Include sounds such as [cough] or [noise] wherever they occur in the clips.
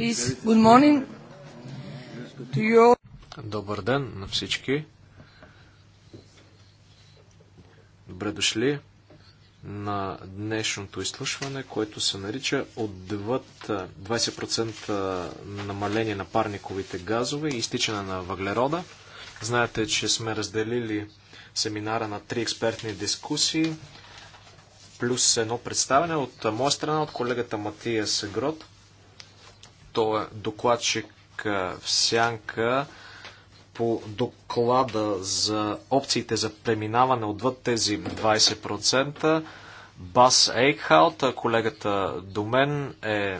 Please, good morning to you. Добър ден на всички. Добре дошли на днешното изслушване, което се нарича отвъд 20% намаление на парниковите газове и изтичане на въглерода. Знаете, че сме разделили семинара на три експертни дискусии, плюс едно представяне от моя страна, от колегата Матия Сегрот – той е докладчик в сянка по доклада за опциите за преминаване отвъд тези 20%. Бас Ейкхалт, колегата до мен е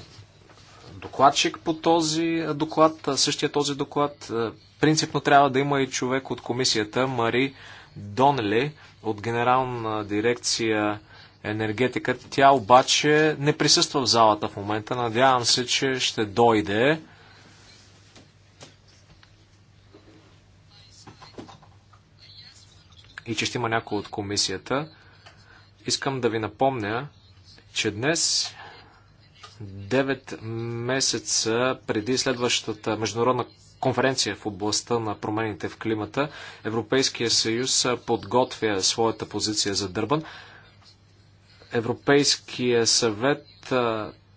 докладчик по този доклад, същия този доклад. Принципно трябва да има и човек от комисията, Мари Донли, от генерална дирекция енергетика. Тя обаче не присъства в залата в момента. Надявам се, че ще дойде. И че ще има някой от комисията. Искам да ви напомня, че днес 9 месеца преди следващата международна конференция в областта на промените в климата, Европейския съюз подготвя своята позиция за Дърбан. Европейския съвет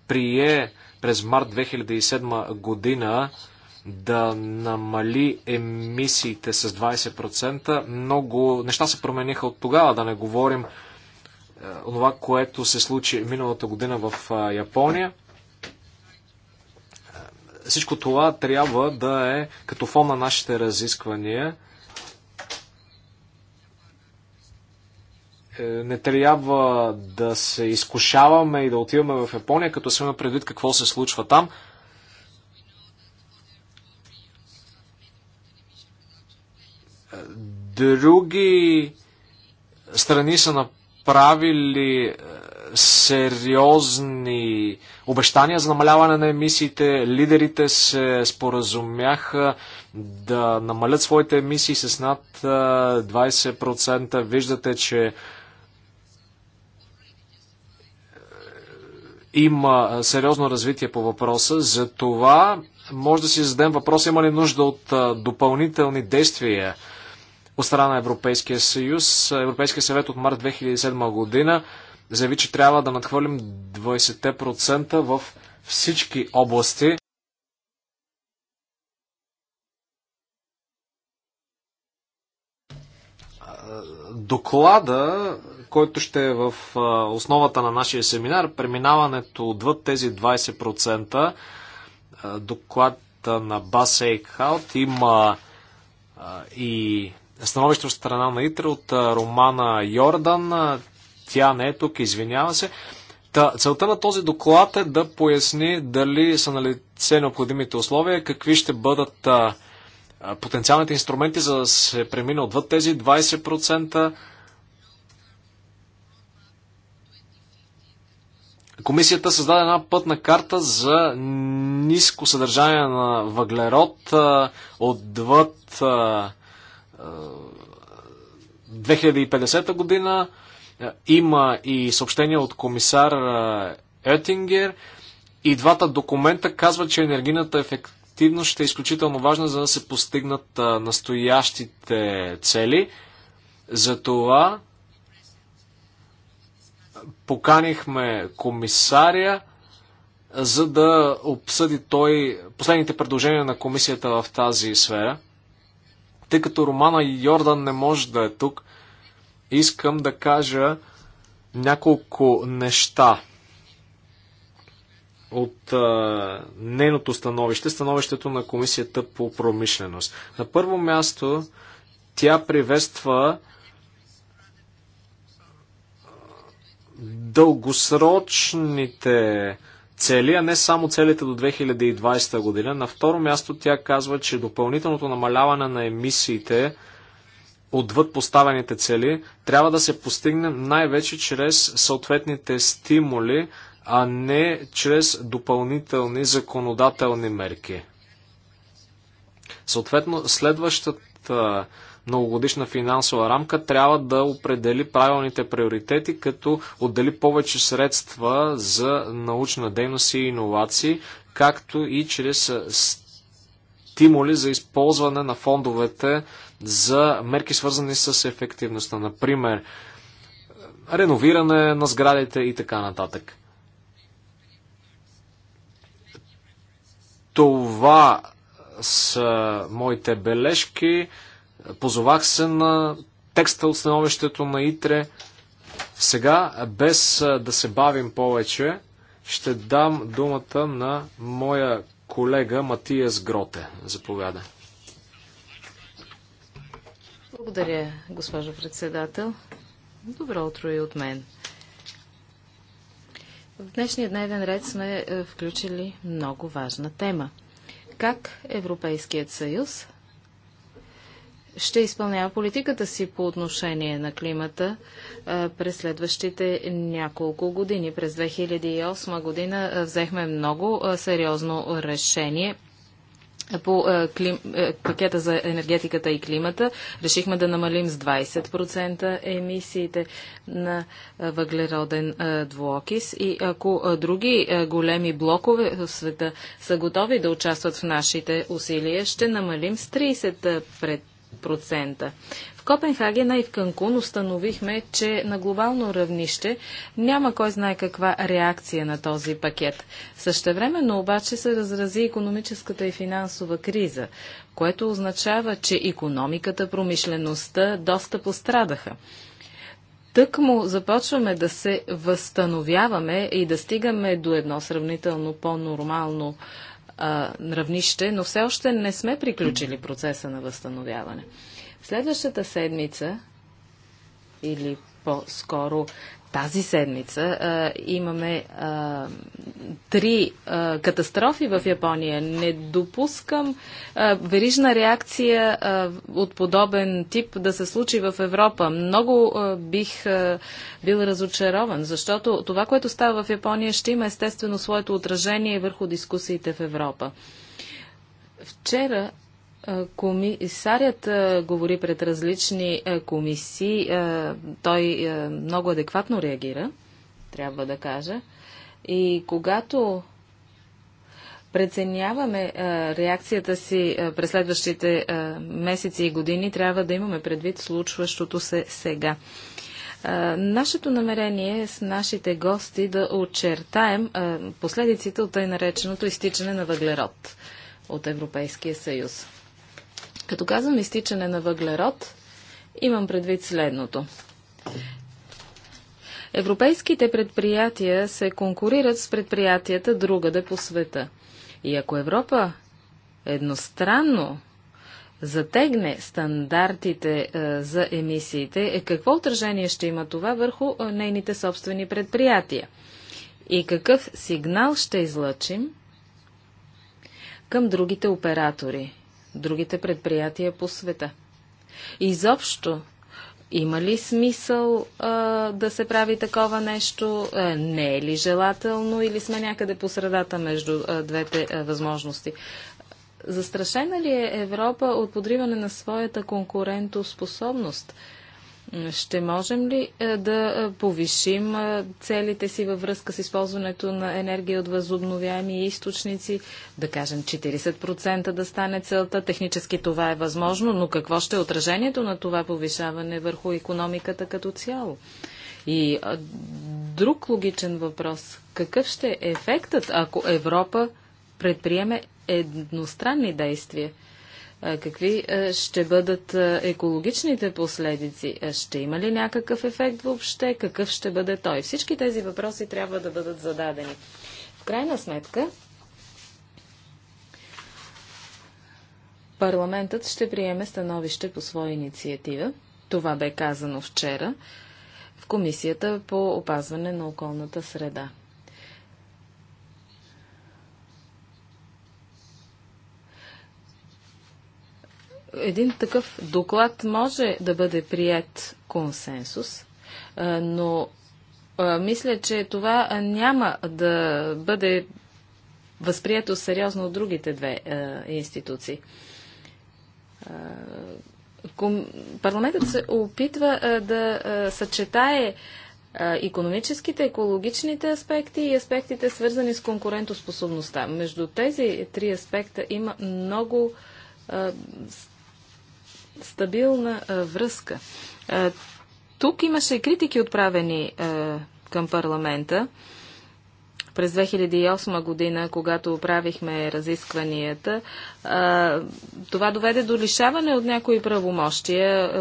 прие през март 2007 година да намали емисиите с 20%. Много неща се промениха от тогава, да не говорим това, което се случи миналата година в Япония. Всичко това трябва да е като фон на нашите разисквания – Е, не трябва да се изкушаваме и да отиваме в Япония, като сме предвид какво се случва там. Други страни са направили е, сериозни обещания за намаляване на емисиите. Лидерите се споразумяха да намалят своите емисии с над 20%. Е, Виждате, че има сериозно развитие по въпроса. За това може да си зададем въпрос, има ли нужда от допълнителни действия от страна на Европейския съюз. Европейския съвет от март 2007 година заяви, че трябва да надхвърлим 20% в всички области. Доклада който ще е в основата на нашия семинар. Преминаването отвъд тези 20% доклад на Бас Ейкхалт има и становище от страна на Итра от Романа Йордан. Тя не е тук, извинява се. Та, целта на този доклад е да поясни дали са налице необходимите условия, какви ще бъдат а, потенциалните инструменти за да се премине отвъд тези 20%, Комисията създаде една пътна карта за ниско съдържание на въглерод отвъд 2050 година. Има и съобщение от комисар Етингер. И двата документа казват, че енергийната ефективност ще е изключително важна, за да се постигнат настоящите цели. Затова Поканихме комисаря, за да обсъди той последните предложения на комисията в тази сфера. Тъй като Романа Йордан не може да е тук, искам да кажа няколко неща от а, нейното становище, становището на Комисията по промишленост. На първо място, тя приветства дългосрочните цели, а не само целите до 2020 година. На второ място тя казва, че допълнителното намаляване на емисиите отвъд поставените цели трябва да се постигне най-вече чрез съответните стимули, а не чрез допълнителни законодателни мерки. Съответно, следващата многогодишна финансова рамка трябва да определи правилните приоритети, като отдели повече средства за научна дейност и иновации, както и чрез стимули за използване на фондовете за мерки свързани с ефективността. Например, реновиране на сградите и така нататък. Това са моите бележки позовах се на текста от становището на ИТРЕ. Сега, без да се бавим повече, ще дам думата на моя колега Матиас Гроте. Заповяда. Благодаря, госпожо председател. Добро утро и от мен. В днешния дневен ред сме е, включили много важна тема. Как Европейският съюз ще изпълнява политиката си по отношение на климата през следващите няколко години. През 2008 година взехме много сериозно решение по клим, пакета за енергетиката и климата. Решихме да намалим с 20% емисиите на въглероден двуокис. И ако други големи блокове в света са готови да участват в нашите усилия, ще намалим с 30%. Пред в Копенхагена и в Канкун установихме, че на глобално равнище няма кой знае каква реакция на този пакет. Същевременно обаче се разрази економическата и финансова криза, което означава, че економиката, промишлеността доста пострадаха. Тък му започваме да се възстановяваме и да стигаме до едно сравнително по-нормално а, равнище, но все още не сме приключили процеса на възстановяване. В следващата седмица или по-скоро тази седмица а, имаме а, три а, катастрофи в Япония. Не допускам а, верижна реакция а, от подобен тип да се случи в Европа. Много а, бих а, бил разочарован, защото това, което става в Япония, ще има естествено своето отражение върху дискусиите в Европа. Вчера Комисарят говори пред различни комисии. Той много адекватно реагира, трябва да кажа. И когато преценяваме реакцията си през следващите месеци и години, трябва да имаме предвид случващото се сега. Нашето намерение е с нашите гости да очертаем последиците от тъй нареченото изтичане на въглерод от Европейския съюз. Като казвам изтичане на въглерод, имам предвид следното. Европейските предприятия се конкурират с предприятията другаде по света. И ако Европа едностранно затегне стандартите е, за емисиите, е, какво отражение ще има това върху е, нейните собствени предприятия? И какъв сигнал ще излъчим към другите оператори? другите предприятия по света. Изобщо, има ли смисъл а, да се прави такова нещо? А, не е ли желателно или сме някъде по средата между а, двете а, възможности? Застрашена ли е Европа от подриване на своята конкурентоспособност? Ще можем ли е, да е, повишим е, целите си във връзка с използването на енергия от възобновяеми източници? Да кажем 40% да стане целта. Технически това е възможно, но какво ще е отражението на това повишаване върху економиката като цяло? И друг логичен въпрос. Какъв ще е ефектът, ако Европа предприеме едностранни действия? Какви ще бъдат екологичните последици? Ще има ли някакъв ефект въобще? Какъв ще бъде той? Всички тези въпроси трябва да бъдат зададени. В крайна сметка, парламентът ще приеме становище по своя инициатива. Това бе казано вчера в Комисията по опазване на околната среда. един такъв доклад може да бъде прият консенсус, но мисля, че това няма да бъде възприето сериозно от другите две институции. Парламентът се опитва да съчетае економическите, екологичните аспекти и аспектите свързани с конкурентоспособността. Между тези три аспекта има много стабилна а, връзка. А, тук имаше критики отправени а, към парламента. През 2008 година, когато правихме разискванията, това доведе до лишаване от някои правомощия.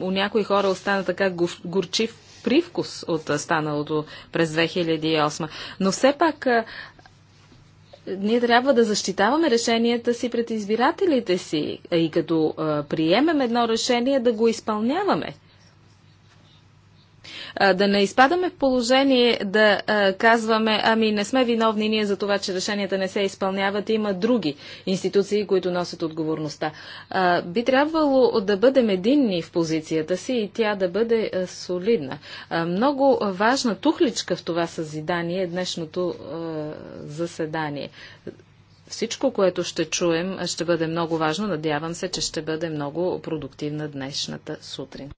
У някои хора остана така горчив привкус от станалото през 2008. Но все пак ние трябва да защитаваме решенията си пред избирателите си и като а, приемем едно решение да го изпълняваме. Да не изпадаме в положение да казваме, ами не сме виновни ние за това, че решенията не се изпълняват, има други институции, които носят отговорността. Би трябвало да бъдем единни в позицията си и тя да бъде солидна. Много важна тухличка в това съзидание е днешното заседание. Всичко, което ще чуем, ще бъде много важно. Надявам се, че ще бъде много продуктивна днешната сутрин.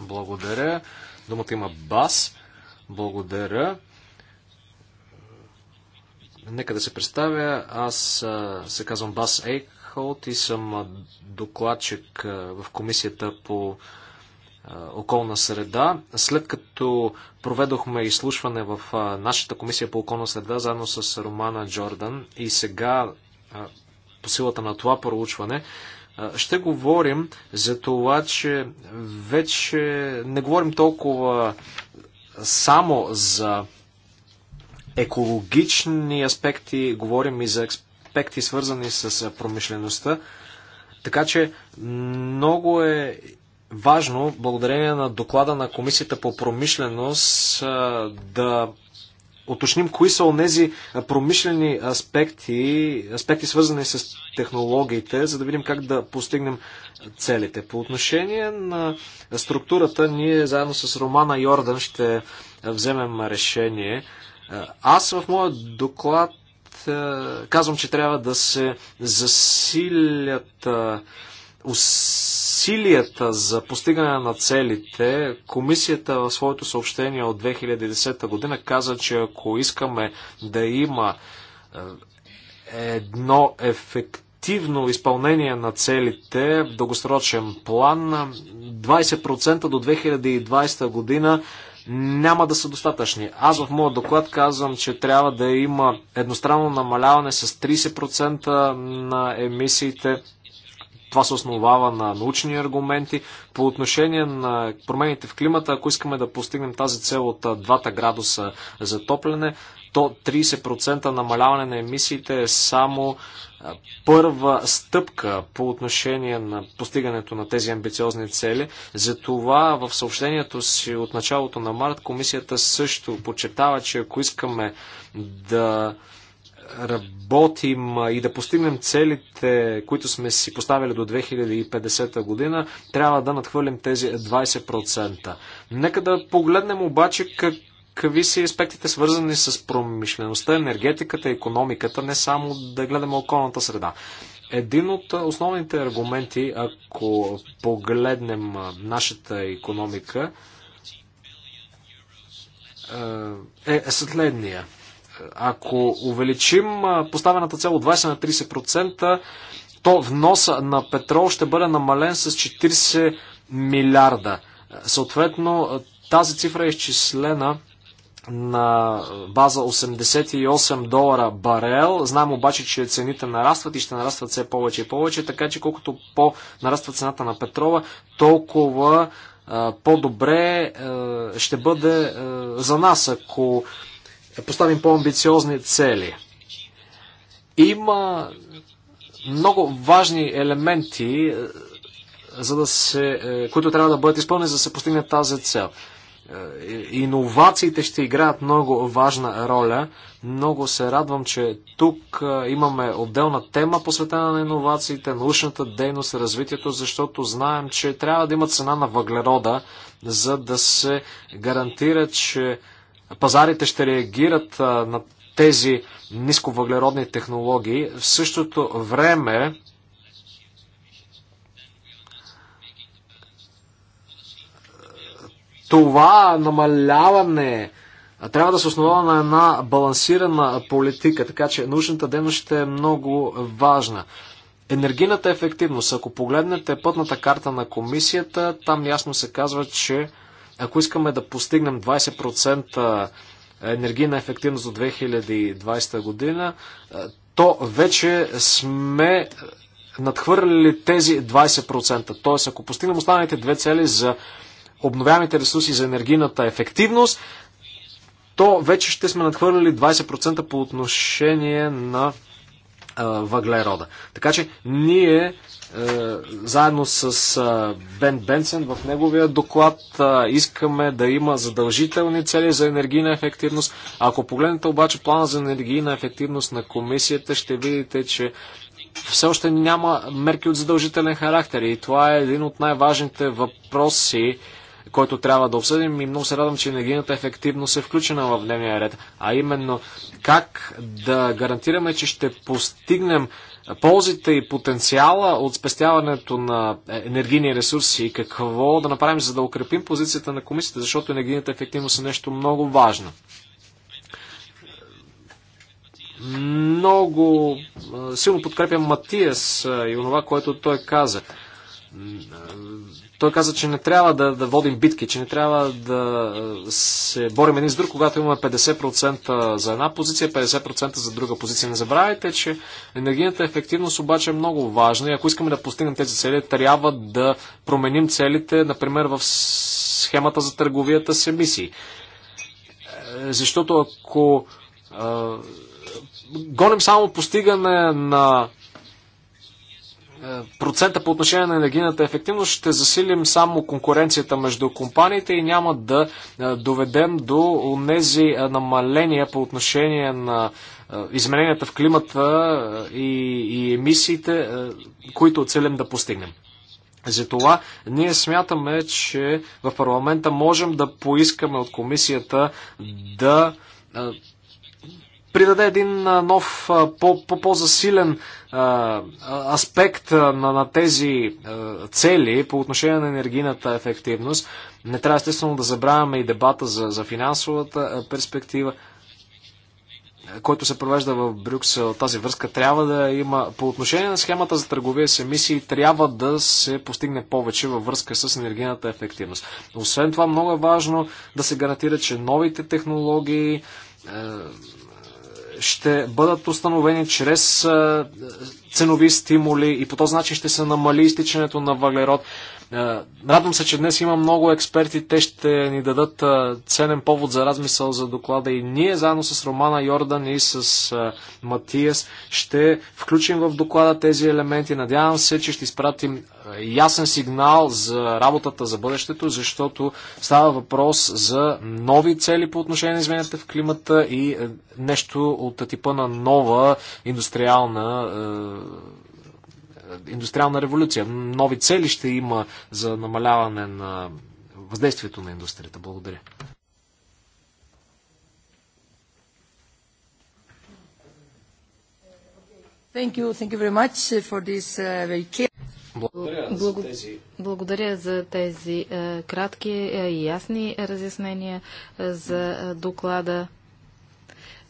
Благодаря. Думата има Бас. Благодаря. Нека да се представя. Аз се казвам Бас Ейкхолт и съм докладчик в комисията по околна среда. След като проведохме изслушване в нашата комисия по околна среда, заедно с Романа Джордан и сега по силата на това проучване, ще говорим за това, че вече не говорим толкова само за екологични аспекти, говорим и за аспекти свързани с промишлеността. Така че много е важно, благодарение на доклада на Комисията по промишленост, да уточним кои са онези промишлени аспекти, аспекти свързани с технологиите, за да видим как да постигнем целите. По отношение на структурата, ние заедно с Романа Йордан ще вземем решение. Аз в моя доклад казвам, че трябва да се засилят усилията за постигане на целите, комисията в своето съобщение от 2010 година каза, че ако искаме да има е, едно ефективно изпълнение на целите в дългосрочен план, 20% до 2020 година няма да са достатъчни. Аз в моят доклад казвам, че трябва да има едностранно намаляване с 30% на емисиите това се основава на научни аргументи. По отношение на промените в климата, ако искаме да постигнем тази цел от 2 градуса затопляне, то 30% намаляване на емисиите е само първа стъпка по отношение на постигането на тези амбициозни цели. Затова в съобщението си от началото на март комисията също подчертава, че ако искаме да работим и да постигнем целите, които сме си поставили до 2050 година, трябва да надхвърлим тези 20%. Нека да погледнем обаче как какви са аспектите свързани с промишлеността, енергетиката, економиката, не само да гледаме околната среда. Един от основните аргументи, ако погледнем нашата економика, е следния. Ако увеличим поставената цел от 20 на 30%, то вноса на петрол ще бъде намален с 40 милиарда. Съответно, тази цифра е изчислена на база 88 долара барел. Знаем обаче, че цените нарастват и ще нарастват все повече и повече, така че колкото по-нараства цената на петрола, толкова по-добре ще бъде за нас, ако да поставим по-амбициозни цели. Има много важни елементи, е, за да се, е, които трябва да бъдат изпълнени, за да се постигне тази цел. Е, иновациите ще играят много важна роля. Много се радвам, че тук имаме отделна тема посветена на иновациите, научната дейност, развитието, защото знаем, че трябва да има цена на въглерода, за да се гарантира, че пазарите ще реагират на тези нисковъглеродни технологии. В същото време това намаляване трябва да се основава на една балансирана политика, така че научната дейност ще е много важна. Енергийната ефективност. Ако погледнете пътната карта на комисията, там ясно се казва, че ако искаме да постигнем 20% енергийна ефективност до 2020 година, е, то вече сме надхвърлили тези 20%. Тоест, ако постигнем останалите две цели за обновяемите ресурси за енергийната ефективност, то вече ще сме надхвърлили 20% по отношение на въглерода. Така че ние е, заедно с Бен Бенсен в неговия доклад искаме да има задължителни цели за енергийна ефективност. Ако погледнете обаче плана за енергийна ефективност на комисията, ще видите, че все още няма мерки от задължителен характер и това е един от най-важните въпроси, който трябва да обсъдим и много се радвам, че енергийната ефективност е включена в дневния ред. А именно как да гарантираме, че ще постигнем ползите и потенциала от спестяването на енергийни ресурси и какво да направим, за да укрепим позицията на комисията, защото енергийната ефективност е нещо много важно. Много силно подкрепям Матиас и онова, което той каза той каза, че не трябва да, да водим битки, че не трябва да се борим един с друг, когато имаме 50% за една позиция, 50% за друга позиция. Не забравяйте, че енергийната ефективност обаче е много важна и ако искаме да постигнем тези цели, трябва да променим целите, например, в схемата за търговията с емисии. Е, защото ако гоним само постигане на процента по отношение на енергийната ефективност ще засилим само конкуренцията между компаниите и няма да доведем до тези намаления по отношение на измененията в климата и, и емисиите, които целим да постигнем. Затова ние смятаме, че в парламента можем да поискаме от комисията да придаде един нов, по-засилен -по аспект на, на тези цели по отношение на енергийната ефективност. Не трябва естествено да забравяме и дебата за, за финансовата перспектива, който се провежда в Брюксел. Тази връзка трябва да има. По отношение на схемата за търговия с емисии, трябва да се постигне повече във връзка с енергийната ефективност. Освен това, много е важно да се гарантира, че новите технологии е, ще бъдат установени чрез е, ценови стимули и по този начин ще се намали изтичането на въглерод. Е, радвам се, че днес има много експерти. Те ще ни дадат е, ценен повод за размисъл за доклада и ние заедно с Романа Йордан и с е, Матиас ще включим в доклада тези елементи. Надявам се, че ще изпратим ясен сигнал за работата за бъдещето, защото става въпрос за нови цели по отношение на измененията в климата и нещо от типа на нова индустриална индустриална революция. Нови цели ще има за намаляване на въздействието на индустрията. Благодаря. Thank you. Thank you very much for this uh, very благодаря за тези, е, кратки е, и ясни разяснения е, за доклада.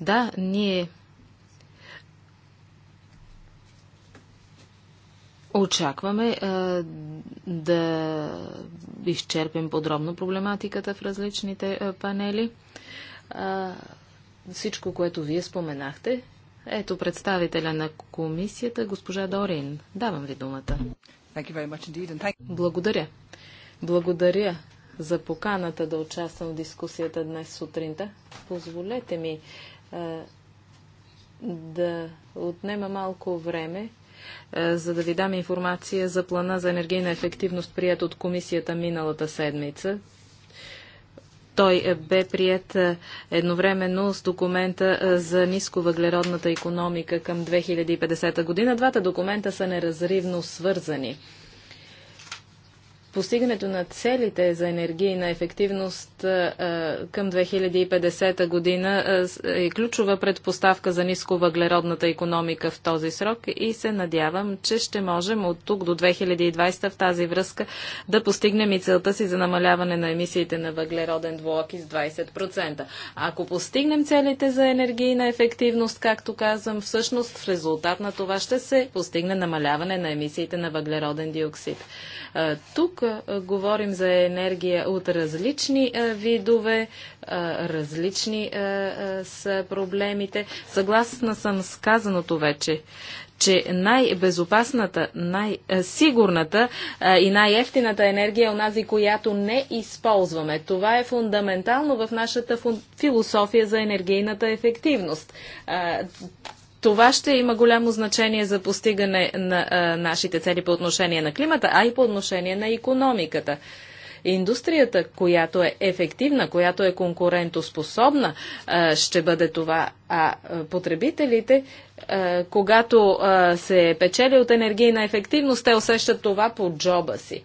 Да, ние Очакваме а, да изчерпим подробно проблематиката в различните а, панели. А, всичко, което вие споменахте, ето представителя на комисията, госпожа Дорин. Давам ви думата. Благодаря. Благодаря за поканата да участвам в дискусията днес сутринта. Позволете ми да отнема малко време е, за да ви дам информация за плана за енергийна ефективност, прият от комисията миналата седмица. Той е, бе прият е, едновременно с документа за нисковъглеродната економика към 2050 година. Двата документа са неразривно свързани постигането на целите за енергийна ефективност към 2050 година е ключова предпоставка за ниско въглеродната економика в този срок и се надявам, че ще можем от тук до 2020 в тази връзка да постигнем и целта си за намаляване на емисиите на въглероден с 20%. Ако постигнем целите за енергийна ефективност, както казвам, всъщност в резултат на това ще се постигне намаляване на емисиите на въглероден диоксид. тук тук говорим за енергия от различни видове, различни са проблемите. Съгласна съм с казаното вече че най-безопасната, най-сигурната и най-ефтината енергия е онази, която не използваме. Това е фундаментално в нашата философия за енергийната ефективност това ще има голямо значение за постигане на а, нашите цели по отношение на климата, а и по отношение на економиката. Индустрията, която е ефективна, която е конкурентоспособна, а, ще бъде това. А потребителите, а, когато а, се печели от енергийна ефективност, те усещат това по джоба си.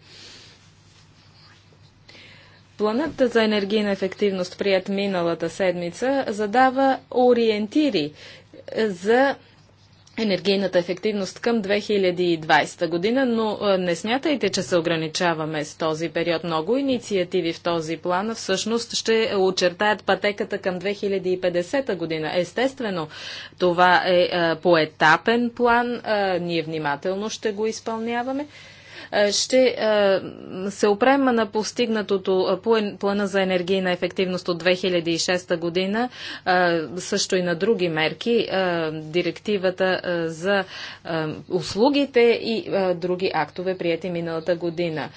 Планът за енергийна ефективност, прият миналата седмица, задава ориентири за енергийната ефективност към 2020 година, но не смятайте, че се ограничаваме с този период. Много инициативи в този план всъщност ще очертаят пътеката към 2050 година. Естествено, това е поетапен план, ние внимателно ще го изпълняваме. Е, ще е, се опрем на постигнатото е, плана за енергийна ефективност от 2006 година, също и на други мерки, директивата за услугите и други актове, прияти миналата година.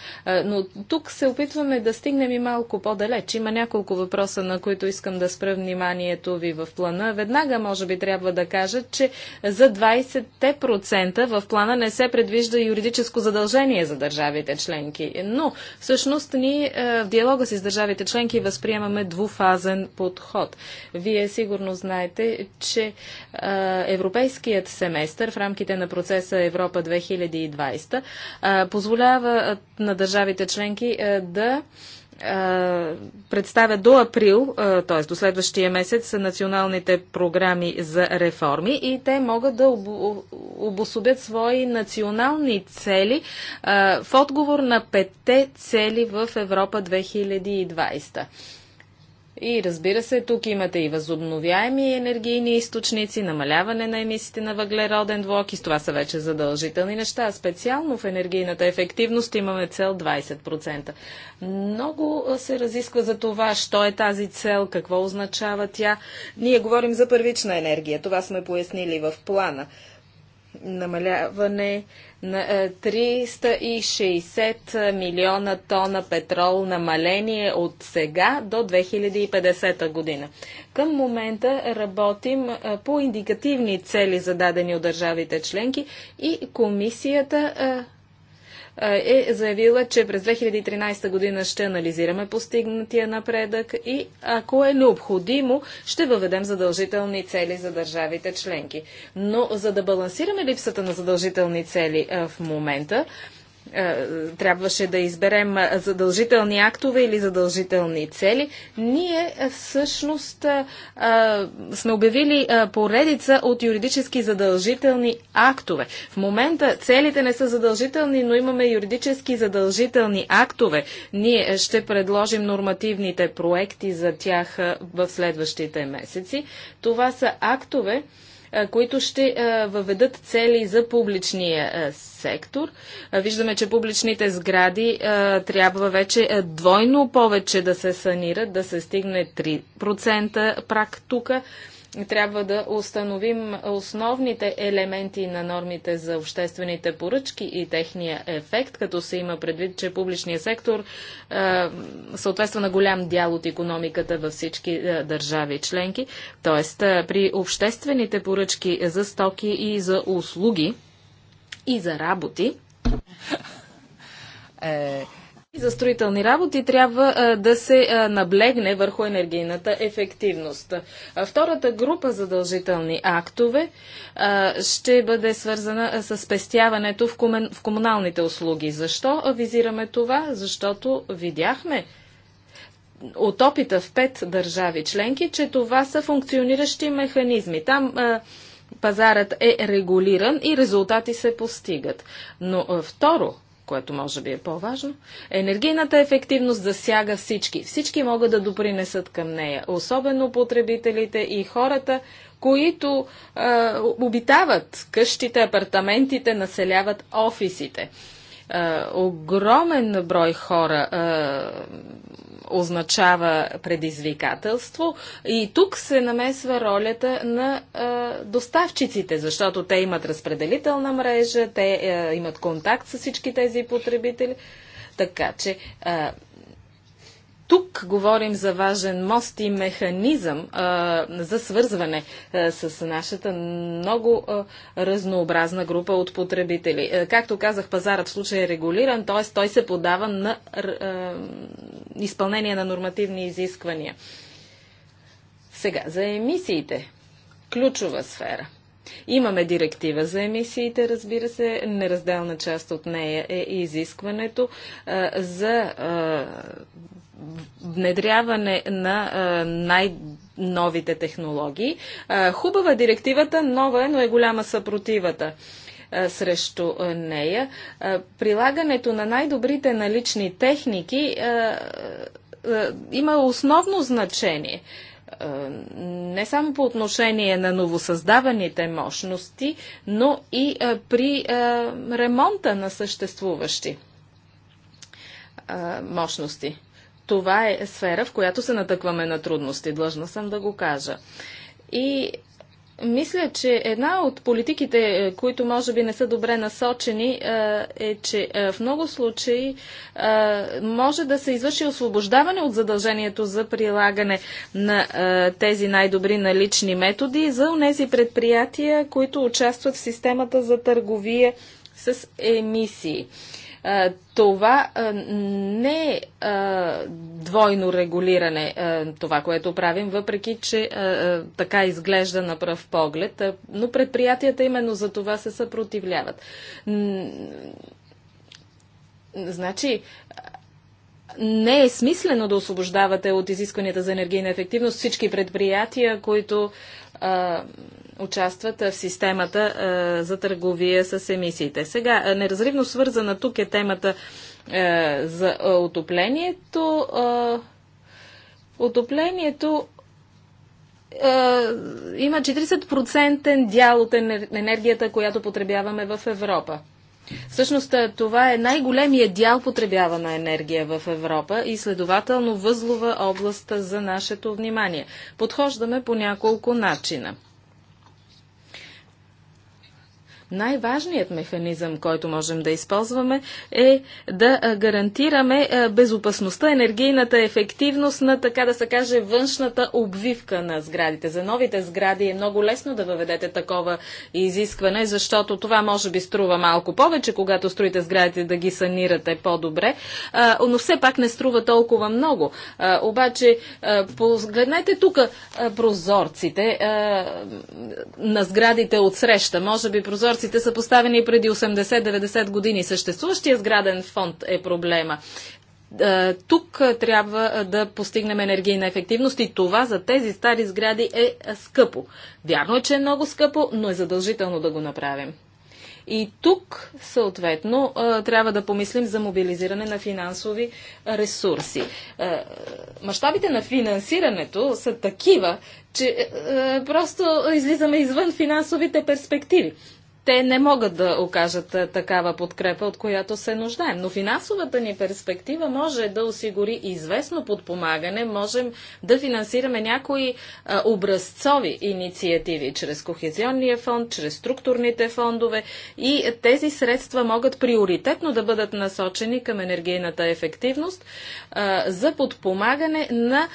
Но тук се опитваме да стигнем и малко по-далеч. Има няколко въпроса, на които искам да спра вниманието ви в плана. Веднага, може би, трябва да кажа, че за 20% в плана не се предвижда юридическо задължение задължение за държавите членки. Но всъщност ние е, в диалога си с държавите членки възприемаме двуфазен подход. Вие сигурно знаете, че е, европейският семестър в рамките на процеса Европа 2020 е, позволява на държавите членки да Представя до април, т.е. до следващия месец, националните програми за реформи и те могат да обособят свои национални цели в отговор на петте цели в Европа 2020. И разбира се, тук имате и възобновяеми енергийни източници, намаляване на емисиите на въглероден двуокис. Това са вече задължителни неща. Специално в енергийната ефективност имаме цел 20%. Много се разисква за това, що е тази цел, какво означава тя. Ние говорим за първична енергия. Това сме пояснили в плана. Намаляване на 360 е, милиона тона петрол намаление от сега до 2050 година. Към момента работим е, по индикативни цели, зададени от държавите членки и комисията е, е заявила, че през 2013 година ще анализираме постигнатия напредък и ако е необходимо, ще въведем задължителни цели за държавите членки. Но за да балансираме липсата на задължителни цели в момента, е, трябваше да изберем задължителни актове или задължителни цели, ние е, всъщност е, сме обявили поредица от юридически задължителни актове. В момента целите не са задължителни, но имаме юридически задължителни актове. Ние ще предложим нормативните проекти за тях в следващите месеци. Това са актове, които ще въведат цели за публичния сектор. Виждаме, че публичните сгради трябва вече двойно повече да се санират, да се стигне 3% прак тук трябва да установим основните елементи на нормите за обществените поръчки и техния ефект, като се има предвид, че публичният сектор е, съответства на голям дял от економиката във всички държави членки. Тоест, при обществените поръчки за стоки и за услуги и за работи, [laughs] е, за строителни работи трябва да се наблегне върху енергийната ефективност. втората група задължителни актове ще бъде свързана с спестяването в, в комуналните услуги. Защо визираме това? Защото видяхме от опита в пет държави членки, че това са функциониращи механизми. Там пазарът е регулиран и резултати се постигат. Но второ, което може би е по-важно, енергийната ефективност засяга всички. Всички могат да допринесат към нея, особено потребителите и хората, които е, обитават къщите, апартаментите, населяват офисите. Е, огромен брой хора е, означава предизвикателство. И тук се намесва ролята на а, доставчиците, защото те имат разпределителна мрежа, те а, имат контакт с всички тези потребители. Така че А, тук говорим за важен мост и механизъм а, за свързване а, с нашата много а, разнообразна група от потребители. А, както казах, пазарът в случай е регулиран, т.е. той се подава на а, изпълнение на нормативни изисквания. Сега, за емисиите. Ключова сфера. Имаме директива за емисиите, разбира се, неразделна част от нея е изискването а, за а, внедряване на най-новите технологии. Хубава е директивата, нова е, но е голяма съпротивата срещу нея. Прилагането на най-добрите налични техники има основно значение не само по отношение на новосъздаваните мощности, но и при ремонта на съществуващи мощности това е сфера, в която се натъкваме на трудности, длъжна съм да го кажа. И мисля, че една от политиките, е, които може би не са добре насочени, е, е че е, в много случаи може да се извърши освобождаване от задължението за прилагане на тези най-добри налични методи за тези предприятия, които участват в системата за търговия с емисии. Това не е двойно регулиране, това, което правим, въпреки, че така изглежда на пръв поглед, но предприятията именно за това се съпротивляват. Значи, не е смислено да освобождавате от изискванията за енергийна ефективност всички предприятия, които а, участват в системата за търговия с емисиите. Сега, неразривно свързана тук е темата за отоплението. Отоплението има 40% дял от енергията, която потребяваме в Европа. Всъщност това е най-големия дял потребявана енергия в Европа и следователно възлова област за нашето внимание. Подхождаме по няколко начина. Най-важният механизъм, който можем да използваме е да гарантираме безопасността, енергийната ефективност на, така да се каже, външната обвивка на сградите. За новите сгради е много лесно да въведете такова изискване, защото това може би струва малко повече, когато строите сградите да ги санирате по-добре, но все пак не струва толкова много. Обаче, погледнете тук прозорците на сградите от среща. Може би прозорците прозорците са поставени преди 80-90 години. Съществуващия сграден фонд е проблема. Е, тук трябва е, да постигнем енергийна ефективност и това за тези стари сгради е скъпо. Вярно е, че е много скъпо, но е задължително да го направим. И тук, съответно, е, трябва да помислим за мобилизиране на финансови ресурси. Мащабите на финансирането са такива, че просто излизаме извън финансовите перспективи те не могат да окажат такава подкрепа, от която се нуждаем. Но финансовата ни перспектива може да осигури известно подпомагане, можем да финансираме някои образцови инициативи чрез Кохезионния фонд, чрез структурните фондове и тези средства могат приоритетно да бъдат насочени към енергийната ефективност за подпомагане на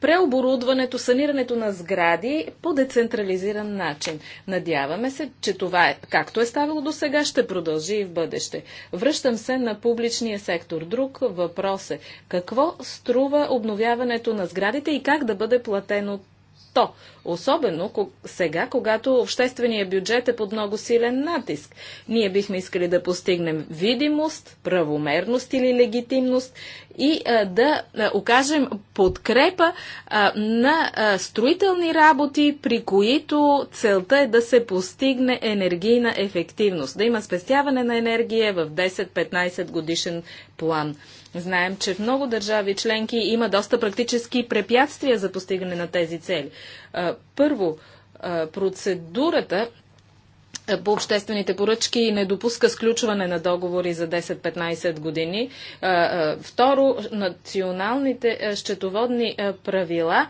преоборудването, санирането на сгради по децентрализиран начин. Надяваме се, че това е както е ставало до сега, ще продължи и в бъдеще. Връщам се на публичния сектор. Друг въпрос е какво струва обновяването на сградите и как да бъде платено то, Особено сега, когато общественият бюджет е под много силен натиск. Ние бихме искали да постигнем видимост, правомерност или легитимност и а, да а, окажем подкрепа а, на а, строителни работи, при които целта е да се постигне енергийна ефективност, да има спестяване на енергия в 10-15 годишен план. Знаем, че в много държави членки има доста практически препятствия за постигане на тези цели. Първо, процедурата по обществените поръчки не допуска сключване на договори за 10-15 години. Второ, националните счетоводни правила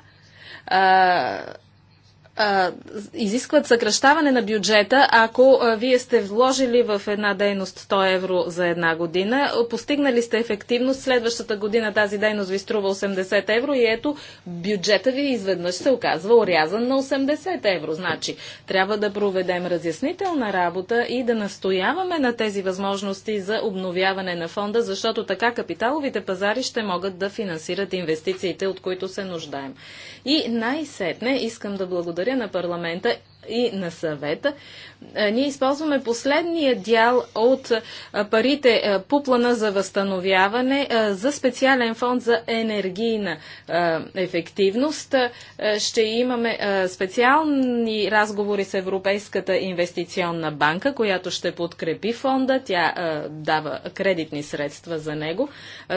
а, изискват съкръщаване на бюджета, ако а, вие сте вложили в една дейност 100 евро за една година, постигнали сте ефективност, следващата година тази дейност ви струва 80 евро и ето бюджета ви изведнъж се оказва орязан на 80 евро. Значи, трябва да проведем разяснителна работа и да настояваме на тези възможности за обновяване на фонда, защото така капиталовите пазари ще могат да финансират инвестициите, от които се нуждаем. И най-сетне искам да благодаря благодаря на парламента и на съвета, ние използваме последния дял от парите по плана за възстановяване за специален фонд за енергийна ефективност. Ще имаме специални разговори с Европейската инвестиционна банка, която ще подкрепи фонда. Тя дава кредитни средства за него.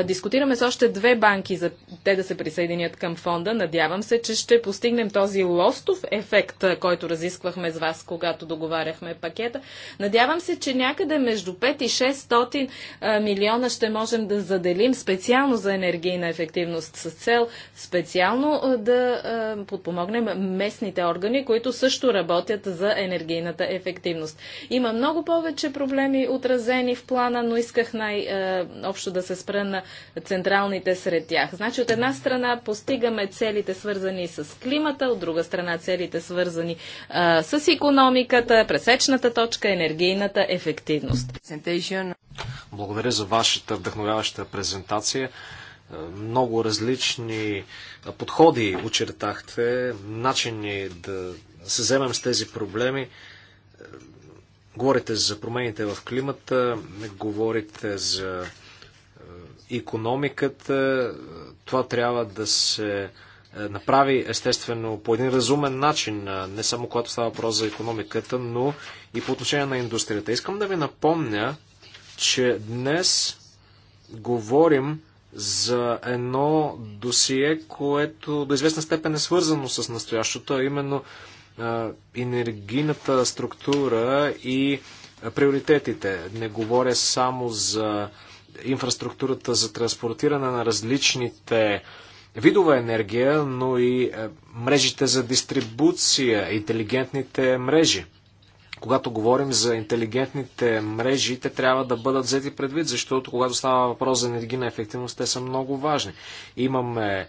Дискутираме с още две банки за те да се присъединят към фонда. Надявам се, че ще постигнем този лостов ефект, който разискваме изисквахме с вас, когато договаряхме пакета. Надявам се, че някъде между 5 и 600 милиона ще можем да заделим специално за енергийна ефективност с цел специално да подпомогнем местните органи, които също работят за енергийната ефективност. Има много повече проблеми отразени в плана, но исках най-общо да се спра на централните сред тях. Значи от една страна постигаме целите свързани с климата, от друга страна целите свързани а, а, с економиката, пресечната точка, енергийната ефективност. Благодаря за вашата вдъхновяваща презентация. Много различни подходи очертахте, начини да се вземем с тези проблеми. Говорите за промените в климата, говорите за економиката. Това трябва да се е, направи естествено по един разумен начин, е, не само когато става въпрос за економиката, но и по отношение на индустрията. Искам да ви напомня, че днес говорим за едно досие, което до известна степен е свързано с настоящото, а именно е, енергийната структура и приоритетите. Не говоря само за инфраструктурата за транспортиране на различните видове енергия, но и е, мрежите за дистрибуция, интелигентните мрежи. Когато говорим за интелигентните мрежи, те трябва да бъдат взети предвид, защото когато става въпрос за енергийна ефективност, те са много важни. Имаме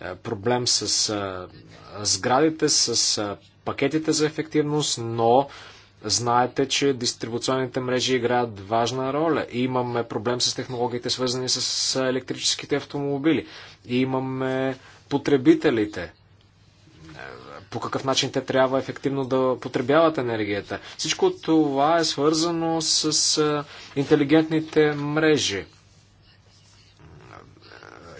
е, проблем с е, сградите, с пакетите за ефективност, но Знаете, че дистрибуционните мрежи играят важна роля. Имаме проблем с технологиите, свързани с електрическите автомобили. Имаме потребителите. По какъв начин те трябва ефективно да потребяват енергията. Всичко това е свързано с интелигентните мрежи.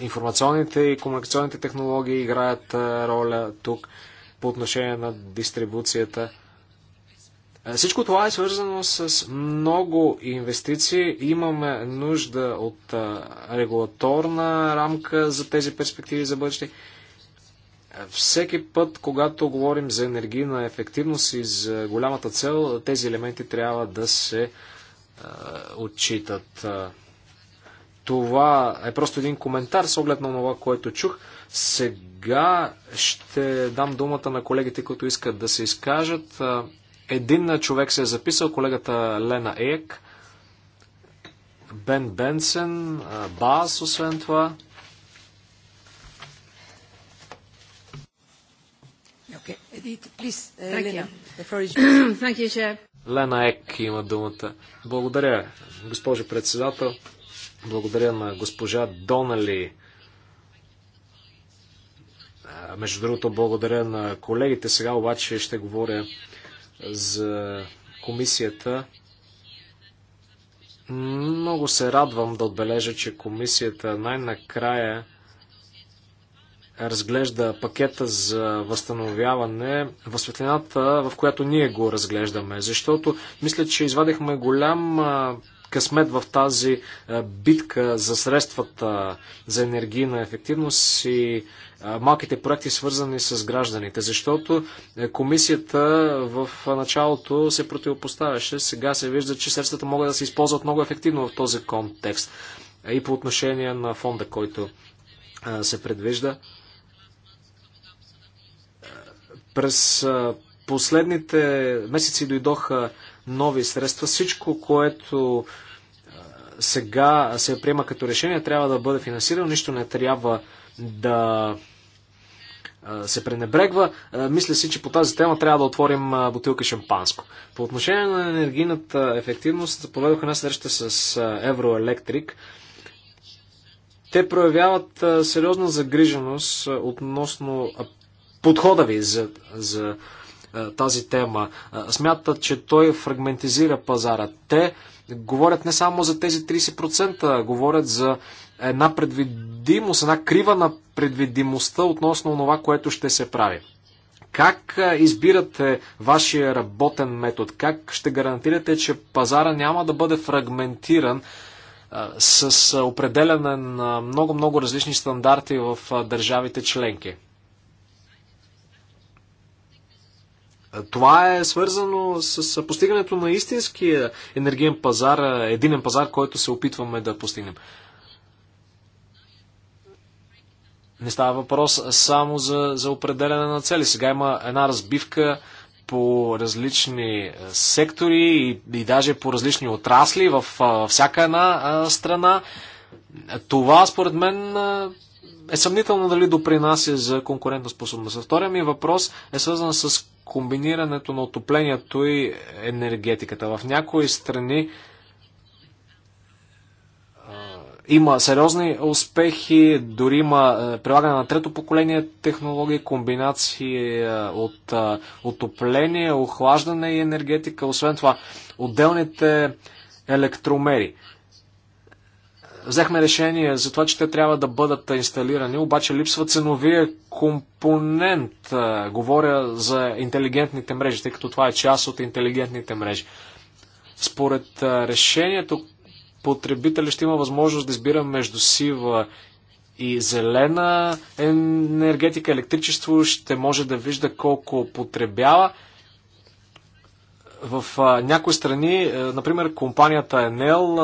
Информационните и комуникационните технологии играят роля тук по отношение на дистрибуцията. Всичко това е свързано с много инвестиции. Имаме нужда от регулаторна рамка за тези перспективи за бъдеще. Всеки път, когато говорим за енергийна ефективност и за голямата цел, тези елементи трябва да се отчитат. Това е просто един коментар с оглед на това, което чух. Сега ще дам думата на колегите, които искат да се изкажат. Един човек се е записал, колегата Лена Ек, Бен Бенсен, Бас, освен това. Uh, [clears throat] Лена Ек има думата. Благодаря, госпожо председател. Благодаря на госпожа Донали. Между другото, благодаря на колегите. Сега обаче ще говоря за комисията. Много се радвам да отбележа, че комисията най-накрая разглежда пакета за възстановяване в светлината, в която ние го разглеждаме. Защото мисля, че извадихме голям късмет в тази е, битка за средствата за енергийна ефективност и е, малките проекти, свързани с гражданите, защото е, комисията в началото се противопоставяше. Сега се вижда, че средствата могат да се използват много ефективно в този контекст и по отношение на фонда, който се предвижда. През последните месеци дойдоха нови средства. Всичко, което сега се приема като решение, трябва да бъде финансирано. Нищо не трябва да се пренебрегва. Мисля си, че по тази тема трябва да отворим бутилка шампанско. По отношение на енергийната ефективност, поведоха една среща с Евроелектрик. Те проявяват сериозна загриженост относно подхода ви за, за е, тази тема. Е, смятат, че той фрагментизира пазара. Те говорят не само за тези 30%, говорят за една предвидимост, една крива на предвидимостта относно това, което ще се прави. Как е, избирате вашия работен метод? Как ще гарантирате, че пазара няма да бъде фрагментиран с определяне на много-много различни стандарти в държавите членки? Това е свързано с постигането на истинския енергиен пазар, единен пазар, който се опитваме да постигнем. Не става въпрос само за, за определене на цели. Сега има една разбивка по различни е, сектори и, и даже по различни отрасли в е, всяка една е, страна. Това, според мен, е съмнително дали допринася за конкурентоспособността. Втория ми въпрос е свързан с комбинирането на отоплението и енергетиката. В някои страни има сериозни успехи, дори има прилагане на трето поколение технологии, комбинации от отопление, охлаждане и енергетика. Освен това, отделните електромери взехме решение за това, че те трябва да бъдат инсталирани, обаче липсва ценовия компонент. Говоря за интелигентните мрежи, тъй като това е част от интелигентните мрежи. Според решението, потребителя ще има възможност да избира между сива и зелена енергетика, електричество, ще може да вижда колко потребява. В някои страни, например, компанията Енел,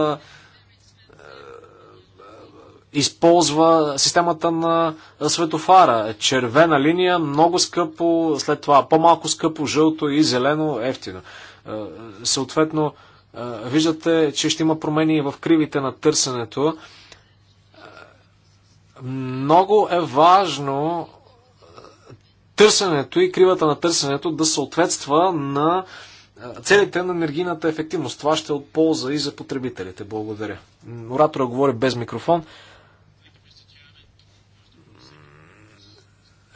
използва системата на светофара. Червена линия, много скъпо, след това по-малко скъпо, жълто и зелено, ефтино. Е, съответно, е, виждате, че ще има промени в кривите на търсенето. Е, много е важно търсенето и кривата на търсенето да съответства на целите на енергийната ефективност. Това ще е от полза и за потребителите. Благодаря. Оратора говори без микрофон.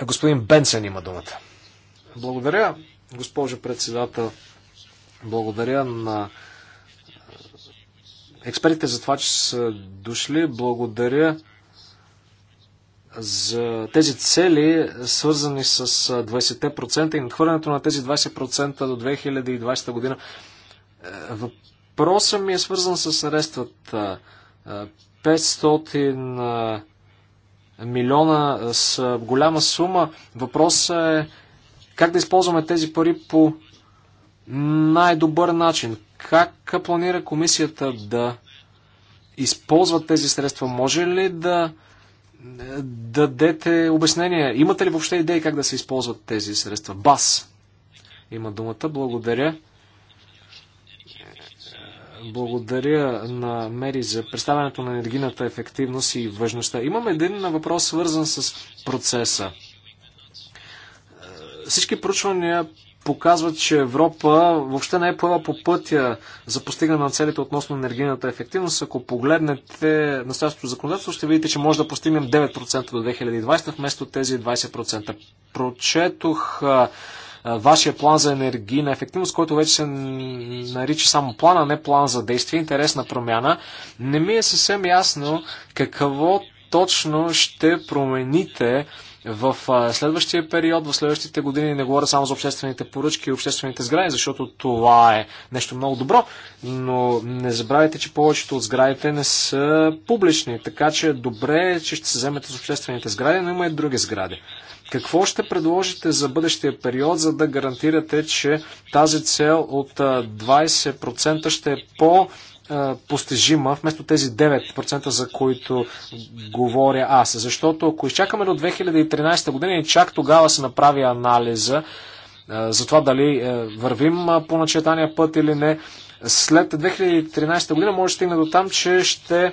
Господин Бенсен има думата. Благодаря, госпожо председател. Благодаря на експертите за това, че са дошли. Благодаря за тези цели, свързани с 20% и надхвърлянето на тези 20% до 2020 година. Е, въпросът ми е свързан с средствата. 500 милиона с голяма сума. Въпросът е как да използваме тези пари по най-добър начин. Как планира комисията да използват тези средства? Може ли да дадете обяснение? Имате ли въобще идеи как да се използват тези средства? БАС има думата. Благодаря. Благодаря на Мери за представянето на енергийната ефективност и важността. Имам един въпрос, свързан с процеса. Всички проучвания показват, че Европа въобще не е поела по пътя за постигане на целите относно енергийната ефективност. Ако погледнете настоящото законодателство, ще видите, че може да постигнем 9% до 2020 вместо тези 20%. Прочетох вашия план за енергийна ефективност, който вече се нарича само план, а не план за действие, интересна промяна. Не ми е съвсем ясно какво точно ще промените в следващия период, в следващите години, не говоря само за обществените поръчки и обществените сгради, защото това е нещо много добро, но не забравяйте, че повечето от сградите не са публични, така че добре е, че ще се вземете с обществените сгради, но има и други сгради. Какво ще предложите за бъдещия период, за да гарантирате, че тази цел от 20% ще е по- постижима вместо тези 9%, за които говоря аз. Защото ако изчакаме до 2013 година и чак тогава се направи анализа за това дали вървим по начетания път или не, след 2013 година може да стигне до там, че ще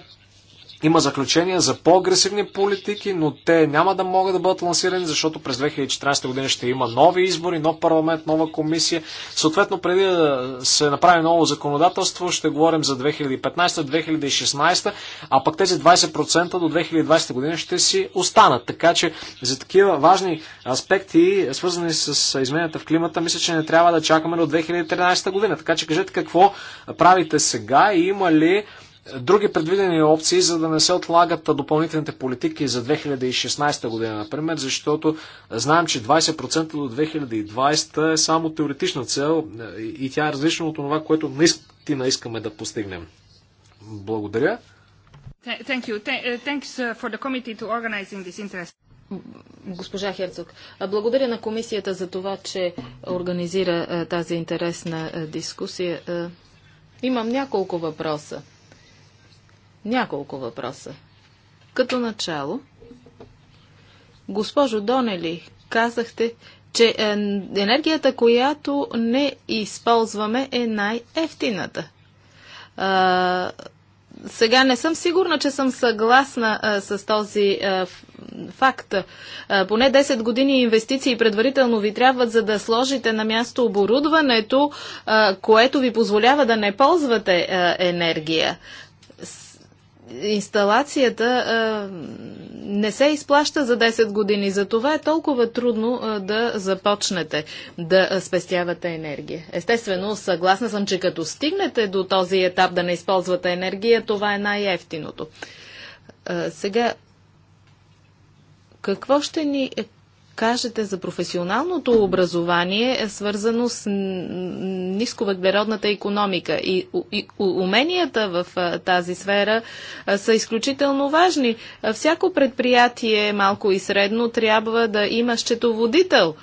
има заключения за по-агресивни политики, но те няма да могат да бъдат лансирани, защото през 2014 година ще има нови избори, нов парламент, нова комисия. Съответно, преди да се направи ново законодателство, ще говорим за 2015-2016, а пък тези 20% до 2020 година ще си останат. Така че за такива важни аспекти, свързани с изменята в климата, мисля, че не трябва да чакаме до 2013 година. Така че кажете какво правите сега и има ли други предвидени опции, за да не се отлагат допълнителните политики за 2016 година, например, защото знаем, че 20% до 2020 е само теоретична цел е, и тя е различна от това, което наистина искаме да постигнем. Благодаря. Госпожа Херцог, е, благодаря на комисията за това, че организира е, тази интересна дискусия. Имам няколко въпроса. Няколко въпроса. Като начало, госпожо Донели, казахте, че е, енергията, която не използваме, е най-ефтината. Сега не съм сигурна, че съм съгласна а, с този а, факт. А, поне 10 години инвестиции предварително ви трябват, за да сложите на място оборудването, а, което ви позволява да не ползвате а, енергия инсталацията не се изплаща за 10 години. За това е толкова трудно да започнете да спестявате енергия. Естествено, съгласна съм, че като стигнете до този етап да не използвате енергия, това е най-ефтиното. Сега, какво ще ни е кажете за професионалното образование, е свързано с нисковъглеродната економика. И, и уменията в тази сфера са изключително важни. Всяко предприятие, малко и средно, трябва да има счетоводител,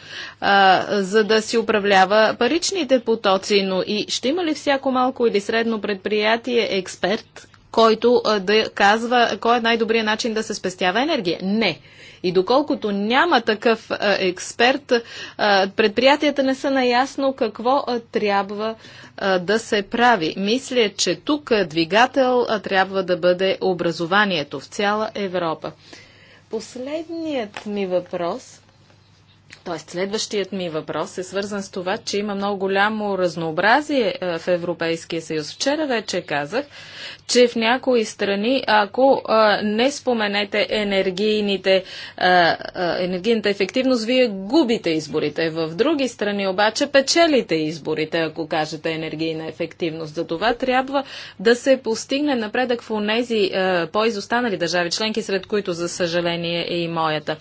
за да си управлява паричните потоци. Но и ще има ли всяко малко или средно предприятие експерт, който да казва кой е най-добрият начин да се спестява енергия. Не. И доколкото няма такъв експерт, предприятията не са наясно какво трябва да се прави. Мисля, че тук двигател трябва да бъде образованието в цяла Европа. Последният ми въпрос Тоест, следващият ми въпрос е свързан с това, че има много голямо разнообразие е, в Европейския съюз. Вчера вече казах, че в някои страни, ако е, не споменете енергийните, е, енергийната ефективност, вие губите изборите. В други страни обаче печелите изборите, ако кажете енергийна ефективност. За това трябва да се постигне напредък в тези по-изостанали държави членки, сред които, за съжаление, е и моята.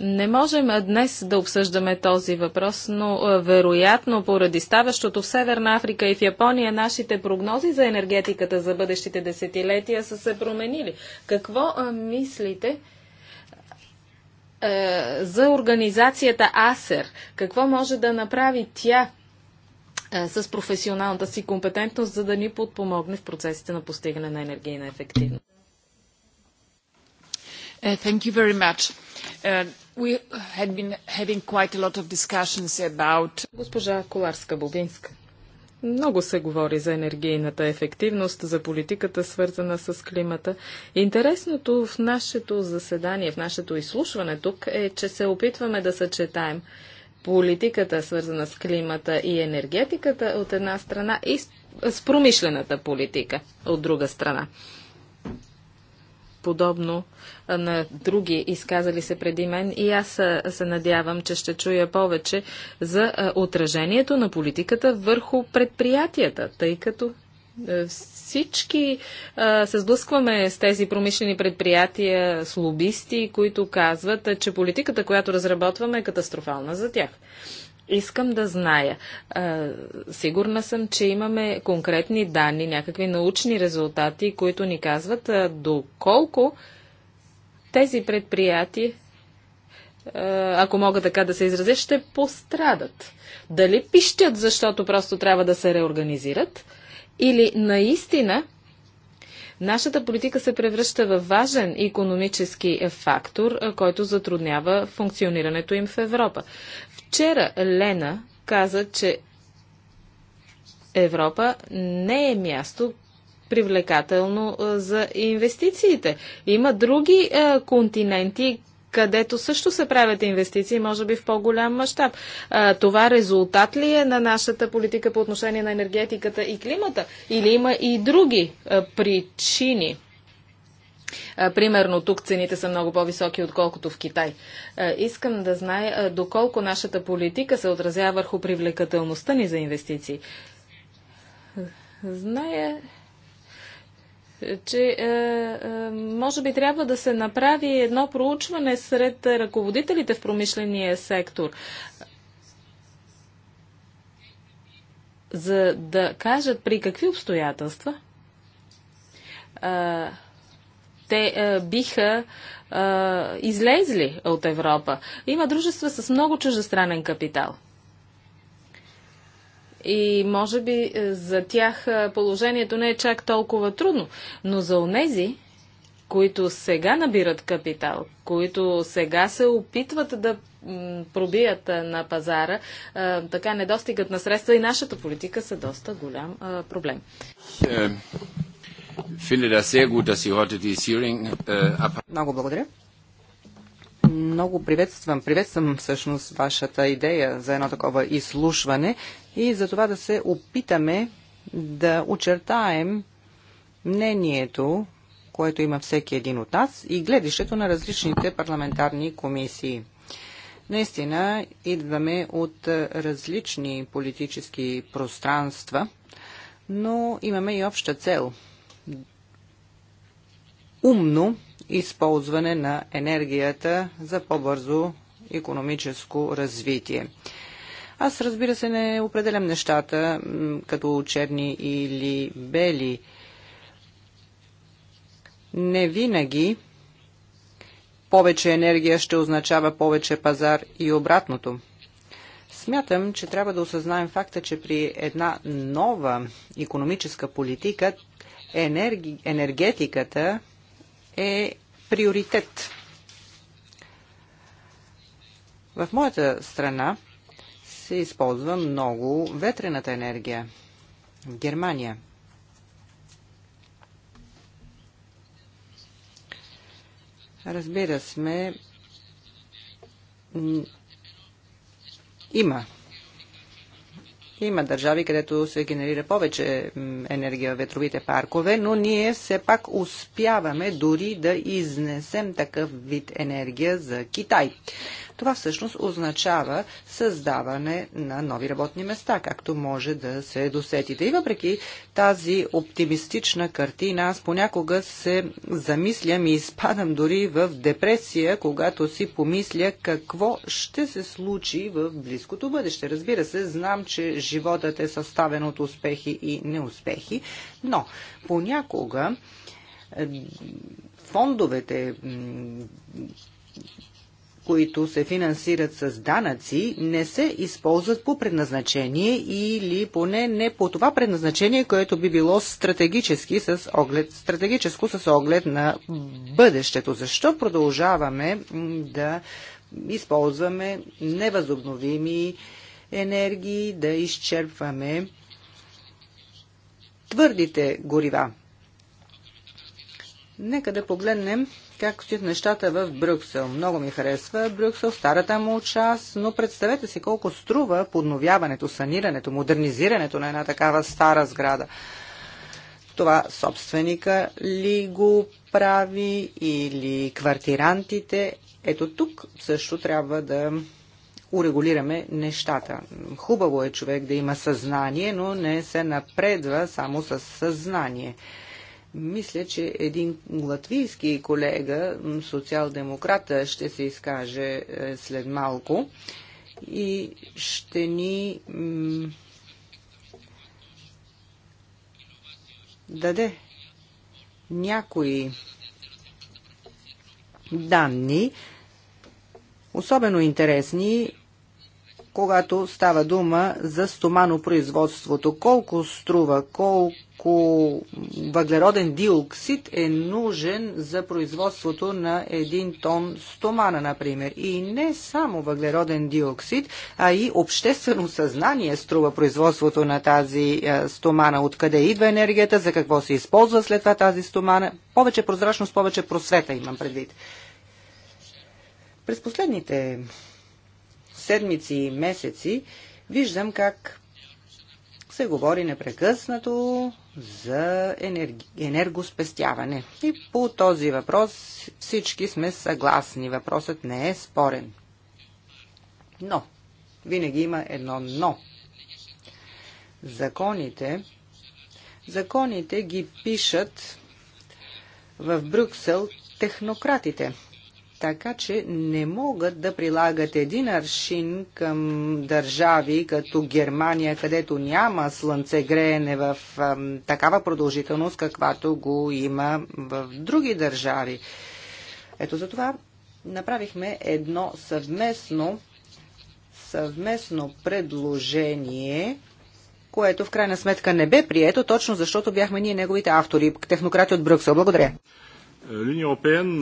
Не можем днес да обсъждаме този въпрос, но вероятно поради ставащото в Северна Африка и в Япония нашите прогнози за енергетиката за бъдещите десетилетия са се променили. Какво мислите? за организацията АСЕР. Какво може да направи тя с професионалната си компетентност, за да ни подпомогне в процесите на постигане на енергийна ефективност? Uh, uh, we been having quite a lot of discussions about... Госпожа Коларска-Бобинска. Много се говори за енергийната ефективност, за политиката свързана с климата. Интересното в нашето заседание, в нашето изслушване тук е, че се опитваме да съчетаем политиката свързана с климата и енергетиката от една страна и с промишлената политика от друга страна подобно на други изказали се преди мен и аз се надявам, че ще чуя повече за отражението на политиката върху предприятията, тъй като всички а, се сблъскваме с тези промишлени предприятия, с лобисти, които казват, че политиката, която разработваме, е катастрофална за тях. Искам да зная. А, сигурна съм, че имаме конкретни данни, някакви научни резултати, които ни казват а, доколко тези предприятия, ако мога така да се изразя, ще пострадат. Дали пищят, защото просто трябва да се реорганизират, или наистина Нашата политика се превръща в важен економически фактор, който затруднява функционирането им в Европа. Вчера Лена каза, че Европа не е място, привлекателно за инвестициите. Има други е, континенти, където също се правят инвестиции, може би в по-голям мащаб. Това резултат ли е на нашата политика по отношение на енергетиката и климата? Или има и други е, причини? Примерно тук цените са много по-високи, отколкото в Китай. Искам да знае доколко нашата политика се отразява върху привлекателността ни за инвестиции. Зная, че може би трябва да се направи едно проучване сред ръководителите в промишления сектор, за да кажат при какви обстоятелства те е, биха е, излезли от Европа. Има дружества с много чуждестранен капитал. И може би е, за тях е, положението не е чак толкова трудно, но за онези, които сега набират капитал, които сега се опитват да пробият е, на пазара, така недостигът на средства и нашата политика са доста голям проблем. Много благодаря. Много приветствам, приветствам всъщност вашата идея за едно такова изслушване и за това да се опитаме да очертаем мнението, което има всеки един от нас и гледището на различните парламентарни комисии. Наистина идваме от различни политически пространства, но имаме и обща цел – умно използване на енергията за по-бързо економическо развитие. Аз разбира се не определям нещата като черни или бели. Не винаги повече енергия ще означава повече пазар и обратното. Смятам, че трябва да осъзнаем факта, че при една нова економическа политика енерги... енергетиката е приоритет. В моята страна се използва много ветрената енергия. В Германия. Разбира сме, има има държави, където се генерира повече енергия в ветровите паркове, но ние все пак успяваме дори да изнесем такъв вид енергия за Китай. Това всъщност означава създаване на нови работни места, както може да се досетите. И въпреки тази оптимистична картина, аз понякога се замислям и изпадам дори в депресия, когато си помисля какво ще се случи в близкото бъдеще. Разбира се, знам, че животът е съставен от успехи и неуспехи, но понякога фондовете, които се финансират с данъци, не се използват по предназначение или поне не по това предназначение, което би било стратегически с оглед, стратегическо с оглед на бъдещето. Защо продължаваме да използваме невъзобновими енергии, да изчерпваме твърдите горива? Нека да погледнем как стоят нещата в Брюксел. Много ми харесва Брюксел, старата му част, но представете си колко струва подновяването, санирането, модернизирането на една такава стара сграда. Това собственика ли го прави или квартирантите? Ето тук също трябва да урегулираме нещата. Хубаво е човек да има съзнание, но не се напредва само с съзнание. Мисля, че един латвийски колега, социал-демократа, ще се изкаже е, след малко и ще ни даде някои данни, особено интересни, когато става дума за стоманопроизводството. Колко струва, колко ако въглероден диоксид е нужен за производството на един тон стомана, например. И не само въглероден диоксид, а и обществено съзнание струва производството на тази е, стомана. Откъде идва енергията, за какво се използва след това тази стомана. Повече прозрачност, повече просвета имам предвид. През последните седмици и месеци виждам как се говори непрекъснато за енерги... енергоспестяване. И по този въпрос всички сме съгласни. Въпросът не е спорен. Но, винаги има едно но. Законите, законите ги пишат в Брюксел технократите. Така че не могат да прилагат един аршин към държави като Германия, където няма слънцегреене в ам, такава продължителност, каквато го има в други държави. Ето за това направихме едно съвместно, съвместно предложение, което в крайна сметка не бе прието, точно защото бяхме ние неговите автори, технократи от Брюксел. Благодаря. L'Union européenne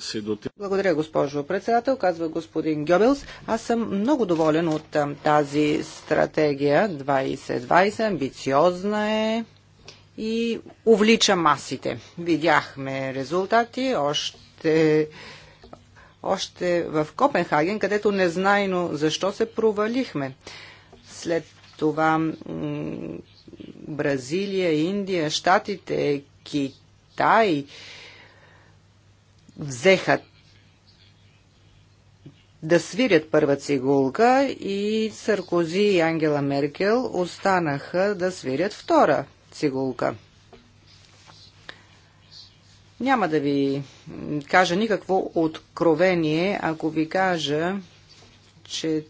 се Благодаря, госпожо председател, казва господин Гьобелс. Аз съм много доволен от тази стратегия 2020, амбициозна е и увлича масите. Видяхме резултати още още в Копенхаген, където незнайно защо се провалихме. След това Бразилия, Индия, Штатите, Китай, взеха да свирят първа цигулка и Саркози и Ангела Меркел останаха да свирят втора цигулка. Няма да ви кажа никакво откровение, ако ви кажа, че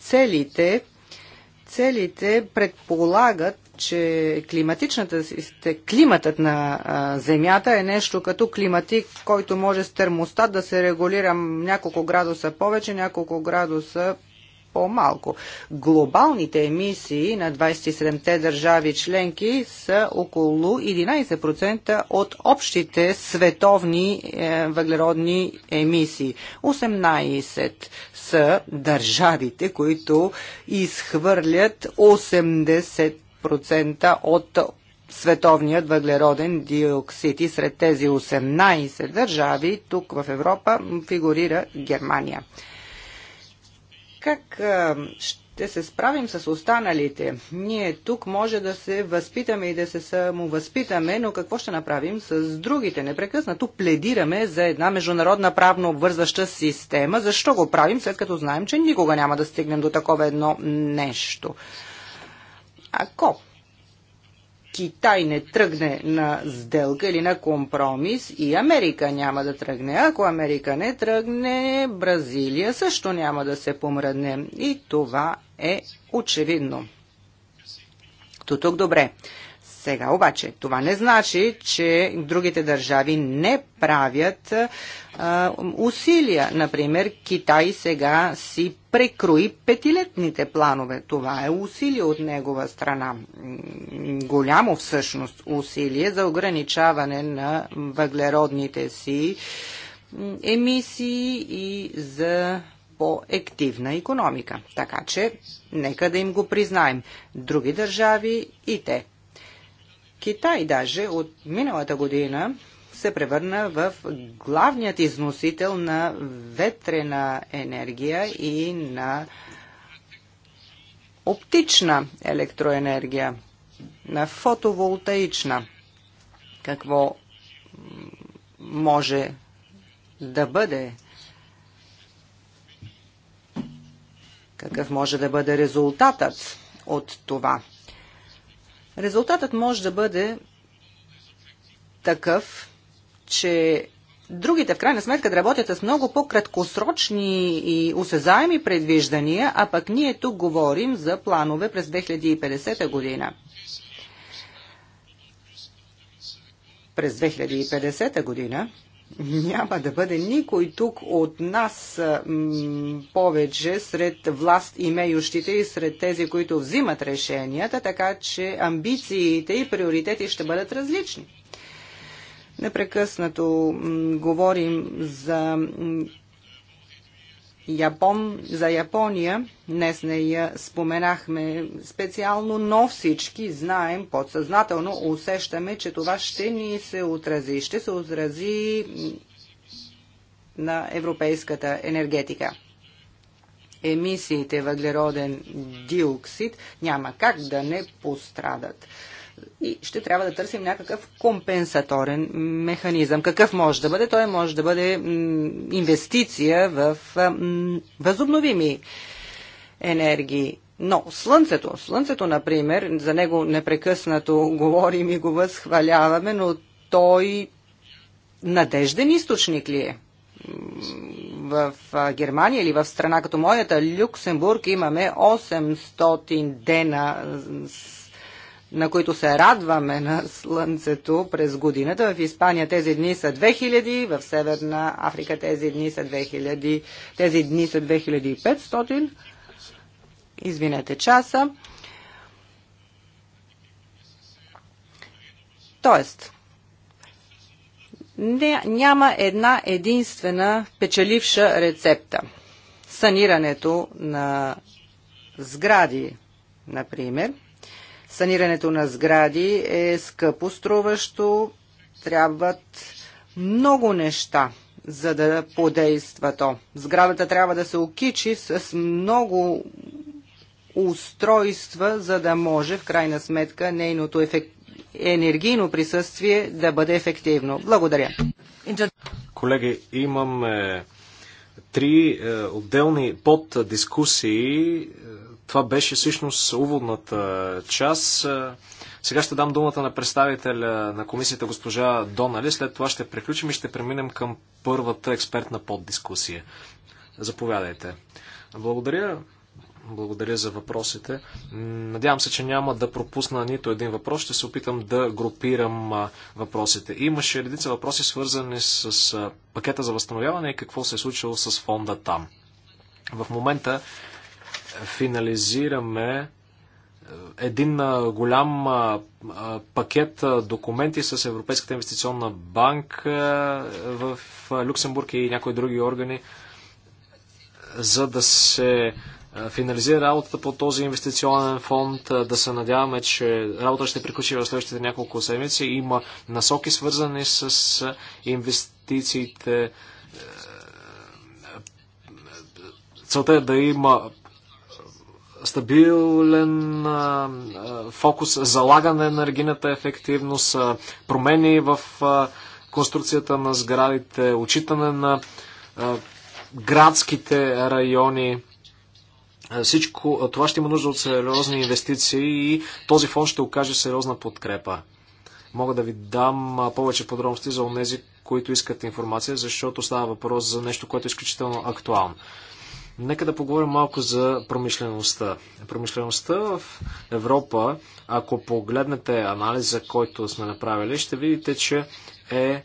целите, целите предполагат че климатичната, климатът на Земята е нещо като климатик, който може с термостат да се регулира няколко градуса повече, няколко градуса по-малко. Глобалните емисии на 27-те държави членки са около 11% от общите световни е, въглеродни емисии. 18 са държавите, които изхвърлят 80 20% от световният въглероден диоксид. И сред тези 18 държави, тук в Европа, фигурира Германия. Как ще се справим с останалите? Ние тук може да се възпитаме и да се самовъзпитаме, но какво ще направим с другите? Непрекъснато пледираме за една международна правно обвързваща система. Защо го правим, след като знаем, че никога няма да стигнем до такова едно нещо? Ако Китай не тръгне на сделка или на компромис и Америка няма да тръгне. Ако Америка не тръгне, Бразилия също няма да се помръдне. И това е очевидно. То тук добре. Сега обаче това не значи, че другите държави не правят а, усилия. Например, Китай сега си прекрои петилетните планове. Това е усилие от негова страна. Голямо всъщност усилие за ограничаване на въглеродните си емисии и за по-ективна економика. Така че, нека да им го признаем. Други държави и те Китай даже от миналата година се превърна в главният износител на ветрена енергия и на оптична електроенергия, на фотоволтаична. Какво може да бъде какъв може да бъде резултатът от това? Резултатът може да бъде такъв, че другите в крайна сметка да работят с много по-краткосрочни и осезаеми предвиждания, а пък ние тук говорим за планове през 2050 година. През 2050 година няма да бъде никой тук от нас повече сред власт имеющите и сред тези, които взимат решенията, така че амбициите и приоритети ще бъдат различни. Непрекъснато говорим за Япон, за Япония днес не я споменахме специално, но всички знаем, подсъзнателно усещаме, че това ще ни се отрази. Ще се отрази на европейската енергетика. Емисиите въглероден диоксид няма как да не пострадат и ще трябва да търсим някакъв компенсаторен механизъм. Какъв може да бъде? Той може да бъде инвестиция в възобновими енергии. Но Слънцето, Слънцето, например, за него непрекъснато говорим и го възхваляваме, но той надежден източник ли е? в Германия или в страна като моята, Люксембург, имаме 800 дена на които се радваме на слънцето през годината. В Испания тези дни са 2000, в Северна Африка тези дни са 2000, тези дни са 2500, извинете часа. Тоест, няма една единствена печеливша рецепта. Санирането на сгради, например – Санирането на сгради е скъпо струващо, трябват много неща, за да подейства то. Сградата трябва да се окичи с много устройства, за да може в крайна сметка нейното ефект... енергийно присъствие да бъде ефективно. Благодаря. Колеги, имаме три е, отделни поддискусии това беше всъщност уводната част. Сега ще дам думата на представителя на комисията госпожа Донали. След това ще приключим и ще преминем към първата експертна поддискусия. Заповядайте. Благодаря. Благодаря за въпросите. Надявам се, че няма да пропусна нито един въпрос. Ще се опитам да групирам въпросите. Имаше редица въпроси, свързани с пакета за възстановяване и какво се е случило с фонда там. В момента финализираме е, един е, голям е, пакет документи с Европейската инвестиционна банка в Люксембург и някои други органи, за да се финализира работата по този инвестиционен фонд, да се надяваме, че работа ще приключи в следващите няколко седмици. Има насоки свързани с инвестициите. Целта е да има стабилен фокус, залагане на енергийната ефективност, промени в конструкцията на сградите, отчитане на градските райони. Всичко това ще има нужда от сериозни инвестиции и този фонд ще окаже сериозна подкрепа. Мога да ви дам повече подробности за онези, които искат информация, защото става въпрос за нещо, което е изключително актуално. Нека да поговорим малко за промишлеността. Промишлеността в Европа, ако погледнете анализа, който сме направили, ще видите, че е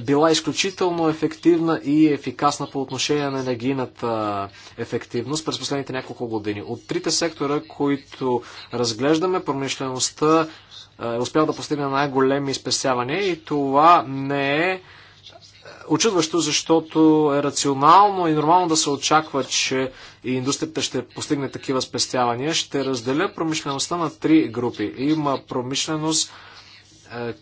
била изключително ефективна и ефикасна по отношение на енергийната ефективност през последните няколко години. От трите сектора, които разглеждаме, промишлеността е успял да постигне най-големи спестявания и това не е очудващо, защото е рационално и нормално да се очаква, че и индустрията ще постигне такива спестявания. Ще разделя промишлеността на три групи. Има промишленост е,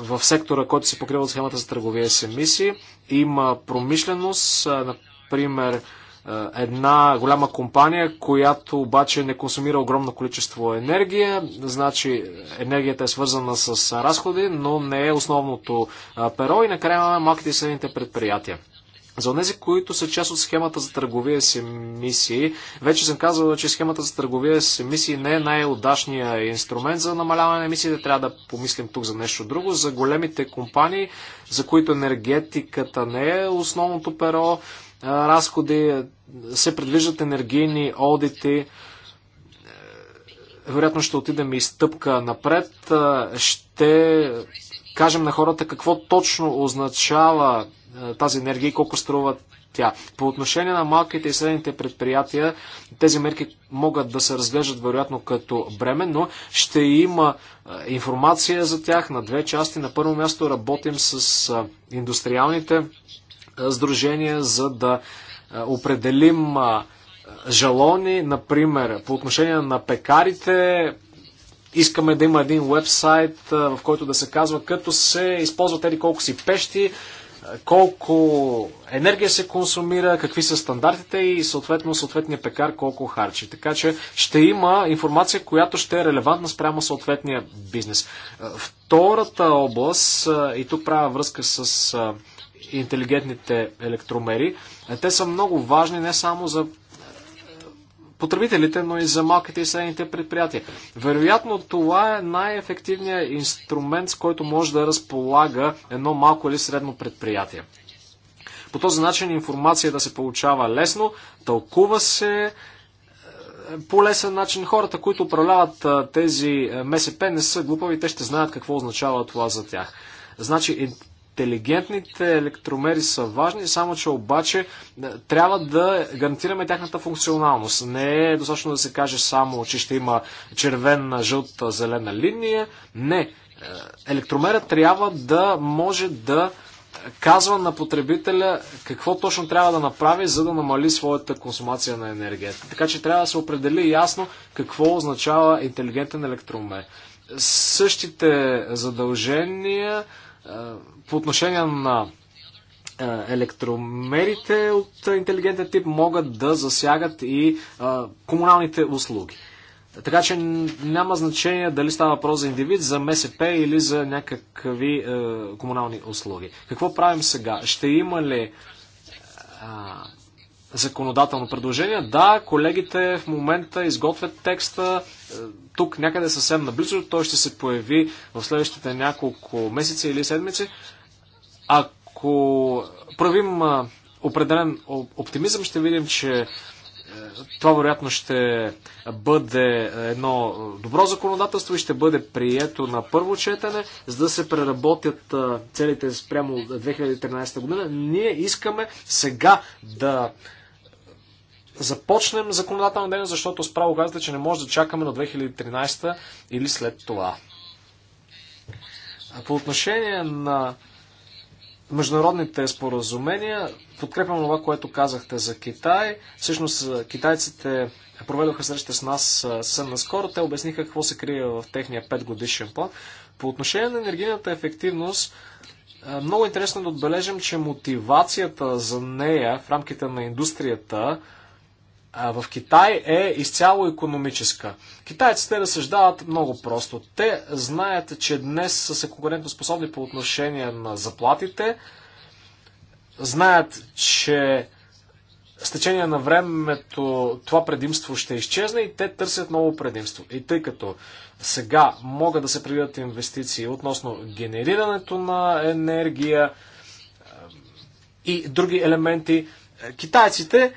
в сектора, който се покрива от схемата за търговия с емисии. Има промишленост, е, например, е, една голяма компания, която обаче не консумира огромно количество енергия. Значи енергията е свързана с разходи, но не е основното перо и накрая имаме малките и средните предприятия. За тези, които са част от схемата за търговия с емисии, вече съм казал, че схемата за търговия с емисии не е най-удачният инструмент за намаляване на емисиите. Трябва да помислим тук за нещо друго. За големите компании, за които енергетиката не е основното перо, разходи, се предвиждат енергийни одити. Е, вероятно ще отидем и стъпка напред. Ще кажем на хората какво точно означава тази енергия и колко струва тя. По отношение на малките и средните предприятия, тези мерки могат да се разглеждат вероятно като бреме, но ще има информация за тях на две части. На първо място работим с индустриалните сдружения, за да определим жалони, например, по отношение на пекарите, искаме да има един вебсайт, в който да се казва, като се използват тези колко си пещи, колко енергия се консумира, какви са стандартите и съответно съответния пекар колко харчи. Така че ще има информация, която ще е релевантна спрямо съответния бизнес. Втората област, и тук правя връзка с интелигентните електромери. Те са много важни не само за потребителите, но и за малките и средните предприятия. Вероятно това е най-ефективният инструмент, с който може да разполага едно малко или средно предприятие. По този начин информация да се получава лесно, тълкува се е, по лесен начин. Хората, които управляват е, тези е, МСП не са глупави, те ще знаят какво означава това за тях. Значи интелигентните електромери са важни, само че обаче е, трябва да гарантираме тяхната функционалност. Не е достатъчно да се каже само, че ще има червена, жълта, зелена линия. Не. Е, Електромера трябва да може да казва на потребителя какво точно трябва да направи, за да намали своята консумация на енергия. Така че трябва да се определи ясно какво означава интелигентен електромер. Същите задължения по отношение на е, електромерите от интелигентен тип могат да засягат и е, комуналните услуги. Така че няма значение дали става въпрос за индивид, за МСП или за някакви е, комунални услуги. Какво правим сега? Ще има ли законодателно предложение. Да, колегите в момента изготвят текста. Е, тук някъде съвсем наблизо той ще се появи в следващите няколко месеца или седмици. Ако правим е, определен оптимизъм, ще видим, че е, това вероятно ще бъде едно добро законодателство и ще бъде прието на първо четене, за да се преработят целите спрямо 2013 година. Ние искаме сега да започнем законодателна дейност, защото справо казвате, че не може да чакаме на 2013 или след това. По отношение на международните споразумения, подкрепям това, което казахте за Китай. Всъщност китайците проведоха среща с нас съм наскоро. Те обясниха какво се крие в техния 5 годишен план. По отношение на енергийната ефективност, много интересно да отбележим, че мотивацията за нея в рамките на индустрията в Китай е изцяло економическа. Китайците разсъждават много просто. Те знаят, че днес са конкурентоспособни по отношение на заплатите, знаят, че с течение на времето това предимство ще изчезне и те търсят ново предимство. И тъй като сега могат да се предвидят инвестиции относно генерирането на енергия и други елементи, китайците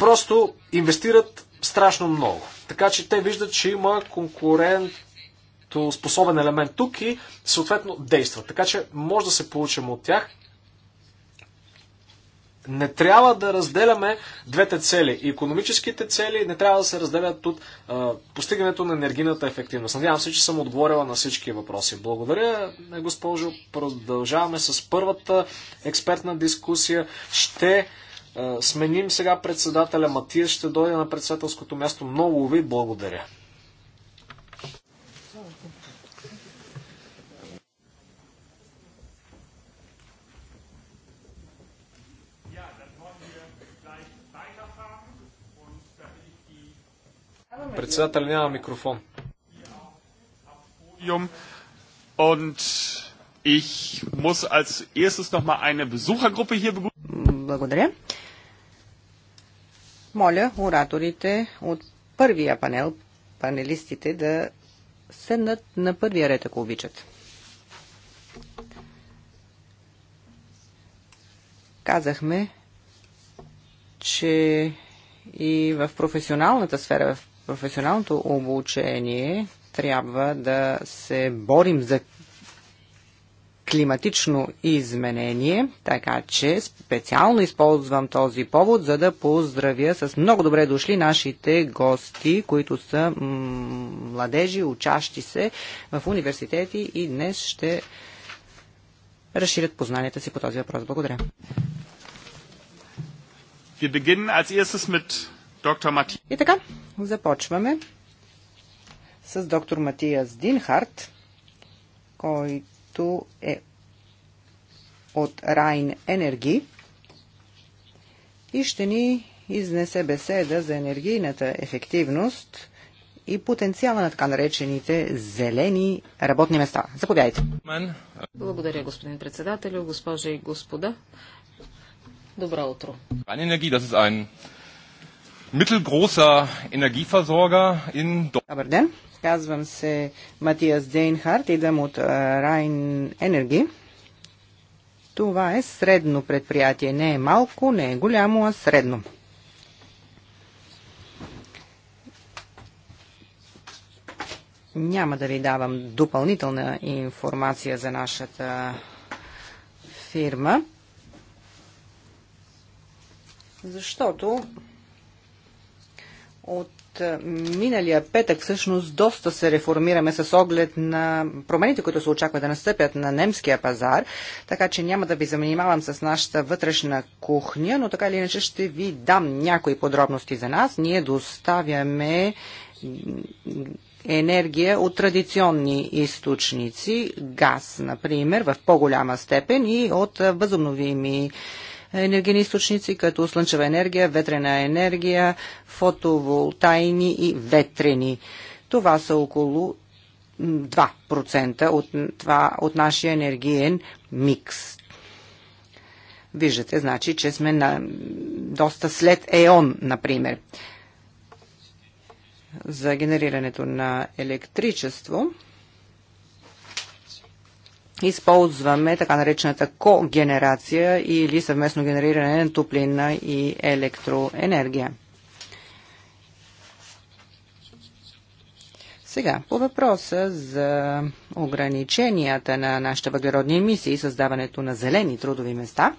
Просто инвестират страшно много. Така че те виждат, че има конкурентоспособен елемент тук и съответно действат. Така че може да се получим от тях. Не трябва да разделяме двете цели. И економическите цели не трябва да се разделят от а, постигането на енергийната ефективност. Надявам се, че съм отговорила на всички въпроси. Благодаря, госпожо. Продължаваме с първата експертна дискусия. Ще е, сменим сега председателя Матия, ще дойде на председателското място. Много ви благодаря. Председател няма микрофон. Благодаря. Моля ораторите от първия панел, панелистите да седнат на първия ред, ако обичат. Казахме, че и в професионалната сфера, в професионалното обучение трябва да се борим за климатично изменение, така че специално използвам този повод, за да поздравя с много добре дошли нашите гости, които са младежи, учащи се в университети и днес ще разширят познанията си по този въпрос. Благодаря. И така, започваме с доктор Матиас Динхарт, който който е от Райн Енерги и ще ни изнесе беседа за енергийната ефективност и потенциала на така наречените зелени работни места. Заповядайте. Благодаря, господин председател, госпожи и господа. Добро утро. Енергия, das ist ein mittelgroßer Energieversorger in Добър ден. Казвам се Матиас Дейнхарт, идвам от Райн Енерги. Това е средно предприятие. Не е малко, не е голямо, а средно. Няма да ви давам допълнителна информация за нашата фирма, защото от миналия петък всъщност доста се реформираме с оглед на промените, които се очаква да настъпят на немския пазар, така че няма да ви занимавам с нашата вътрешна кухня, но така или иначе ще ви дам някои подробности за нас. Ние доставяме енергия от традиционни източници, газ, например, в по-голяма степен и от възобновими източници енергийни източници, като слънчева енергия, ветрена енергия, фотоволтайни и ветрени. Това са около 2% от, това, от нашия енергиен микс. Виждате, значи, че сме на, доста след ЕОН, например. За генерирането на електричество – използваме така наречената когенерация или съвместно генериране на топлина и електроенергия. Сега, по въпроса за ограниченията на нашите въглеродни емисии и създаването на зелени трудови места.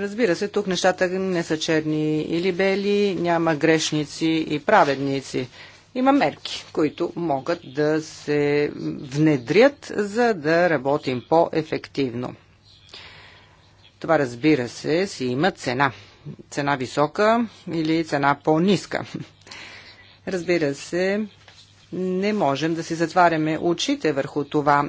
Разбира се, тук нещата не са черни или бели, няма грешници и праведници има мерки, които могат да се внедрят, за да работим по-ефективно. Това разбира се си има цена. Цена висока или цена по-ниска. [laughs] Разбира се, не можем да си затваряме очите върху това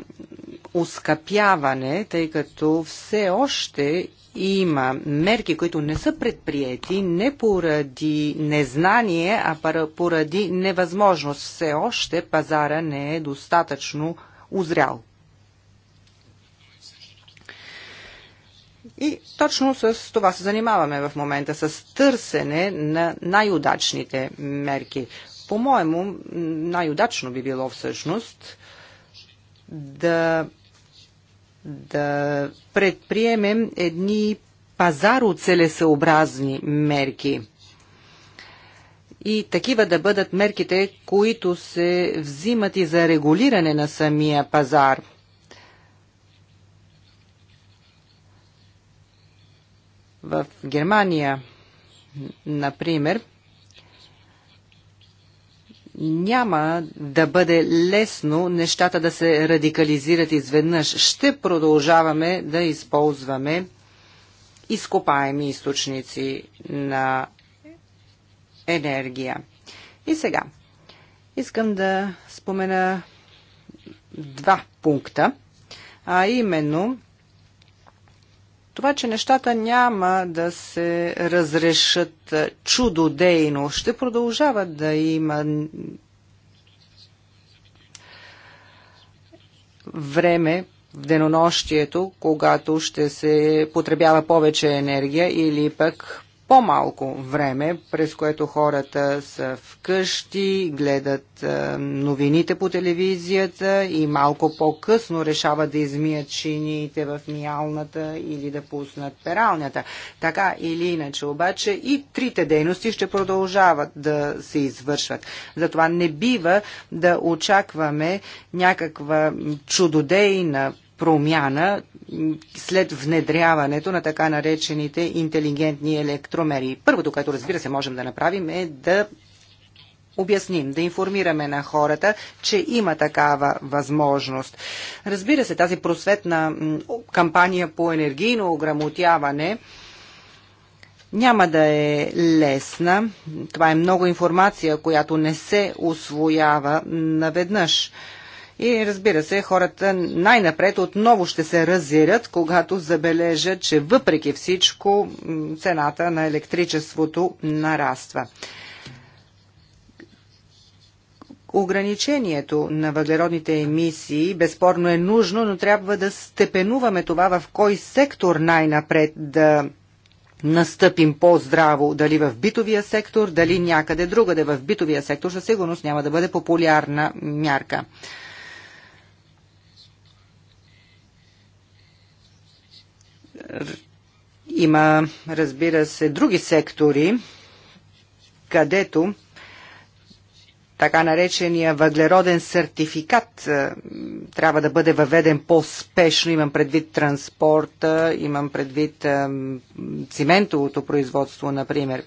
ускъпяване, тъй като все още има мерки, които не са предприяти не поради незнание, а поради невъзможност. Все още пазара не е достатъчно узрял. И точно с това се занимаваме в момента, с търсене на най-удачните мерки. По-моему, най-удачно би било всъщност да, да предприемем едни пазароцелесъобразни мерки и такива да бъдат мерките, които се взимат и за регулиране на самия пазар. В Германия, например, няма да бъде лесно нещата да се радикализират изведнъж. Ще продължаваме да използваме изкопаеми източници на енергия. И сега искам да спомена два пункта, а именно това, че нещата няма да се разрешат чудодейно, ще продължават да има време в денонощието, когато ще се потребява повече енергия или пък по-малко време, през което хората са вкъщи, гледат е, новините по телевизията и малко по-късно решават да измият чиниите в миялната или да пуснат пералнята. Така или иначе обаче и трите дейности ще продължават да се извършват. Затова не бива да очакваме някаква чудодейна промяна след внедряването на така наречените интелигентни електромери. Първото, което разбира се можем да направим е да обясним, да информираме на хората, че има такава възможност. Разбира се, тази просветна кампания по енергийно ограмотяване няма да е лесна. Това е много информация, която не се освоява наведнъж. И разбира се, хората най-напред отново ще се разирят, когато забележат, че въпреки всичко цената на електричеството нараства. Ограничението на въглеродните емисии безспорно е нужно, но трябва да степенуваме това в кой сектор най-напред да настъпим по-здраво, дали в битовия сектор, дали някъде другаде. В битовия сектор със сигурност няма да бъде популярна мярка. Има, разбира се, други сектори, където така наречения въглероден сертификат е, трябва да бъде въведен по-спешно. Имам предвид транспорта, имам предвид е, циментовото производство, например.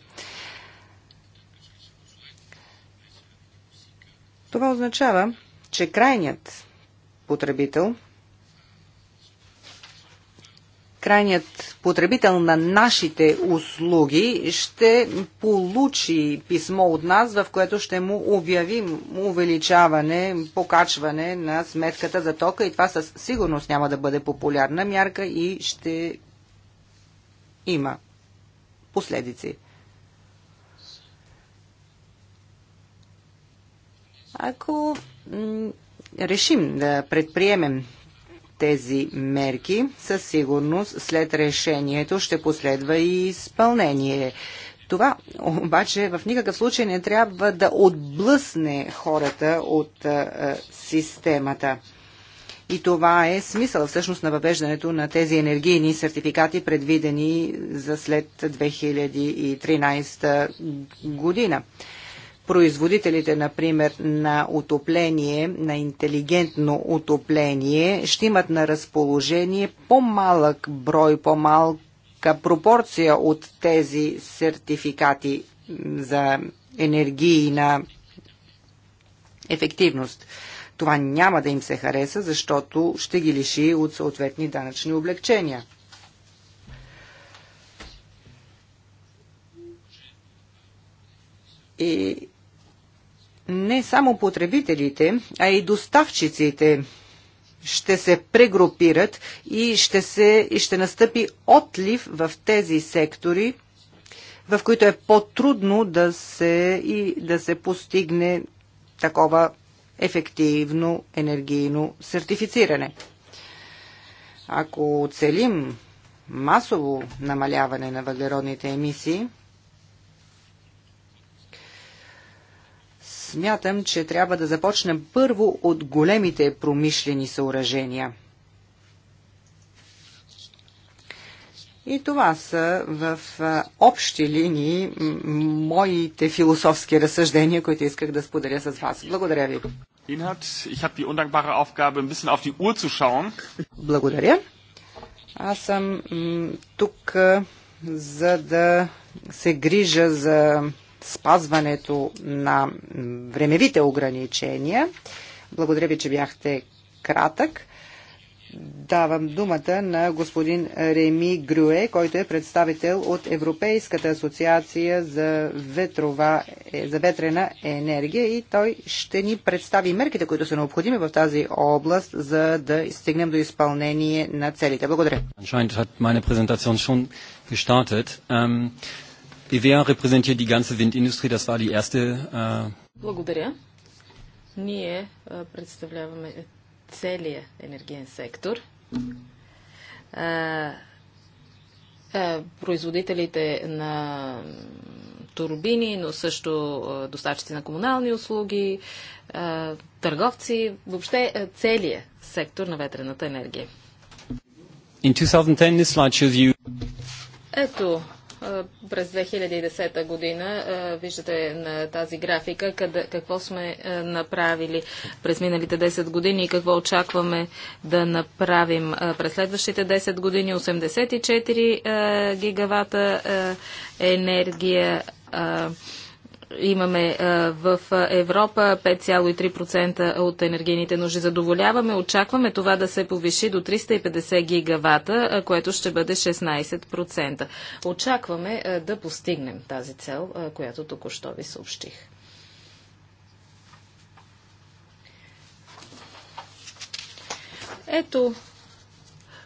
Това означава, че крайният потребител – крайният потребител на нашите услуги ще получи писмо от нас, в което ще му обявим увеличаване, покачване на сметката за тока и това със сигурност няма да бъде популярна мярка и ще има последици. Ако решим да предприемем тези мерки, със сигурност след решението ще последва и изпълнение. Това обаче в никакъв случай не трябва да отблъсне хората от а, системата. И това е смисъл всъщност на въвеждането на тези енергийни сертификати, предвидени за след 2013 година производителите, например, на отопление, на интелигентно отопление, ще имат на разположение по-малък брой, по-малка пропорция от тези сертификати за енергийна ефективност. Това няма да им се хареса, защото ще ги лиши от съответни данъчни облегчения. И не само потребителите, а и доставчиците ще се прегрупират и ще, се, и ще настъпи отлив в тези сектори, в които е по-трудно да се, и да се постигне такова ефективно енергийно сертифициране. Ако целим масово намаляване на въглеродните емисии, смятам, че трябва да започнем първо от големите промишлени съоръжения. И това са в общи линии моите философски разсъждения, които исках да споделя с вас. Благодаря ви. Благодаря. Аз съм тук за да се грижа за спазването на времевите ограничения. Благодаря ви, че бяхте кратък. Давам думата на господин Реми Грюе, който е представител от Европейската асоциация за, ветрова, е, за ветрена енергия и той ще ни представи мерките, които са необходими в тази област, за да стигнем до изпълнение на целите. Благодаря. E e, Благодаря. Ние представляваме целия енергиен сектор. производителите на турбини, но също доставчици на комунални услуги, търговци, въобще целия сектор на ветрената енергия. In 2010, this slide shows you... Ето, през 2010 година. Виждате на тази графика къде, какво сме направили през миналите 10 години и какво очакваме да направим през следващите 10 години. 84 гигавата енергия имаме в Европа 5,3% от енергийните нужди. Задоволяваме, очакваме това да се повиши до 350 гигавата, което ще бъде 16%. Очакваме да постигнем тази цел, която току-що ви съобщих. Ето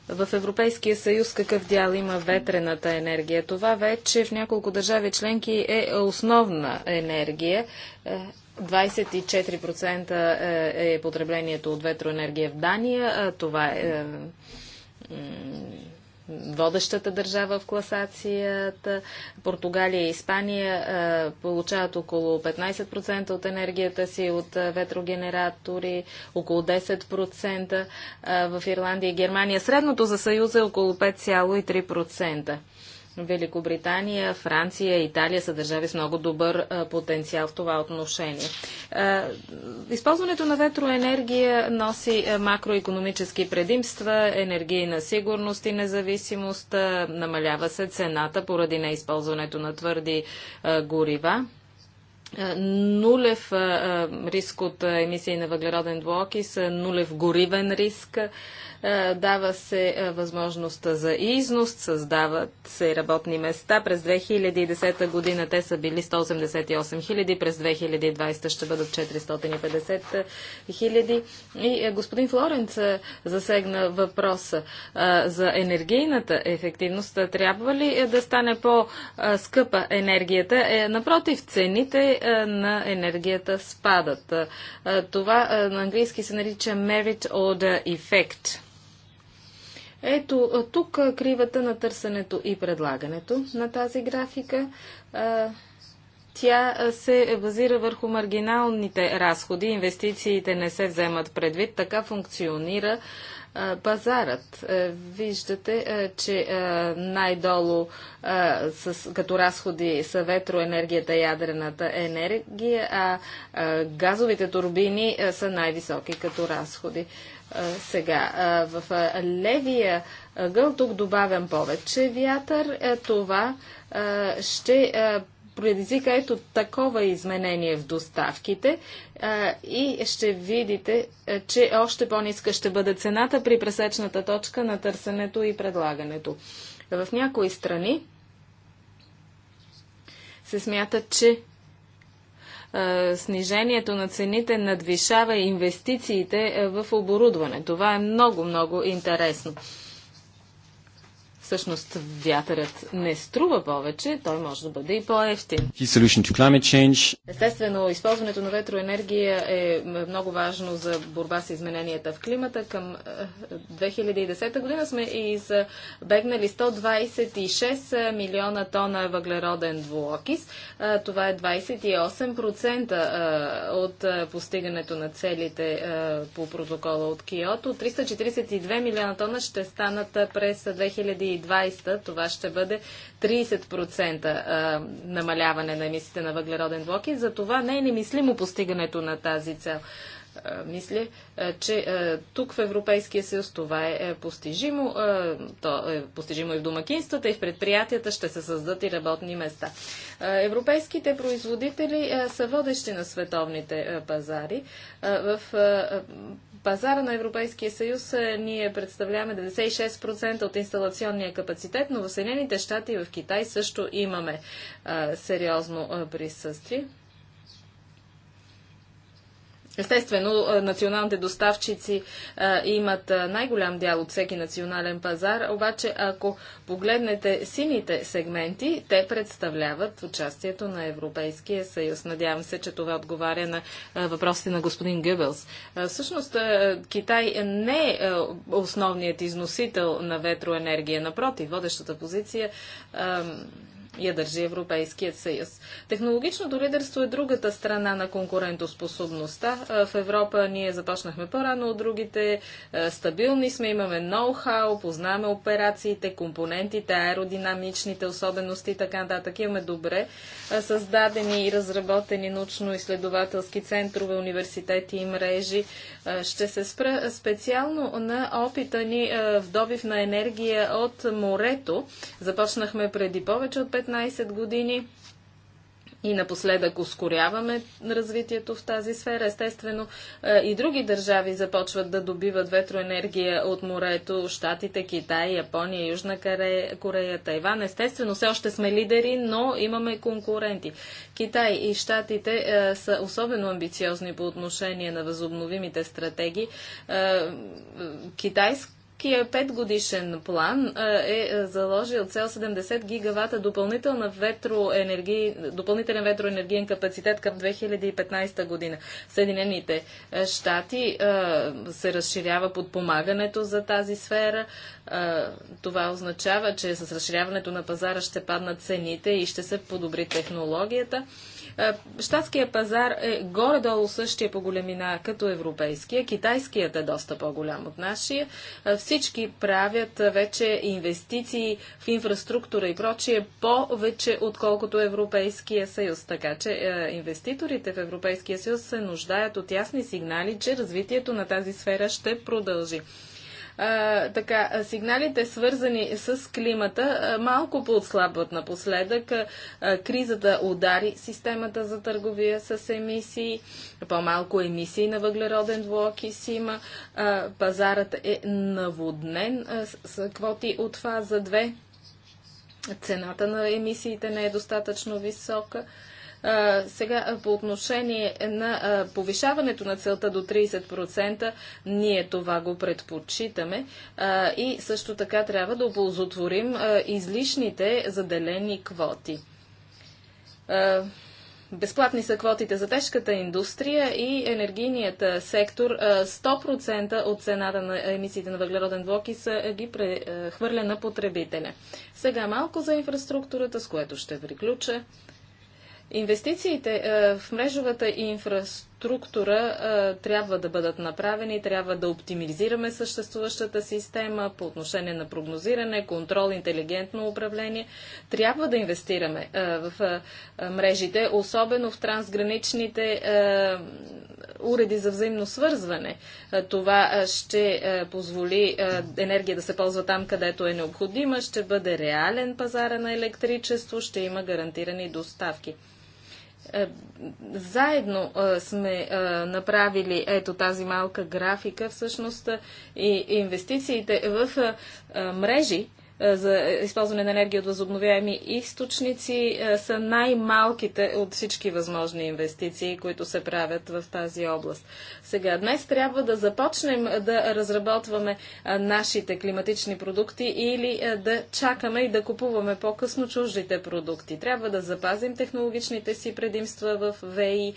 в Европейския съюз какъв дял има ветрената енергия. Това вече в няколко държави членки е основна енергия. 24% е, е, е потреблението от ветроенергия в Дания. Това е водещата държава в класацията. Португалия и Испания получават около 15% от енергията си от ветрогенератори, около 10% в Ирландия и Германия. Средното за Съюза е около 5,3%. Великобритания, Франция, Италия са държави с много добър потенциал в това отношение. използването на ветроенергия носи макроекономически предимства, енергийна сигурност и независимост, намалява се цената поради неизползването на твърди горива. Е, нулев е, е, риск от емисии на въглероден двуокис, нулев горивен риск, дава се възможност за износ, създават се работни места. През 2010 година те са били 188 хиляди, през 2020 ще бъдат 450 хиляди. И господин Флоренц засегна въпроса за енергийната ефективност. Трябва ли да стане по-скъпа енергията? Напротив, цените е, на енергията спадат. Е, това е, на английски се нарича merit order effect. Ето тук кривата на търсенето и предлагането на тази графика. Тя се базира върху маргиналните разходи, инвестициите не се вземат предвид. Така функционира Пазарът. Е, виждате, е, че е, най-долу като разходи са ветроенергията, ядрената енергия, а газовите турбини са най-високи като разходи. Сега, в левия гъл тук добавям повече вятър. Това ще предизвика ето такова изменение в доставките а, и ще видите, а, че още по-ниска ще бъде цената при пресечната точка на търсенето и предлагането. В някои страни се смята, че а, снижението на цените надвишава инвестициите в оборудване. Това е много-много интересно. Всъщност вятърът не струва повече, той може да бъде и по-ефтин. Естествено, използването на ветроенергия е много важно за борба с измененията в климата. Към 2010 е, година сме избегнали 126 е, милиона тона въглероден двуокис. Е, това е 28% от постигането на целите по протокола от Киото. 342 милиона тона ще станат през 2010 2020 това ще бъде 30% намаляване на емисиите на въглероден двуокис. За това не е немислимо постигането на тази цел. Мисля, че тук в Европейския съюз това е, е постижимо. То е постижимо и в домакинствата, и в предприятията ще се създадат и работни места. Европейските производители са водещи на световните пазари. В пазара на Европейския съюз е, ние представляваме 96% от инсталационния капацитет, но в Съединените щати и в Китай също имаме а, сериозно присъствие. Естествено, националните доставчици а, имат най-голям дял от всеки национален пазар, обаче ако погледнете сините сегменти, те представляват участието на Европейския съюз. Надявам се, че това отговаря на а, въпросите на господин Гъбелс. А, всъщност, Китай не е основният износител на ветроенергия. Напротив, водещата позиция я държи Европейският съюз. Технологичното лидерство е другата страна на конкурентоспособността. В Европа ние започнахме по-рано от другите, стабилни сме, имаме ноу-хау, познаваме операциите, компонентите, аеродинамичните особености и така нататък. Имаме добре създадени и разработени научно-изследователски центрове, университети и мрежи. Ще се спра специално на опита ни в добив на енергия от морето. Започнахме преди повече от 5 15 години и напоследък ускоряваме развитието в тази сфера. Естествено, е, и други държави започват да добиват ветроенергия от морето. Штатите, Китай, Япония, Южна Корея, Тайван. Естествено, все още сме лидери, но имаме конкуренти. Китай и Штатите е, са особено амбициозни по отношение на възобновимите стратегии. Е, китайск Кия петгодишен план е, е заложил цел 70 гигавата допълнителна допълнителен ветроенергиен капацитет към 2015 година. В Съединените щати се разширява подпомагането за тази сфера. Това означава, че с разширяването на пазара ще паднат цените и ще се подобри технологията. Штатския е, пазар е горе-долу същия по големина като европейския. Китайският е доста по-голям от нашия. Е, всички правят вече инвестиции в инфраструктура и прочие повече, отколкото Европейския съюз. Така че е, инвеститорите в Европейския съюз се нуждаят от ясни сигнали, че развитието на тази сфера ще продължи. А, така, сигналите свързани с климата малко поотслабват напоследък. А, кризата удари системата за търговия с емисии, по-малко емисии на въглероден двуокис има. А, пазарът е наводнен с, с квоти от фаза 2. Цената на емисиите не е достатъчно висока сега, по отношение на повишаването на целта до 30%, ние това го предпочитаме и също така трябва да оползотворим излишните заделени квоти. Безплатни са квотите за тежката индустрия и енергийният сектор. 100% от цената на емисиите на въглероден са ги прехвърля на потребителя. Сега малко за инфраструктурата, с което ще приключа. Инвестициите е, в мрежовата инфраструктура е, трябва да бъдат направени, трябва да оптимизираме съществуващата система по отношение на прогнозиране, контрол, интелигентно управление. Трябва да инвестираме е, в мрежите, особено в трансграничните уреди за взаимно свързване. Това ще позволи енергия да се ползва там, където е необходима, ще бъде реален пазара на електричество, ще има гарантирани доставки. Е, заедно е, сме е, направили ето тази малка графика всъщност и инвестициите в мрежи е, за използване на енергия от възобновяеми източници е, са най-малките от всички възможни инвестиции, които се правят в тази област. Сега, днес трябва да започнем да разработваме е, нашите климатични продукти или да чакаме и да купуваме по-късно чуждите продукти. Трябва да запазим технологичните си предимства в ВЕИ,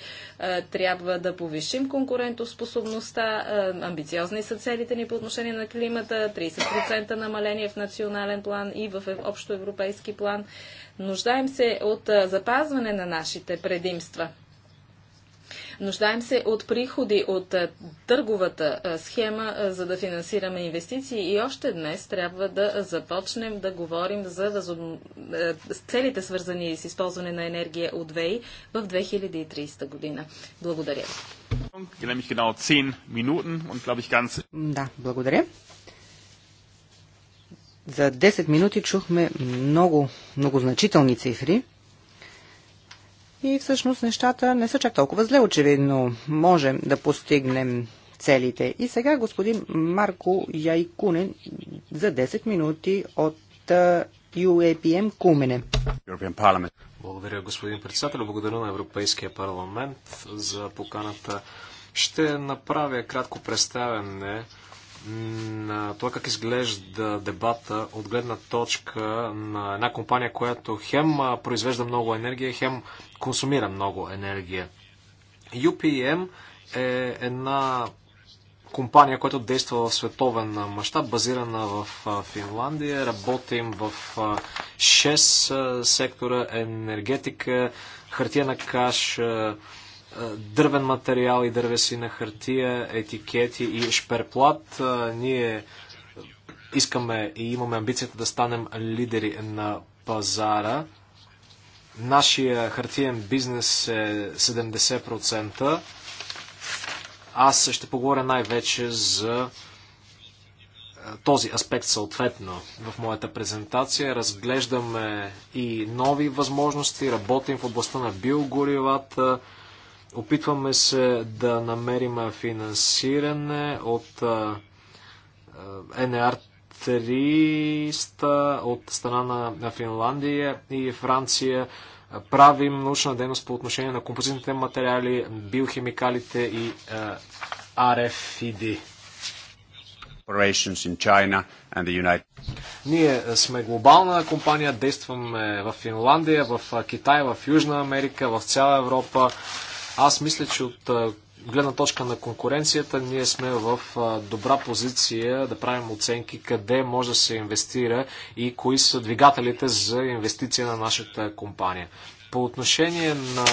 трябва да повишим конкурентоспособността, амбициозни са целите ни по отношение на климата, 30% намаление в национален национален план и в общо европейски план. Нуждаем се от запазване на нашите предимства. Нуждаем се от приходи от търговата схема, за да финансираме инвестиции и още днес трябва да започнем да говорим за възоб... целите свързани с използване на енергия от ВЕИ в 2030 година. Благодаря. Да, благодаря. За 10 минути чухме много, много значителни цифри. И всъщност нещата не са чак толкова зле, очевидно. Можем да постигнем целите. И сега господин Марко Яйкунен за 10 минути от UAPM Кумене. Благодаря, господин председател. Благодаря на Европейския парламент за поканата. Ще направя кратко представяне на това как изглежда дебата от гледна точка на една компания, която хем произвежда много енергия, хем консумира много енергия. UPM е една компания, която действа в световен мащаб, базирана в Финландия. Работим в 6 сектора енергетика, хартия на каш, е, дървен материал и дървесина хартия, етикети и шперплат. Е, ние искаме и имаме амбицията да станем лидери на пазара. Нашия хартиен бизнес е 70%. Аз ще поговоря най-вече за е, този аспект съответно в моята презентация. Разглеждаме и нови възможности, работим в областта на биогоривата, Опитваме се да намерим финансиране от НР 300 от страна на Финландия и Франция. Правим научна дейност по отношение на композитните материали, биохимикалите и RFID. Ние сме глобална компания, действаме в Финландия, в Китай, в Южна Америка, в цяла Европа. Аз мисля, че от гледна точка на конкуренцията ние сме в добра позиция да правим оценки къде може да се инвестира и кои са двигателите за инвестиция на нашата компания. По отношение на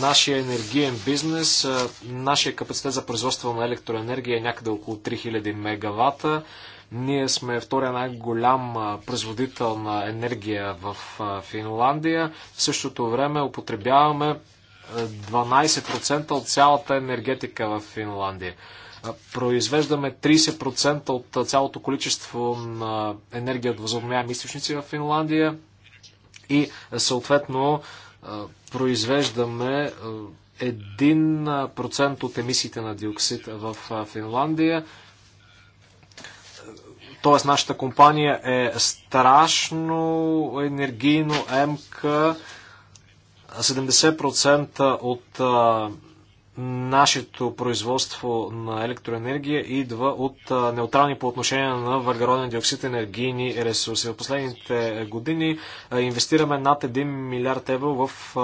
нашия енергиен бизнес, нашия капацитет за производство на електроенергия е някъде около 3000 мегавата. Ние сме втория най-голям производител на енергия в Финландия. В същото време употребяваме 12% от цялата енергетика в Финландия. Произвеждаме 30% от цялото количество на енергия от възобновяеми източници в Финландия и съответно произвеждаме 1% от емисиите на диоксид в Финландия. Тоест, нашата компания е страшно енергийно емка 70% от а, нашето производство на електроенергия идва от а, неутрални по отношение на въглероден диоксид енергийни ресурси. В последните години а, инвестираме над 1 милиард евро в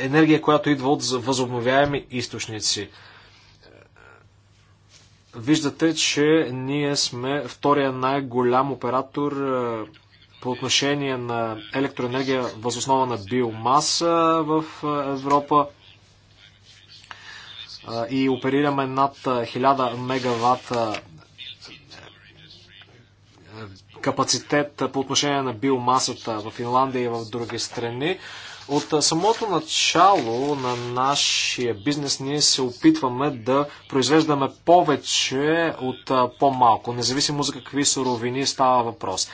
енергия, която идва от възобновяеми източници. Виждате, че ние сме втория най-голям оператор по отношение на електроенергия възоснова на биомаса в Европа и оперираме над 1000 мегаватта капацитет по отношение на биомасата в Финландия и в други страни. От самото начало на нашия бизнес ние се опитваме да произвеждаме повече от по-малко, независимо за какви суровини става въпрос.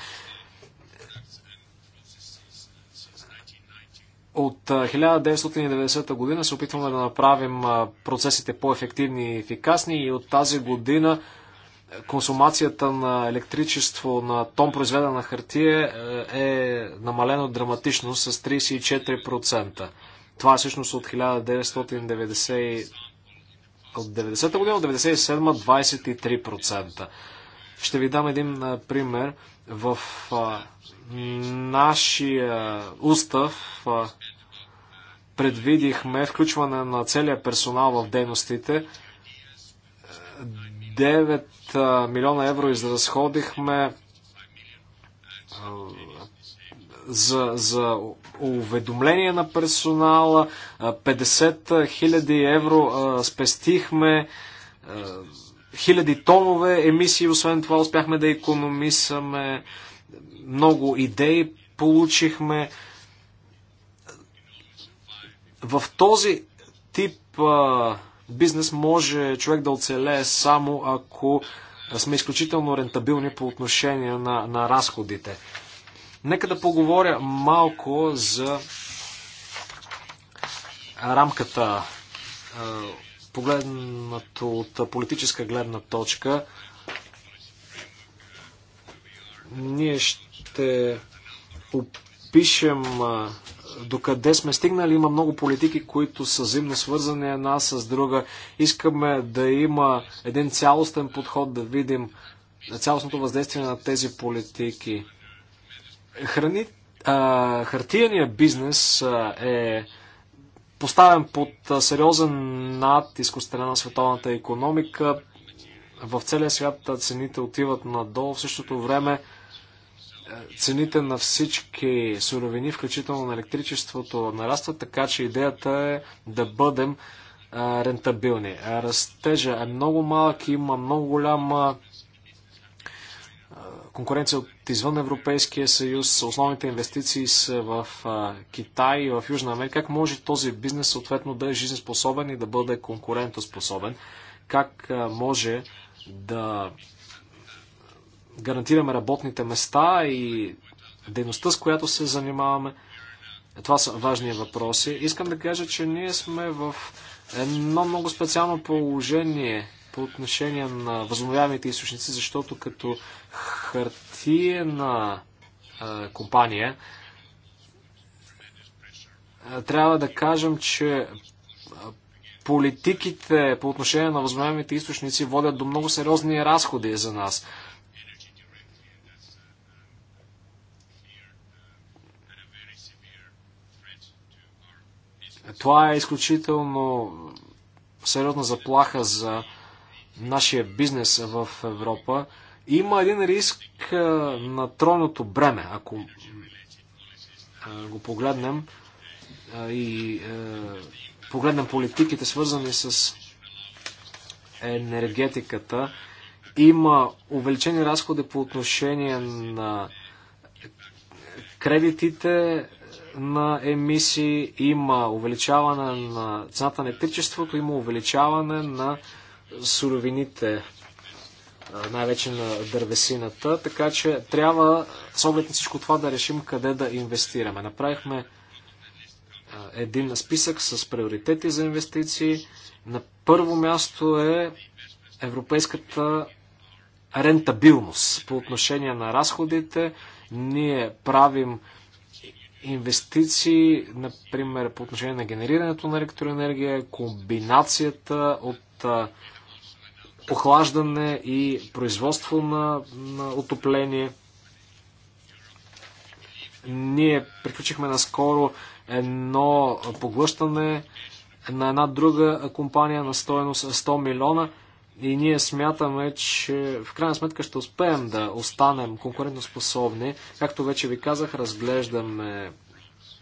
От 1990 година се опитваме да направим процесите по-ефективни и ефикасни и от тази година консумацията на електричество на тон произведена на хартия е намалено драматично с 34%. Това е всъщност от 1990 от 90-та година, от 97 23%. Ще ви дам един пример. В а, нашия устав а, предвидихме включване на целия персонал в дейностите. 9 милиона евро изразходихме за, за уведомление на персонала, 50 хиляди евро а, спестихме, а, хиляди тонове емисии, освен това успяхме да економисаме много идеи, получихме. В този тип а, бизнес може човек да оцелее само ако сме изключително рентабилни по отношение на, на разходите. Нека да поговоря малко за рамката, погледнато от политическа гледна точка, ние ще опишем докъде сме стигнали. Има много политики, които са взаимно свързани една с друга. Искаме да има един цялостен подход, да видим цялостното въздействие на тези политики. Храни... А, хартияния бизнес е поставен под сериозен натиск от страна на световната економика. В целия свят цените отиват надолу. В същото време е, цените на всички суровини, включително на електричеството, нарастват, така че идеята е да бъдем е, рентабилни. Растежа е много малък, има много голяма конкуренция от извън Европейския съюз, основните инвестиции са в Китай и в Южна Америка. Как може този бизнес съответно да е жизнеспособен и да бъде конкурентоспособен? Как може да гарантираме работните места и дейността, с която се занимаваме? Това са важни въпроси. Искам да кажа, че ние сме в едно много специално положение по отношение на възобновяемите източници, защото като хартиена компания трябва да кажем, че политиките по отношение на възобновяемите източници водят до много сериозни разходи за нас. Това е изключително сериозна заплаха за нашия бизнес в Европа, има един риск на тройното бреме, ако го погледнем и погледнем политиките, свързани с енергетиката, има увеличени разходи по отношение на кредитите на емисии, има увеличаване на цената на електричеството, има увеличаване на суровините, най-вече на дървесината, така че трябва с оглед на всичко това да решим къде да инвестираме. Направихме един списък с приоритети за инвестиции. На първо място е европейската рентабилност по отношение на разходите. Ние правим инвестиции, например, по отношение на генерирането на електроенергия, комбинацията от охлаждане и производство на, на отопление. Ние приключихме наскоро едно поглъщане на една друга компания на стоеност 100 милиона и ние смятаме, че в крайна сметка ще успеем да останем конкурентоспособни. Както вече ви казах, разглеждаме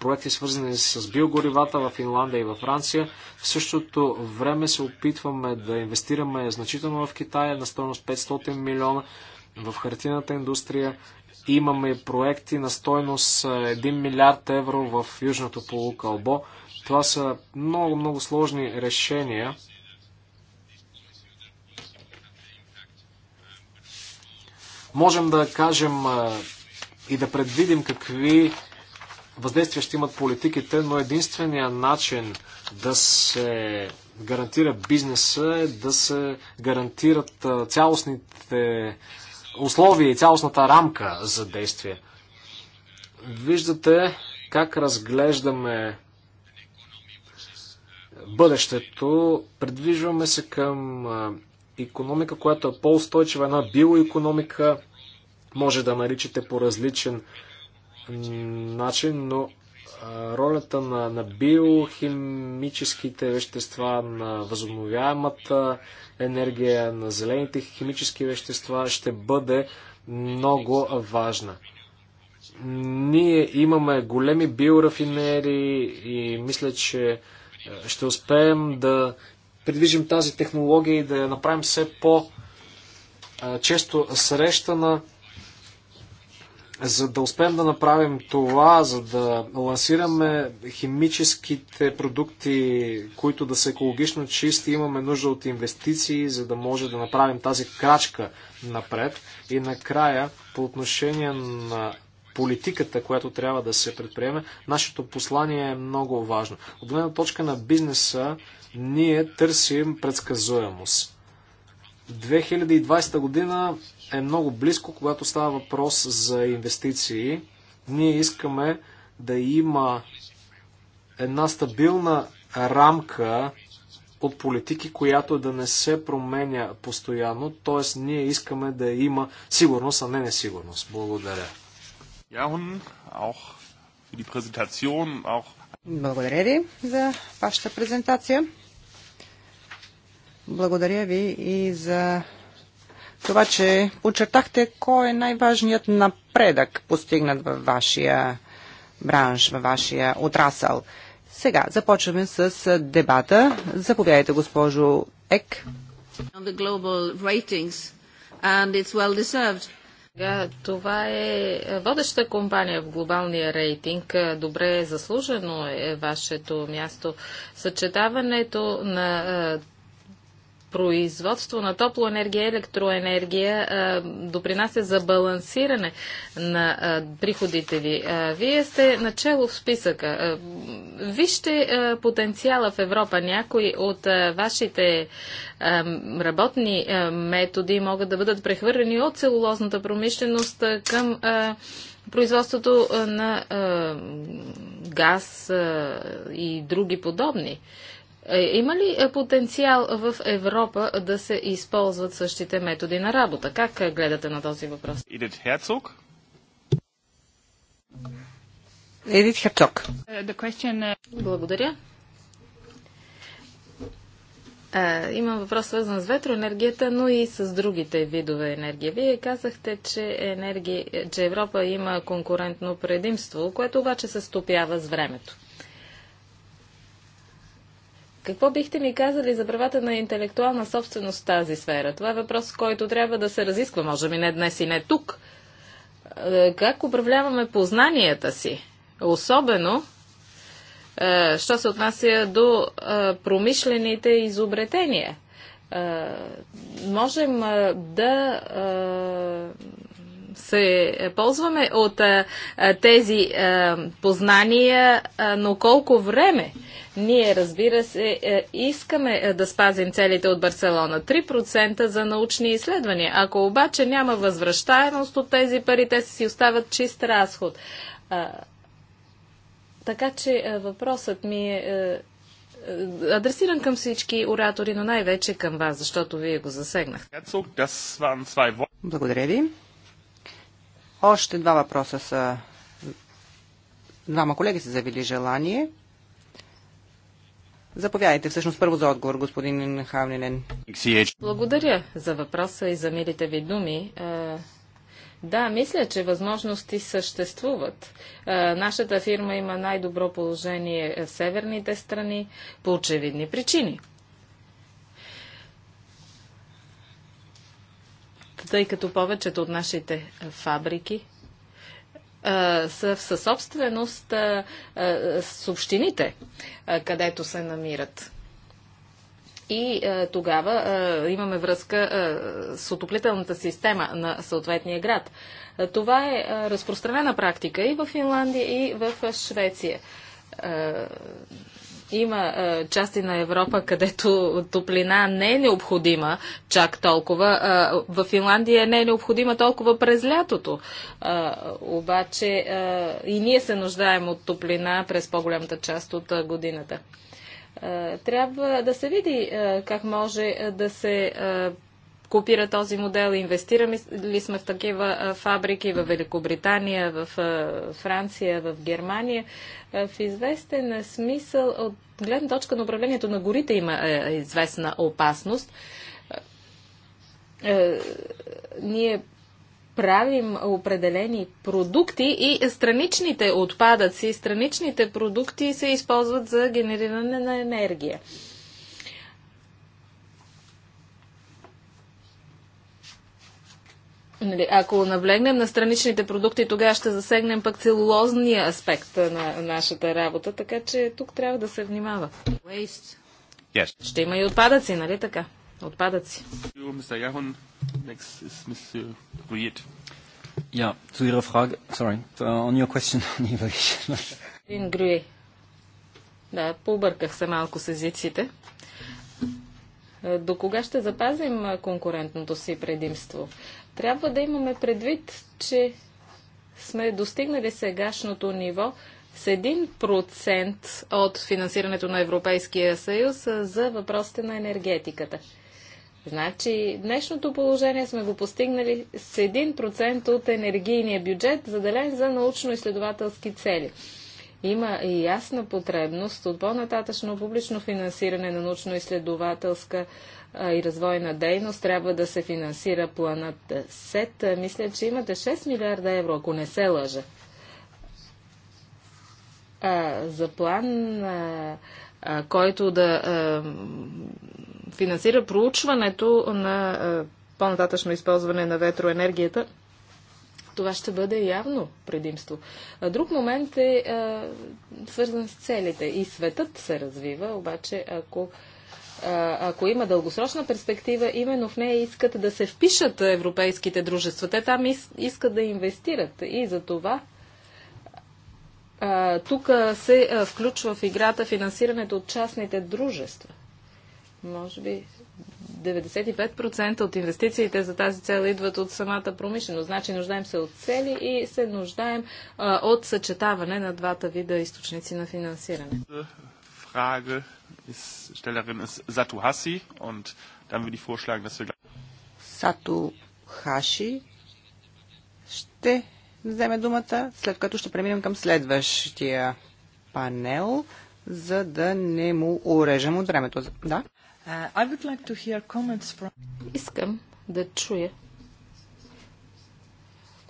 проекти свързани с биогоривата в Финландия и във Франция. В същото време се опитваме да инвестираме значително в Китая на стоеност 500 милиона в хартината индустрия. Имаме проекти на стоеност 1 милиард евро в Южното полукълбо. Това са много, много сложни решения. Можем да кажем и да предвидим какви въздействие ще имат политиките, но единствения начин да се гарантира бизнеса е да се гарантират цялостните условия и цялостната рамка за действие. Виждате как разглеждаме бъдещето. Предвижваме се към економика, която е по-устойчива, една биоекономика, може да наричате по различен начин начин, но ролята на, на биохимическите вещества, на възобновяемата енергия, на зелените химически вещества ще бъде много важна. Ние имаме големи биорафинери и мисля, че ще успеем да придвижим тази технология и да я направим все по-често срещана. За да успеем да направим това, за да лансираме химическите продукти, които да са екологично чисти, имаме нужда от инвестиции, за да може да направим тази крачка напред. И накрая, по отношение на политиката, която трябва да се предприеме, нашето послание е много важно. От гледна точка на бизнеса, ние търсим предсказуемост. 2020 година е много близко, когато става въпрос за инвестиции. Ние искаме да има една стабилна рамка от политики, която да не се променя постоянно, т.е. ние искаме да има сигурност, а не несигурност. Благодаря. Благодаря ви за вашата презентация. Благодаря ви и за това, че очертахте кой е най-важният напредък постигнат във вашия бранш, във вашия отрасъл. Сега започваме с дебата. Заповядайте, госпожо Ек. Това е водеща компания в глобалния рейтинг. Добре е заслужено е вашето място. Съчетаването на производство на топлоенергия и електроенергия допринася за балансиране на приходите ви. вие сте начало в списъка. Вижте потенциала в Европа. Някои от вашите работни методи могат да бъдат прехвърлени от целулозната промишленост към производството на газ и други подобни е, има ли е, потенциал в Европа да се използват същите методи на работа? Как е, гледате на този въпрос? Идит Херцог? Едит Херцог. Благодаря. А, имам въпрос свързан с ветроенергията, но и с другите видове енергия. Вие казахте, че, енергия, че Европа има конкурентно предимство, което обаче се стопява с времето. Какво бихте ми казали за правата на интелектуална собственост в тази сфера? Това е въпрос, който трябва да се разисква, може би не днес и не тук. Е, как управляваме познанията си? Особено, е, що се отнася до е, промишлените изобретения. можем да се е, ползваме от е, е, тези познания, но колко време? Ние, разбира се, искаме да спазим целите от Барселона 3% за научни изследвания. Ако обаче няма възвръщаемост от тези пари, те си остават чист разход. Така че въпросът ми е адресиран към всички оратори, но най-вече към вас, защото вие го засегнахте. Благодаря ви. Още два въпроса са. Двама колеги са завели желание. Заповядайте всъщност първо за отговор, господин Хавнинен. Благодаря за въпроса и за милите ви думи. Да, мисля, че възможности съществуват. Нашата фирма има най-добро положение в северните страни по очевидни причини. тъй като повечето от нашите фабрики са в съсобственост с общините, където се намират. И тогава имаме връзка с отоплителната система на съответния град. Това е, разпространена практика и в Финландия, и в Швеция. Има е, части на Европа, където топлина не е необходима чак толкова. Е, в Финландия не е необходима толкова през лятото. Е, обаче е, и ние се нуждаем от топлина през по-голямата част от е, годината. Е, трябва да се види е, как може е, да се. Е, копира този модел. Инвестираме ли сме в такива фабрики в Великобритания, в Франция, в Германия? В известен смисъл от гледна точка на управлението на горите има известна опасност. Ние правим определени продукти и страничните отпадъци, страничните продукти се използват за генериране на енергия. Нали, ако навлегнем на страничните продукти, тогава ще засегнем пък целулозния аспект на нашата работа, така че тук трябва да се внимава. Yes. Ще има и отпадъци, нали така? Отпадъци. Ja, zu Ihrer Frage, sorry, uh, on your question, [laughs] да, побърках се малко с езиците. Е, до кога ще запазим конкурентното си предимство? Трябва да имаме предвид, че сме достигнали сегашното ниво с 1% от финансирането на Европейския съюз за въпросите на енергетиката. Значи, днешното положение сме го постигнали с 1% от енергийния бюджет, заделен за научно-изследователски цели. Има и ясна потребност от по-нататъчно публично финансиране на научно-изследователска и развойна дейност трябва да се финансира планът СЕТ. Мисля, че имате 6 милиарда евро, ако не се лъжа. А, за план, а, а, който да а, финансира проучването на а, по-нататъчно използване на ветроенергията, това ще бъде явно предимство. Друг момент е а, свързан с целите. И светът се развива, обаче ако а, ако има дългосрочна перспектива, именно в нея искат да се впишат европейските дружества. Те там искат да инвестират и за това тук се включва в играта финансирането от частните дружества. Може би 95% от инвестициите за тази цел идват от самата промишленост. Значи нуждаем се от цели и се нуждаем от съчетаване на двата вида източници на финансиране. Ist, ist Satu Hassi und dann würde ich vorschlagen, dass wir gleich. Сато Хаши ще вземе думата, след като ще преминем към следващия панел, за да не му урежем от времето. Да? Uh, I would like to hear comments from... Искам да чуя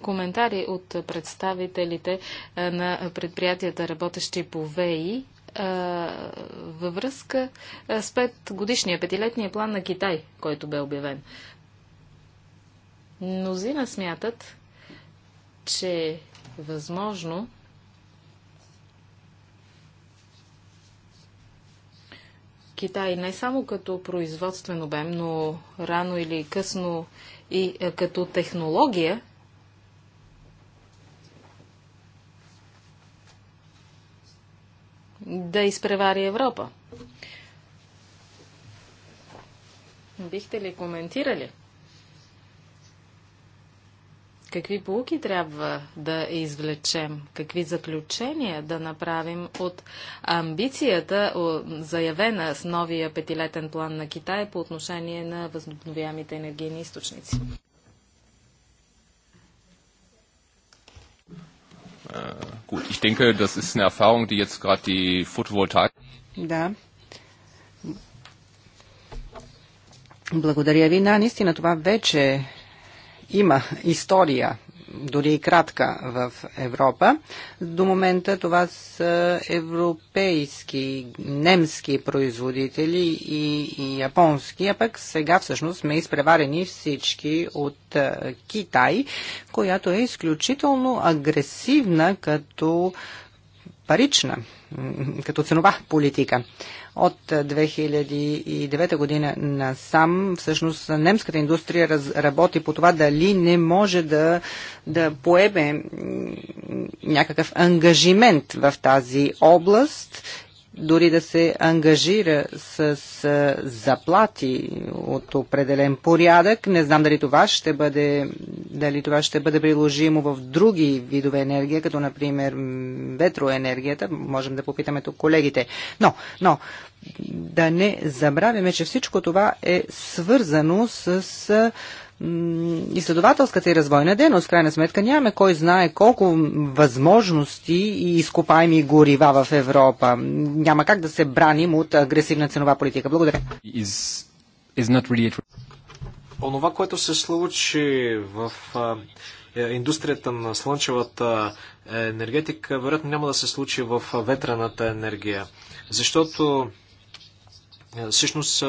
коментари от представителите uh, на предприятията, работещи по ВЕИ във връзка с петгодишния, петилетния план на Китай, който бе обявен. Мнозина смятат, че е възможно Китай не само като производствен обем, но рано или късно и като технология да изпревари Европа. Бихте ли коментирали? Какви полуки трябва да извлечем? Какви заключения да направим от амбицията, заявена с новия петилетен план на Китай по отношение на възобновяемите енергийни източници? gut, ich denke, das ist eine Erfahrung, die jetzt gerade die Photovoltaik. Да. Благодаря ви. Да, наистина това вече има история дори и кратка в Европа. До момента това са европейски, немски производители и, и японски, а пък сега всъщност сме изпреварени всички от е, Китай, която е изключително агресивна като парична, като ценова политика. От 2009 е, година насам, всъщност, немската индустрия работи по това дали не може да, да поеме някакъв ангажимент в тази област дори да се ангажира с заплати от определен порядък. Не знам дали това ще бъде, дали това ще бъде приложимо в други видове енергия, като например ветроенергията. Можем да попитаме тук колегите. Но, но да не забравяме, че всичко това е свързано с изследователската и развойна дейност. В крайна сметка нямаме кой знае колко възможности и изкопаеми горива в Европа. Няма как да се браним от агресивна ценова политика. Благодаря. Is, is really Онова, което се случи в а, е, индустрията на слънчевата е, енергетика, вероятно няма да се случи в ветрената енергия. Защото е, всъщност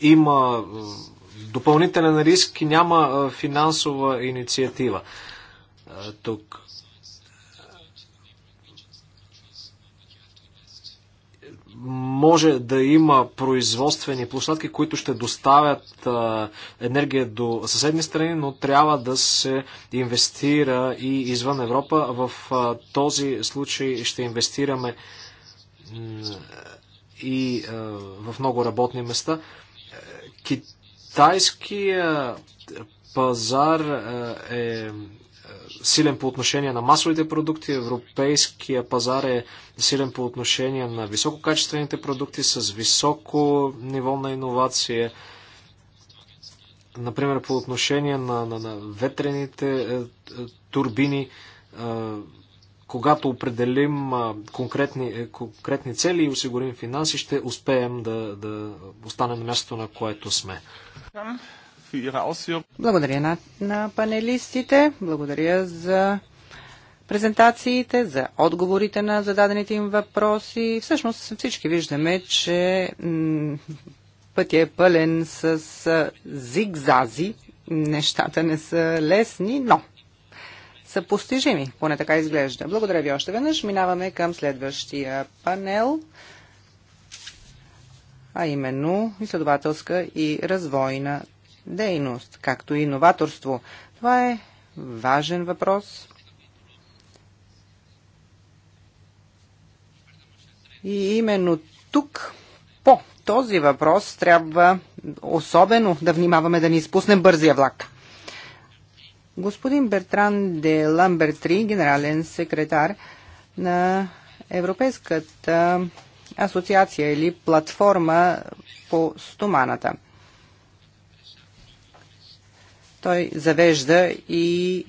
има допълнителен риск и няма финансова инициатива тук. може да има производствени площадки, които ще доставят енергия до съседни страни, но трябва да се инвестира и извън Европа. В този случай ще инвестираме и в много работни места. Китай Китайския пазар е, е силен по отношение на масовите продукти, европейския пазар е силен по отношение на висококачествените продукти с високо ниво на иновация. Например, по отношение на, на, на ветрените е, е, турбини, когато определим конкретни, е, конкретни цели и осигурим финанси, ще успеем да, да останем на мястото, на което сме. Благодаря на, на панелистите, благодаря за презентациите, за отговорите на зададените им въпроси. Всъщност всички виждаме, че пътя е пълен с зигзази. Нещата не са лесни, но са постижими, поне така изглежда. Благодаря ви още веднъж. Минаваме към следващия панел, а именно изследователска и развойна дейност, както и новаторство. Това е важен въпрос. И именно тук по този въпрос трябва особено да внимаваме да не изпуснем бързия влак. Господин Бертран де Ламбертри, генерален секретар на Европейската асоциация или платформа по стоманата. Той завежда и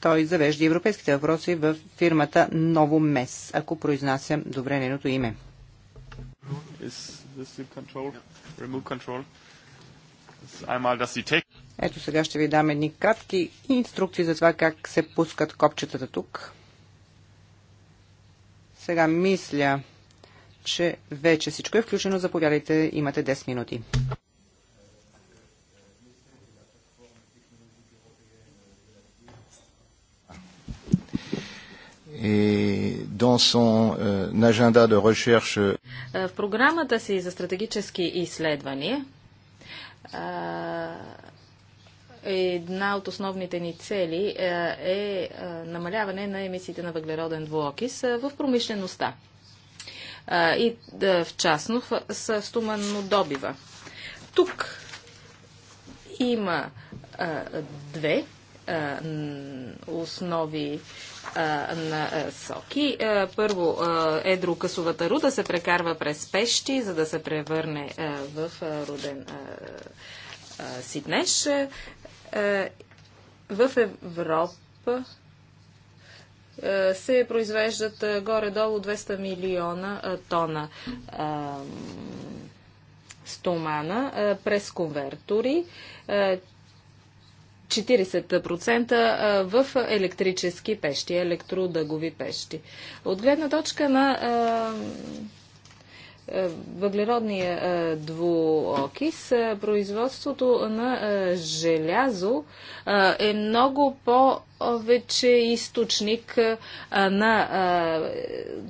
той завежда европейските въпроси в фирмата Ново Мес, ако произнасям добре неното име. Is this the control? Remove control? Einmal, dass ето сега ще ви дам едни кратки инструкции за това как се пускат копчетата тук. Сега мисля, че вече всичко е включено. Заповядайте, имате 10 минути. Euh, е, в програмата си за стратегически изследвания Една от основните ни цели е, е, е намаляване на емисиите на въглероден двуокис е, в промишлеността и в частно с стуманно добива. Тук има две основи на соки. Първо, едрокъсовата руда се прекарва през пещи, за да се превърне в роден сиднеш. Е, в Европа е, се произвеждат е, горе-долу 200 милиона тона стомана през конвертори. 40% в електрически пещи, електродъгови пещи. От гледна точка на е, въглеродния е, двуокис, е, производството на желязо е много по-вече източник на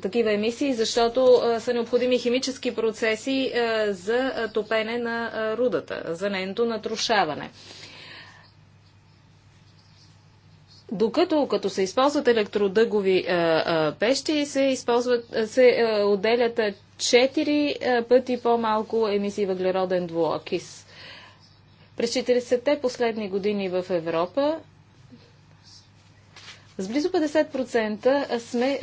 такива емисии, защото са необходими химически процеси за топене на рудата, за нейното натрушаване. Докато като се използват електродъгови пещи, се, използват, се отделят четири е, пъти по-малко емисии въглероден двуокис. През 40-те последни години в Европа с близо 50% сме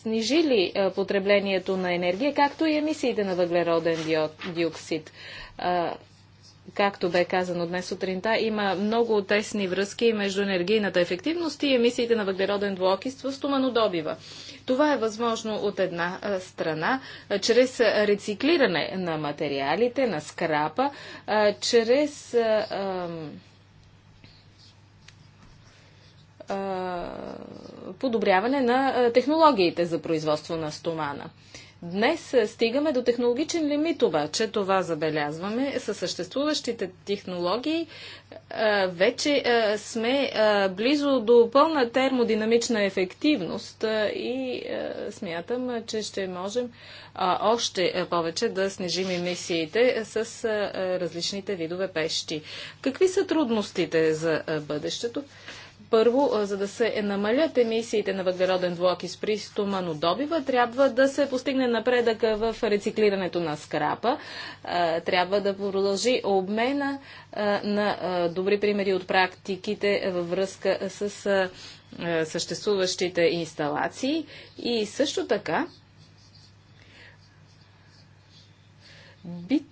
снижили е, потреблението на енергия, както и емисиите на въглероден диоксид. Е, както бе казано днес сутринта, има много тесни връзки между енергийната ефективност и емисиите на въглероден двуокис в стоманодобива. Това е възможно от една страна, чрез рециклиране на материалите, на скрапа, чрез подобряване на технологиите за производство на стомана. Днес стигаме до технологичен лимит обаче, това забелязваме. Със съществуващите технологии е, вече е, сме е, близо до пълна термодинамична ефективност и смятам, че ще можем още повече да снижим емисиите с различните видове пещи. Какви са трудностите за бъдещето? Първо, за да се намалят емисиите на въглероден из при добива, трябва да се постигне напредък в рециклирането на скрапа. Трябва да продължи обмена на добри примери от практиките във връзка с съществуващите инсталации и също така би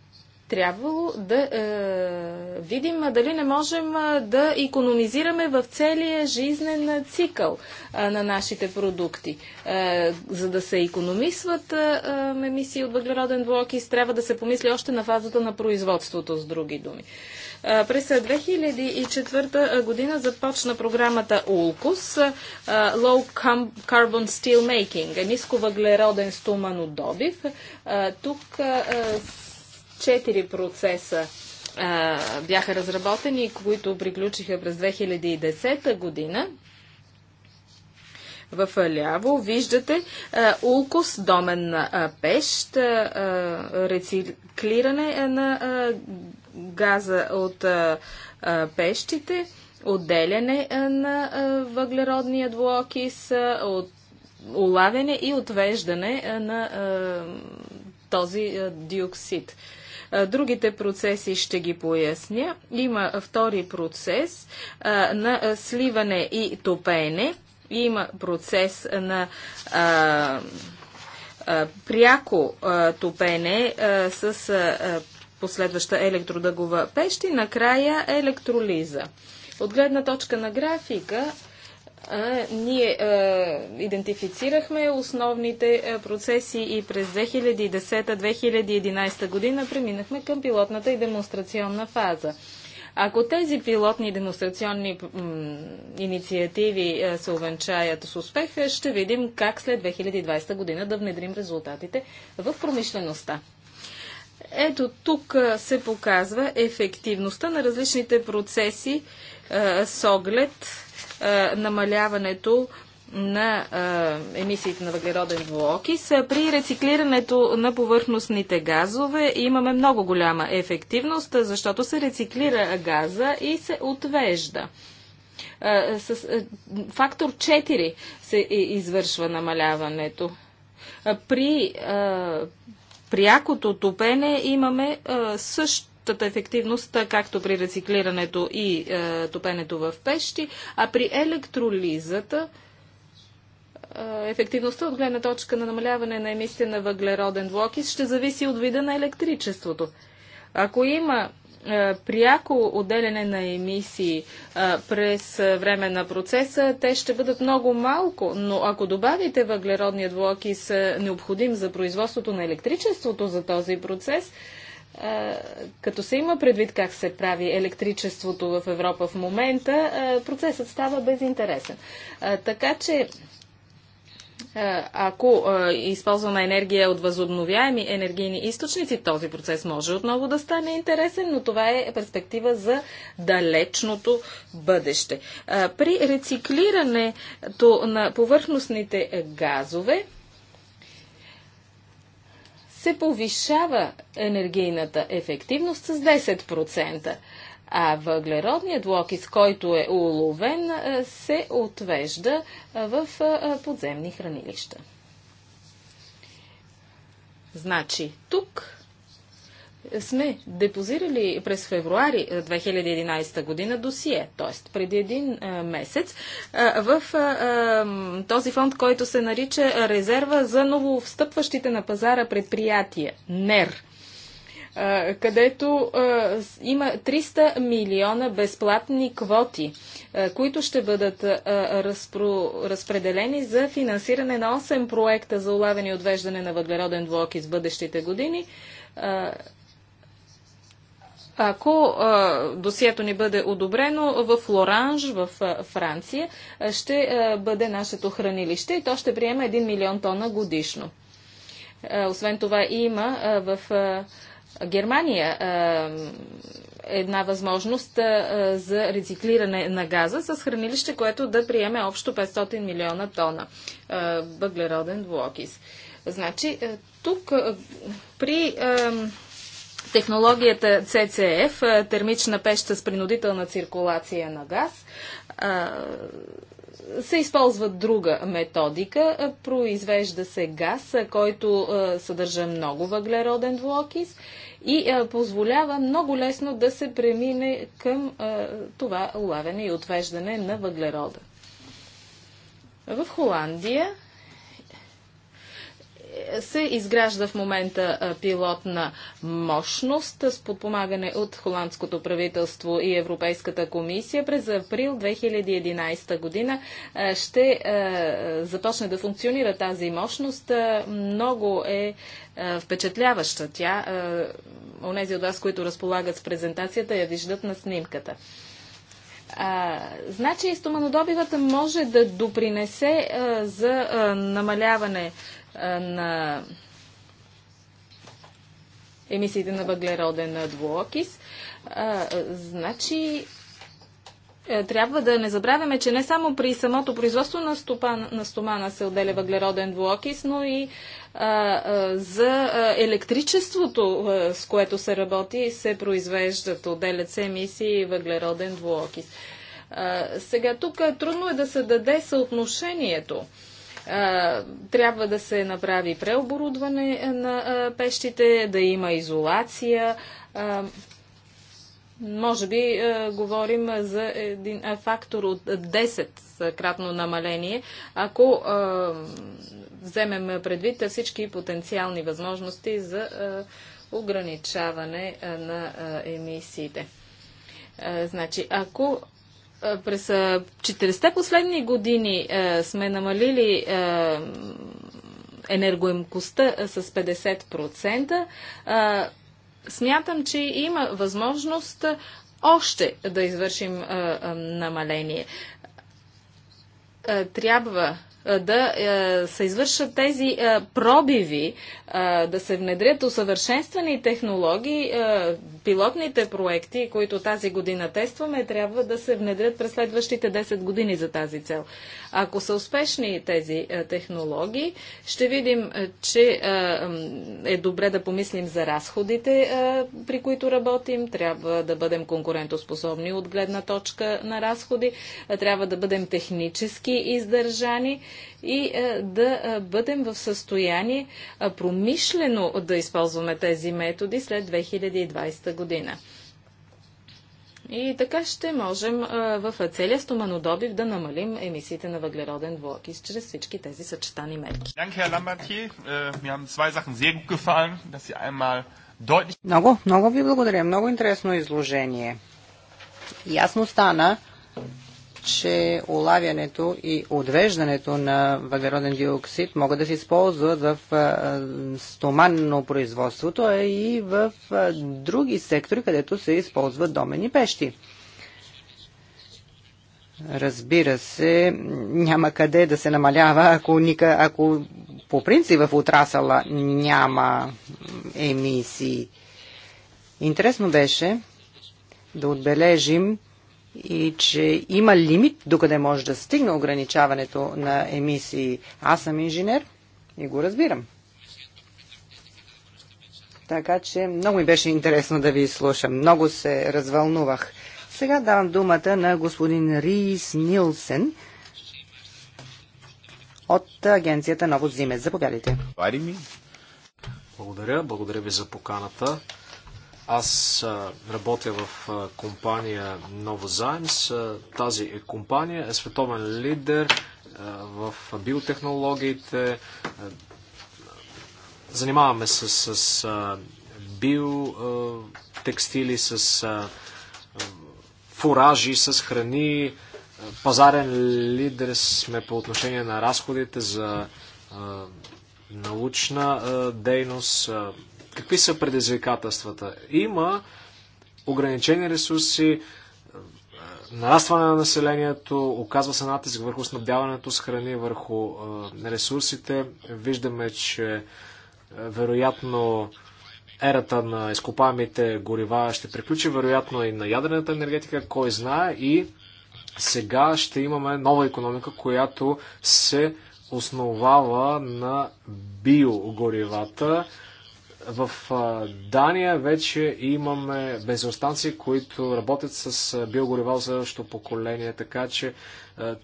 трябвало да е, видим дали не можем да економизираме в целия жизнен цикъл е, на нашите продукти. Е, за да се економисват е, е, емисии от въглероден двуокис, трябва да се помисли още на фазата на производството, с други думи. Е, през 2004 е, е, година започна програмата ULCUS – е, Low Carbon Steel Making, е нисковъглероден стоманодобив. Е, тук е, Четири процеса а, бяха разработени, които приключиха през 2010 година. В ляво виждате а, Улкос, домен на а, пещ, рециклиране на газа от пещите, отделяне на въглеродния двуокис, улавяне и отвеждане на този диоксид. Другите процеси ще ги поясня. Има втори процес на сливане и топене. Има процес на пряко топене с последваща електродъгова пещ и накрая електролиза. От гледна точка на графика, ние а, идентифицирахме основните а, процеси и през 2010-2011 година преминахме към пилотната и демонстрационна фаза. Ако тези пилотни демонстрационни инициативи а, се увенчаят с успех, ще видим как след 2020 година да внедрим резултатите в промишлеността. Ето тук а, се показва ефективността на различните процеси а, с оглед а, е, намаляването на а, е, емисиите на въглероден двуокис. При рециклирането на повърхностните газове имаме много голяма ефективност, защото се рециклира газа и се отвежда. А, е, с а, фактор 4 се извършва намаляването. При прякото топене имаме също същата ефективност, както при рециклирането и е, топенето в пещи, а при електролизата е, ефективността от гледна точка на намаляване на емисия на въглероден двуокис ще зависи от вида на електричеството. Ако има е, пряко отделяне на емисии е, през време на процеса, те ще бъдат много малко, но ако добавите въглеродния двуокис необходим за производството на електричеството за този процес, като се има предвид как се прави електричеството в Европа в момента, процесът става безинтересен. Така че ако използваме енергия от възобновяеми енергийни източници, този процес може отново да стане интересен, но това е перспектива за далечното бъдеще. При рециклирането на повърхностните газове, се повишава енергийната ефективност с 10%, а въглеродният локис, който е уловен, се отвежда в подземни хранилища. Значи, тук сме депозирали през февруари 2011 е, година досие, т.е. преди един е, месец, е, в този фонд, който се нарича Резерва за нововстъпващите на пазара предприятия, НЕР където има 300 милиона безплатни квоти, които ще бъдат разпределени за финансиране на 8 проекта за улавяне и отвеждане на въглероден блок из бъдещите години. Ако досието ни бъде одобрено в Лоранж, в Франция, ще бъде нашето хранилище и то ще приема 1 милион тона годишно. Освен това има в Германия една възможност а, за рециклиране на газа с хранилище, което да приеме общо 500 милиона тона въглероден двуокис. Значи, тук при технологията CCF, термична пеща с принудителна циркулация на газ, се използва друга методика. Произвежда се газ, който съдържа много въглероден двуокис и позволява много лесно да се премине към това улавяне и отвеждане на въглерода. В Холандия се изгражда в момента пилотна мощност с подпомагане от холандското правителство и Европейската комисия. През април 2011 година ще започне да функционира тази мощност. Много е впечатляваща тя. Онези от вас, които разполагат с презентацията, я виждат на снимката. А, значи стоманодобивата може да допринесе а, за а, намаляване на емисиите на въглероден двуокис. А, значи, трябва да не забравяме, че не само при самото производство на, стопан, на стомана се отделя въглероден двуокис, но и а, а, за електричеството, а, с което се работи, се произвеждат, отделят се емисии въглероден двуокис. А, сега тук трудно е да се даде съотношението. А, трябва да се направи преоборудване е, на пещите, да има изолация. Може би говорим за един фактор от 10 кратно намаление, ако вземем предвид всички потенциални възможности за ограничаване на емисиите. Значи, ако през 40-те последни години сме намалили енергоемкостта с 50%. смятам, че има възможност още да извършим намаление. Трябва е, да е, се извършат тези е, пробиви, да се внедрят усъвършенствани технологии, пилотните проекти, които тази година тестваме, трябва да се внедрят през следващите 10 години за тази цел. Ако са успешни тези е, технологии, ще видим, е, че е, е добре да помислим за разходите, при които работим. Трябва да бъдем конкурентоспособни от гледна точка на разходи. Трябва да бъдем технически издържани и да бъдем в състояние промишлено да използваме тези методи след 2020 година. И така ще можем в целия стоманодобив да намалим емисиите на въглероден двуокис чрез всички тези съчетани мерки. Е, много, много ви благодаря. Много интересно изложение. Ясно стана, че улавянето и отвеждането на въглероден диоксид могат да се използват в стоманно производството, а е и в други сектори, където се използват домени пещи. Разбира се, няма къде да се намалява, ако, ника, ако по принцип в отрасала няма емисии. Интересно беше да отбележим и че има лимит докъде може да стигне ограничаването на емисии. Аз съм инженер и го разбирам. Така че много ми беше интересно да ви слушам. Много се развълнувах. Сега давам думата на господин Рис Нилсен от агенцията Ново Зиме. Заповядайте. Благодаря. Благодаря ви за поканата. Аз работя в компания Novozymes. Тази е компания е световен лидер в биотехнологиите. Занимаваме се с, с биотекстили, с фуражи, с храни. Пазарен лидер сме по отношение на разходите за научна дейност. Какви са предизвикателствата? Има ограничени ресурси, е, нарастване на населението, оказва се натиск върху снабдяването с храни, върху е, ресурсите. Виждаме, че е, вероятно ерата на изкопаемите горива ще приключи, вероятно и на ядрената енергетика, кой знае, и сега ще имаме нова економика, която се основава на биогоривата. В Дания вече имаме бензиностанции, които работят с биогорива за следващото поколение, така че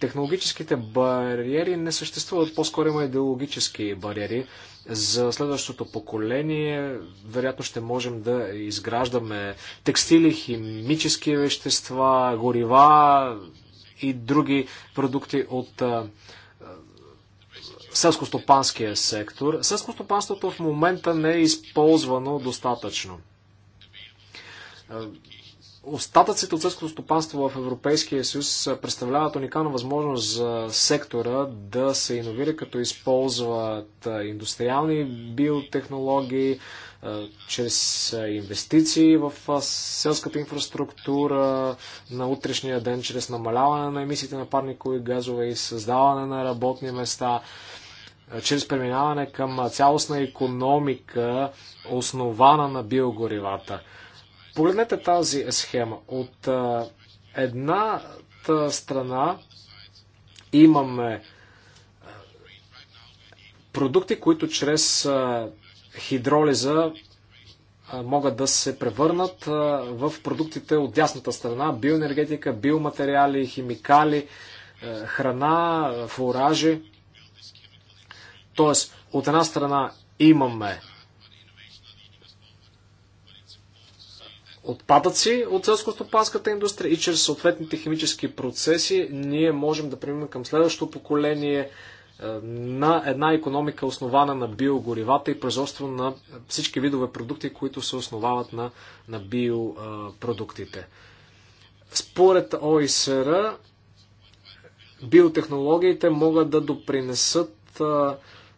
технологическите бариери не съществуват, по-скоро има идеологически бариери. За следващото поколение вероятно ще можем да изграждаме текстили, химически вещества, горива и други продукти от селскостопанския сектор. Селскостопанството в момента не е използвано достатъчно. Е, остатъците от селското стопанство в Европейския съюз представляват уникална възможност за сектора да се иновира, като използват е, индустриални биотехнологии, е, чрез инвестиции в селската инфраструктура на утрешния ден, чрез намаляване на емисиите на парникови газове и създаване на работни места. Е, чрез преминаване към цялостна економика, основана на биогоривата. Погледнете тази схема. От е, едната страна имаме е, продукти, които чрез хидролиза могат да се превърнат в продуктите от дясната страна биоенергетика, биоматериали, химикали, храна, фуражи. Тоест, от една страна имаме отпадъци от селско-стопанската индустрия и чрез съответните химически процеси ние можем да преминем към следващото поколение е, на една економика основана на биогоривата и производство на всички видове продукти, които се основават на, на биопродуктите. Според ОИСР биотехнологиите могат да допринесат е,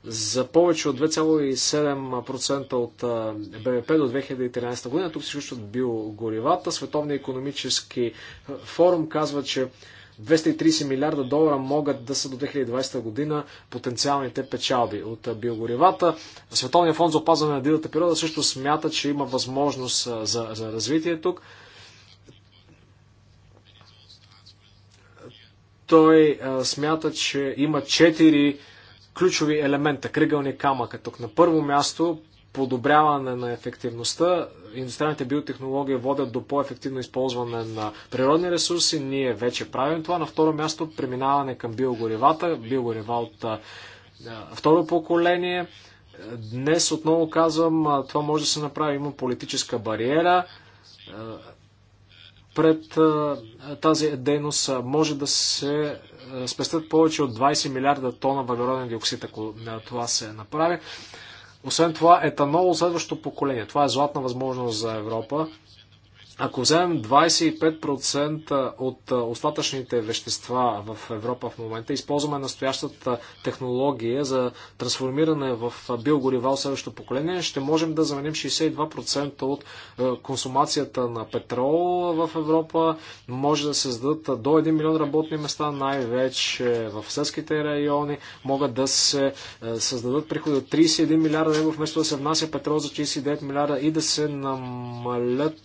за повече от 2,7% от БВП до 2013 година. Тук се включват биогоривата. Световния економически форум казва, че 230 милиарда долара могат да са до 2020 година потенциалните печалби от биогоривата. Световния фонд за опазване на дивата природа също смята, че има възможност за, за развитие тук. Той а, смята, че има 4 ключови елемента, кръгълни камъка тук. На първо място подобряване на ефективността. Индустриалните биотехнологии водят до по-ефективно използване на природни ресурси. Ние вече правим това. На второ място преминаване към биогоривата, биогорива от второ поколение. Днес отново казвам, това може да се направи. Има политическа бариера пред тази дейност. Може да се е, спестят повече от 20 милиарда тона въглероден диоксид, ако това се направи. Освен това, етанол следващото поколение. Това е златна възможност за Европа. Ако вземем 25% от остатъчните вещества в Европа в момента, използваме настоящата технология за трансформиране в биогорива от следващото поколение, ще можем да заменим 62% от консумацията на петрол в Европа. Може да създадат до 1 милион работни места, най-вече в селските райони. Могат да се създадат приходи от 31 милиарда евро, вместо да се внася петрол за 39 милиарда и да се намалят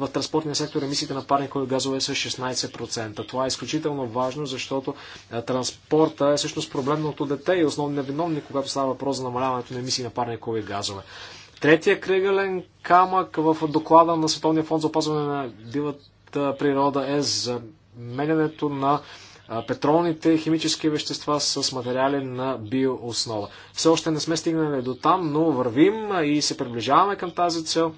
в транспортния сектор емисиите на парникови газове са 16%. Това е изключително важно, защото транспорта е всъщност проблемното дете и основно невиновни, когато става въпрос за намаляването на емисии на парникови газове. Третия кръгълен камък в доклада на Световния фонд за опазване на дивата природа е заменянето на петролните химически вещества с материали на биооснова. Все още не сме стигнали до там, но вървим и се приближаваме към тази цел.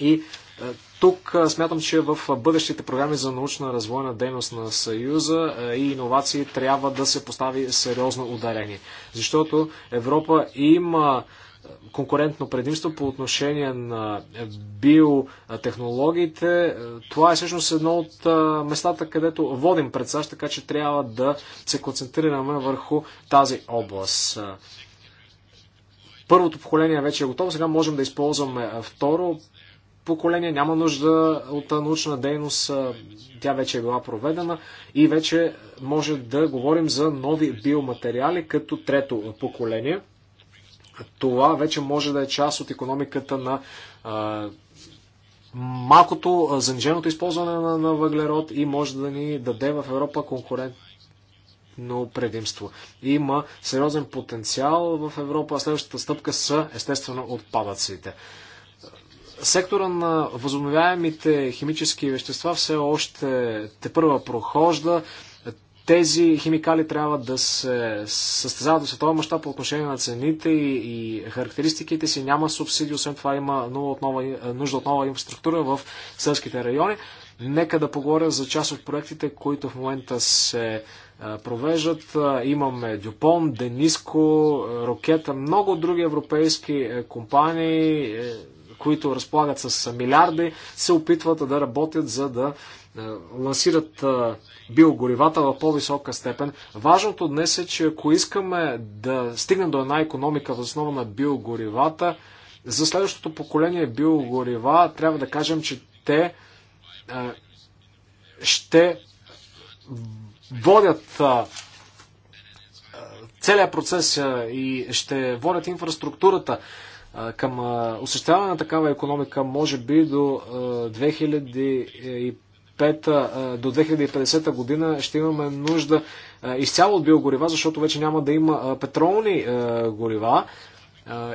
И е, тук е, смятам, че в бъдещите програми за научна развойна дейност на Съюза е, и иновации трябва да се постави сериозно ударение. Защото Европа има конкурентно предимство по отношение на биотехнологиите. Това е всъщност едно от местата, където водим пред САЩ, така че трябва да се концентрираме върху тази област. Първото поколение вече е готово, сега можем да използваме второ поколение, няма нужда от научна дейност, тя вече е била проведена и вече може да говорим за нови биоматериали като трето поколение. Това вече може да е част от економиката на а, малкото заниженото използване на, на въглерод и може да ни даде в Европа конкурент, но предимство. Има сериозен потенциал в Европа. Следващата стъпка са естествено отпадъците. Сектора на възобновяемите химически вещества все още те първа прохожда. Тези химикали трябва да се състезават до световен мащаб по отношение на цените и, и характеристиките си. Няма субсидии, освен това има отнова, нужда от нова инфраструктура в селските райони. Нека да поговоря за част от проектите, които в момента се провеждат. Имаме Дюпон, Дениско, Рокета, много други европейски е, компании е, които разполагат с милиарди, се опитват да работят за да е, лансират е, биогоривата в по-висока степен. Важното днес е, че ако искаме да стигнем до една економика в основа на биогоривата, за следващото поколение биогорива трябва да кажем, че те е, ще водят целият процес и ще водят инфраструктурата към осъществяване на такава економика, може би до 2005 до 2050 година ще имаме нужда изцяло от биогорива, защото вече няма да има петролни горива.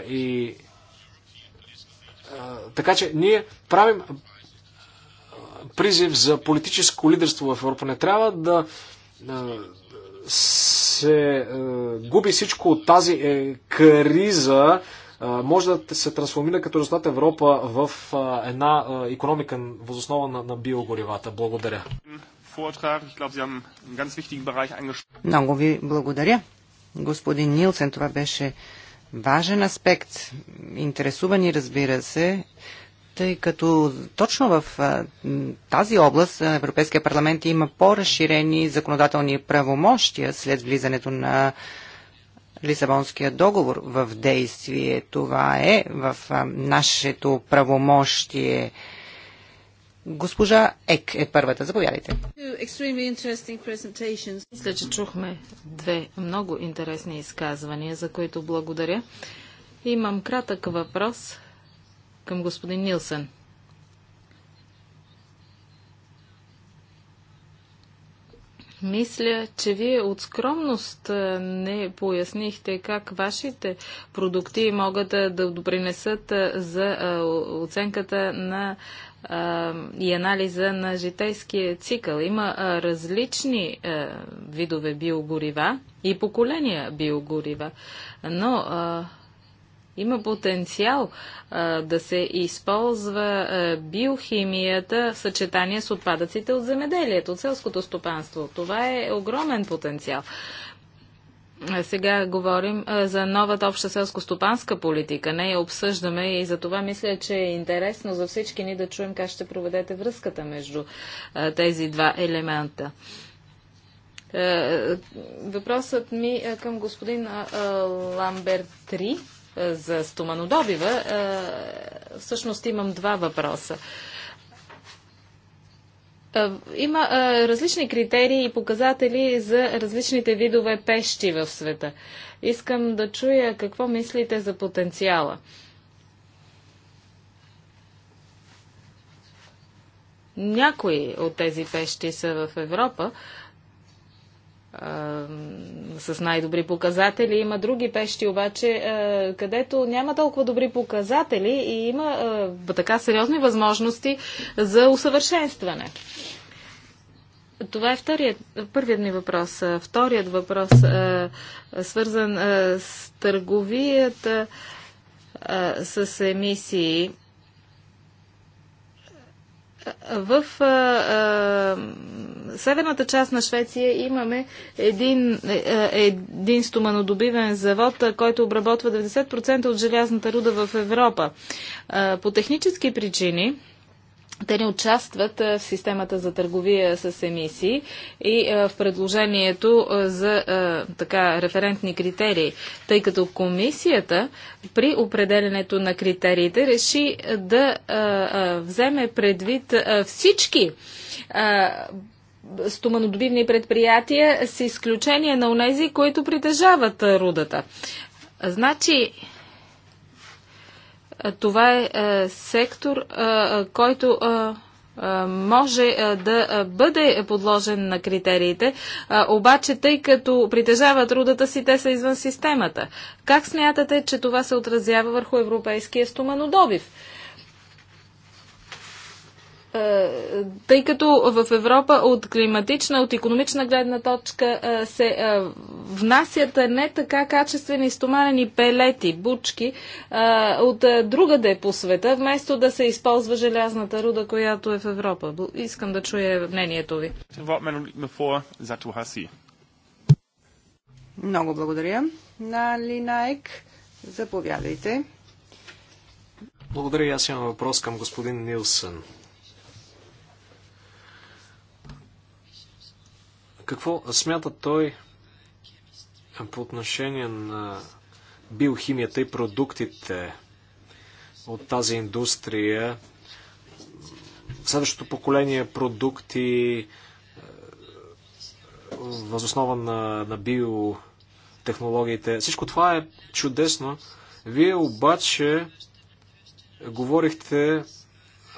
И... Така че ние правим призив за политическо лидерство в Европа. Не трябва да се губи всичко от тази е, криза, може да се трансформира като резултат Европа в една економика възоснова на, на биогоривата. Благодаря. Много ви благодаря. Господин Нилсен, това беше важен аспект. Интересувани, разбира се, тъй като точно в тази област Европейския парламент има по-разширени законодателни правомощия след влизането на Лисабонския договор в действие. Това е в нашето правомощие. Госпожа Ек е първата. Заповядайте. Мисля, че чухме две много интересни изказвания, за които благодаря. Имам кратък въпрос към господин Нилсен. Мисля, че вие от скромност не пояснихте как вашите продукти могат да допринесат за оценката на и анализа на житейския цикъл. Има различни видове биогорива и поколения биогорива, но има потенциал а, да се използва а, биохимията в съчетание с отпадъците от земеделието, от селското стопанство. Това е огромен потенциал. Сега говорим за новата обща селско-стопанска политика. Не я обсъждаме и за това мисля, че е интересно за всички ни да чуем как ще проведете връзката между тези два елемента. Въпросът ми към господин Ламбертри. 3 е, за стоманодобива, е, всъщност имам два въпроса. Е, има различни критерии и показатели за различните видове пещи в света. Искам да чуя какво мислите за потенциала. Някои от тези пещи са в Европа, с най-добри показатели. Има други пещи обаче, където няма толкова добри показатели и има така сериозни възможности за усъвършенстване. Това е вторият, първият ми въпрос. Вторият въпрос, свързан с търговията с емисии в а, а, северната част на Швеция имаме един, а, е, е, един стоманодобивен завод, а, който обработва 90% от желязната руда в Европа. А, по технически причини те не участват в системата за търговия с емисии и в предложението за така референтни критерии, тъй като комисията при определенето на критериите реши да вземе предвид всички стоманодобивни предприятия с изключение на онези, които притежават рудата. Значи, е, това е, е сектор, е, който може да бъде подложен на критериите, обаче тъй като притежава трудата си, те са извън системата. Как смятате, че това се отразява върху европейския стоманодобив? Е, тъй като в Европа от климатична, от економична гледна точка е, се е, внасят не така качествени стоманени пелети, бучки от другаде по света, вместо да се използва желязната руда, която е в Европа. Искам да чуя мнението ви. Много благодаря на Линайк, Заповядайте. Благодаря. Аз имам въпрос към господин Нилсън. Какво смята той по отношение на биохимията и продуктите от тази индустрия? Следващото поколение продукти е, възоснова на, на биотехнологиите. Всичко това е чудесно. Вие обаче говорихте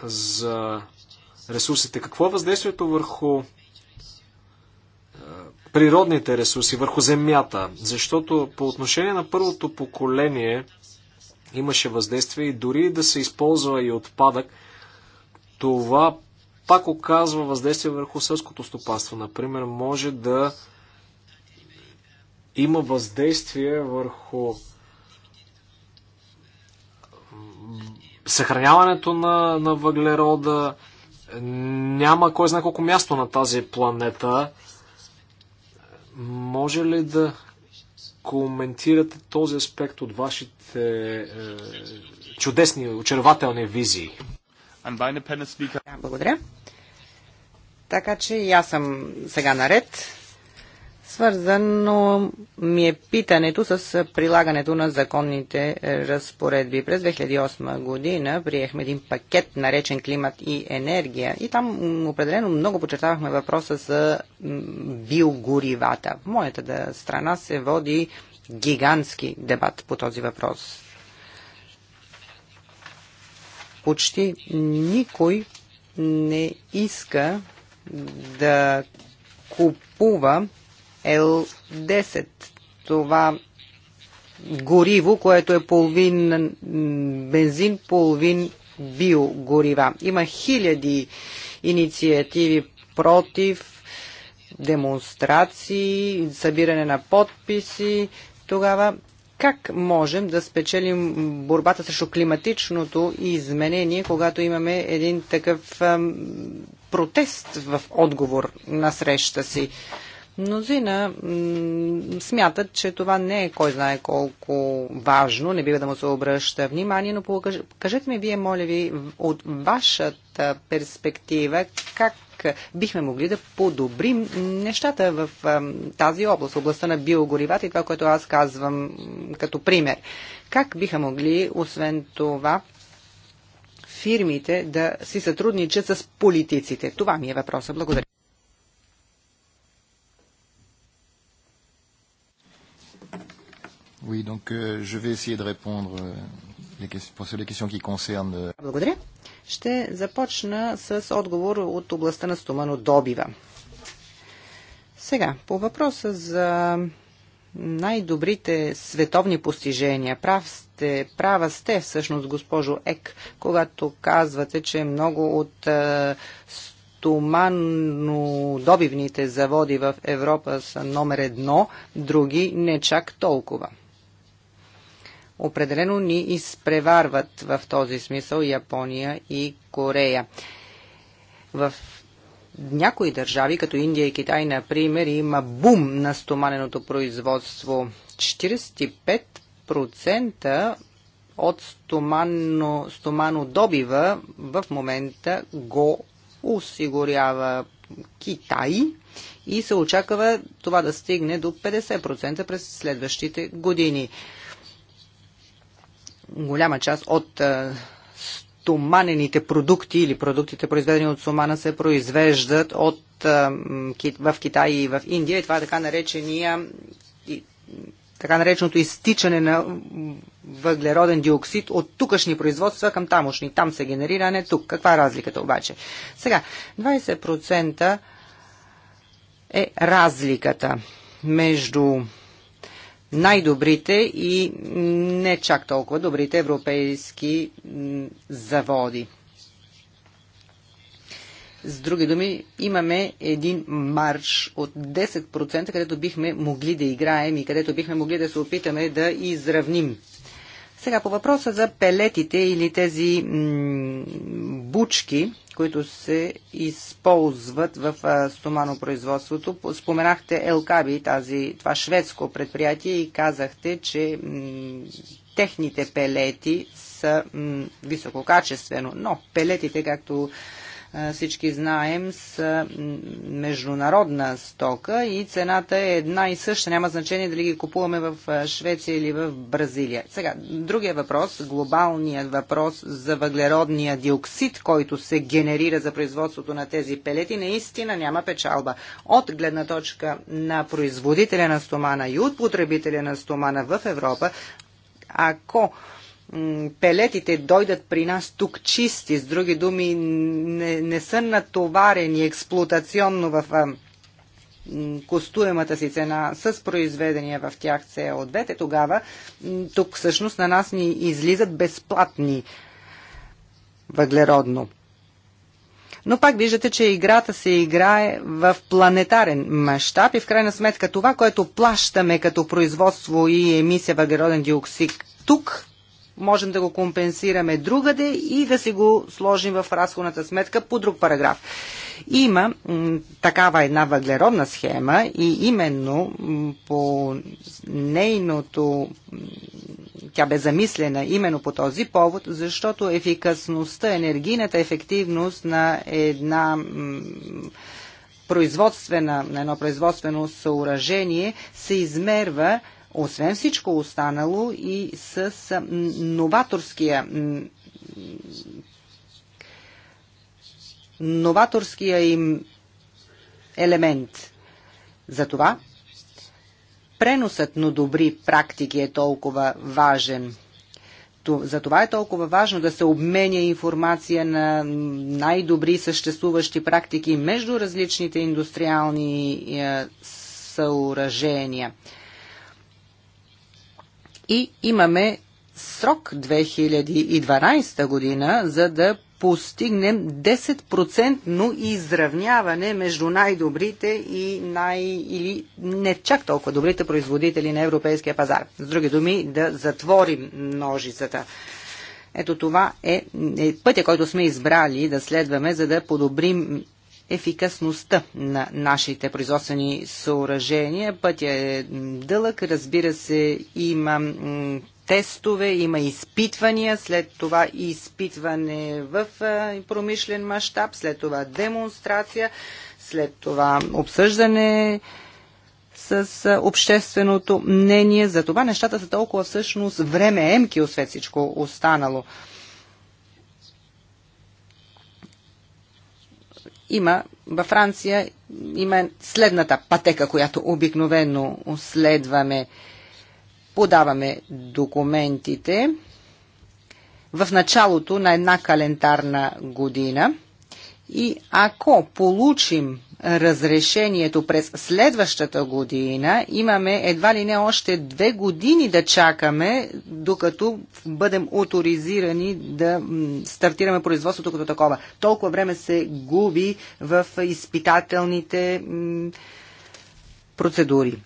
за ресурсите. Какво е въздействието върху природните ресурси, върху земята. Защото по отношение на първото поколение имаше въздействие и дори да се използва и отпадък, това пак оказва въздействие върху сълското стопанство. Например, може да има въздействие върху съхраняването на, на въглерода. Няма кой знае колко място на тази планета. Може ли да коментирате този аспект от вашите е, чудесни, очарователни визии? Благодаря. Така че и аз съм сега наред. Свързано ми е питането с прилагането на законните разпоредби. През 2008 година приехме един пакет, наречен климат и енергия. И там определено много почертавахме въпроса за биогоривата. В моята страна се води гигантски дебат по този въпрос. Почти никой не иска да купува L10. Това гориво, което е половин бензин, половин биогорива. Има хиляди инициативи против, демонстрации, събиране на подписи. Тогава как можем да спечелим борбата срещу климатичното изменение, когато имаме един такъв протест в отговор на среща си? Мнозина смятат, че това не е кой знае колко важно, не бива да му се обръща внимание, но кажете ми вие, моля ви, от вашата перспектива, как бихме могли да подобрим нещата в тази област, областта на биогоривата и това, което аз казвам като пример. Как биха могли, освен това, фирмите да си сътрудничат с политиците? Това ми е въпроса. Благодаря. Oui, donc euh, je vais essayer de répondre euh, les questions, les questions qui concernent... Euh. Благодаря. Ще започна с отговор от областта на стоманодобива. Сега, по въпроса за най-добрите световни постижения. Прав сте, права сте всъщност, госпожо Ек, когато казвате, че много от стомано е, стоманодобивните заводи в Европа са номер едно, други не чак толкова определено ни изпреварват в този смисъл Япония и Корея. В някои държави, като Индия и Китай, например, има бум на стоманеното производство. 45% от стоманно, стомано добива в момента го осигурява Китай и се очаква това да стигне до 50% през следващите години голяма част от е, стоманените продукти или продуктите произведени от сумана, се произвеждат от, е, в Китай и в Индия. И това е така наречения така нареченото изтичане на въглероден диоксид от тукашни производства към тамошни. Там се генерира, а не тук. Каква е разликата обаче? Сега, 20% е разликата между най-добрите и не чак толкова добрите европейски заводи. С други думи, имаме един марш от 10%, където бихме могли да играем и където бихме могли да се опитаме да изравним. Сега по въпроса за пелетите или тези бучки, които се използват в стоманопроизводството. Споменахте Елкаби, тази, това шведско предприятие и казахте, че техните пелети са висококачествено, но пелетите, както всички знаем, с международна стока и цената е една и съща. Няма значение дали ги купуваме в Швеция или в Бразилия. Сега, другия въпрос, глобалният въпрос за въглеродния диоксид, който се генерира за производството на тези пелети, наистина няма печалба. От гледна точка на производителя на стомана и от потребителя на стомана в Европа, ако пелетите дойдат при нас тук чисти, с други думи не, не са натоварени експлуатационно в костуемата си цена с произведения в тях CO2, те тогава тук всъщност на нас ни излизат безплатни въглеродно. Но пак виждате, че играта се играе в планетарен мащаб и в крайна сметка това, което плащаме като производство и емисия въглероден диоксид тук, можем да го компенсираме другаде и да си го сложим в разходната сметка по друг параграф. Има такава една въглеродна схема и именно по нейното тя бе замислена именно по този повод, защото ефикасността, енергийната ефективност на една производствена, на едно производствено съоръжение се измерва освен всичко останало и с новаторския новаторския им елемент. Затова преносът на добри практики е толкова важен. Затова е толкова важно да се обменя информация на най-добри съществуващи практики между различните индустриални е, съоръжения и имаме срок 2012 година, за да постигнем 10% изравняване между най-добрите и най- или не чак толкова добрите производители на европейския пазар. С други думи, да затворим ножицата. Ето това е, е пътя, който сме избрали да следваме, за да подобрим ефикасността на нашите производствени съоръжения. Пътя е дълъг, разбира се, има тестове, има изпитвания, след това изпитване в промишлен мащаб, след това демонстрация, след това обсъждане с общественото мнение. За това нещата са толкова всъщност емки, освен всичко останало. Има във Франция има следната пътека, която обикновено следваме. Подаваме документите в началото на една календарна година и ако получим разрешението през следващата година, имаме едва ли не още две години да чакаме, докато бъдем авторизирани да стартираме производството като такова. Толкова време се губи в изпитателните процедури.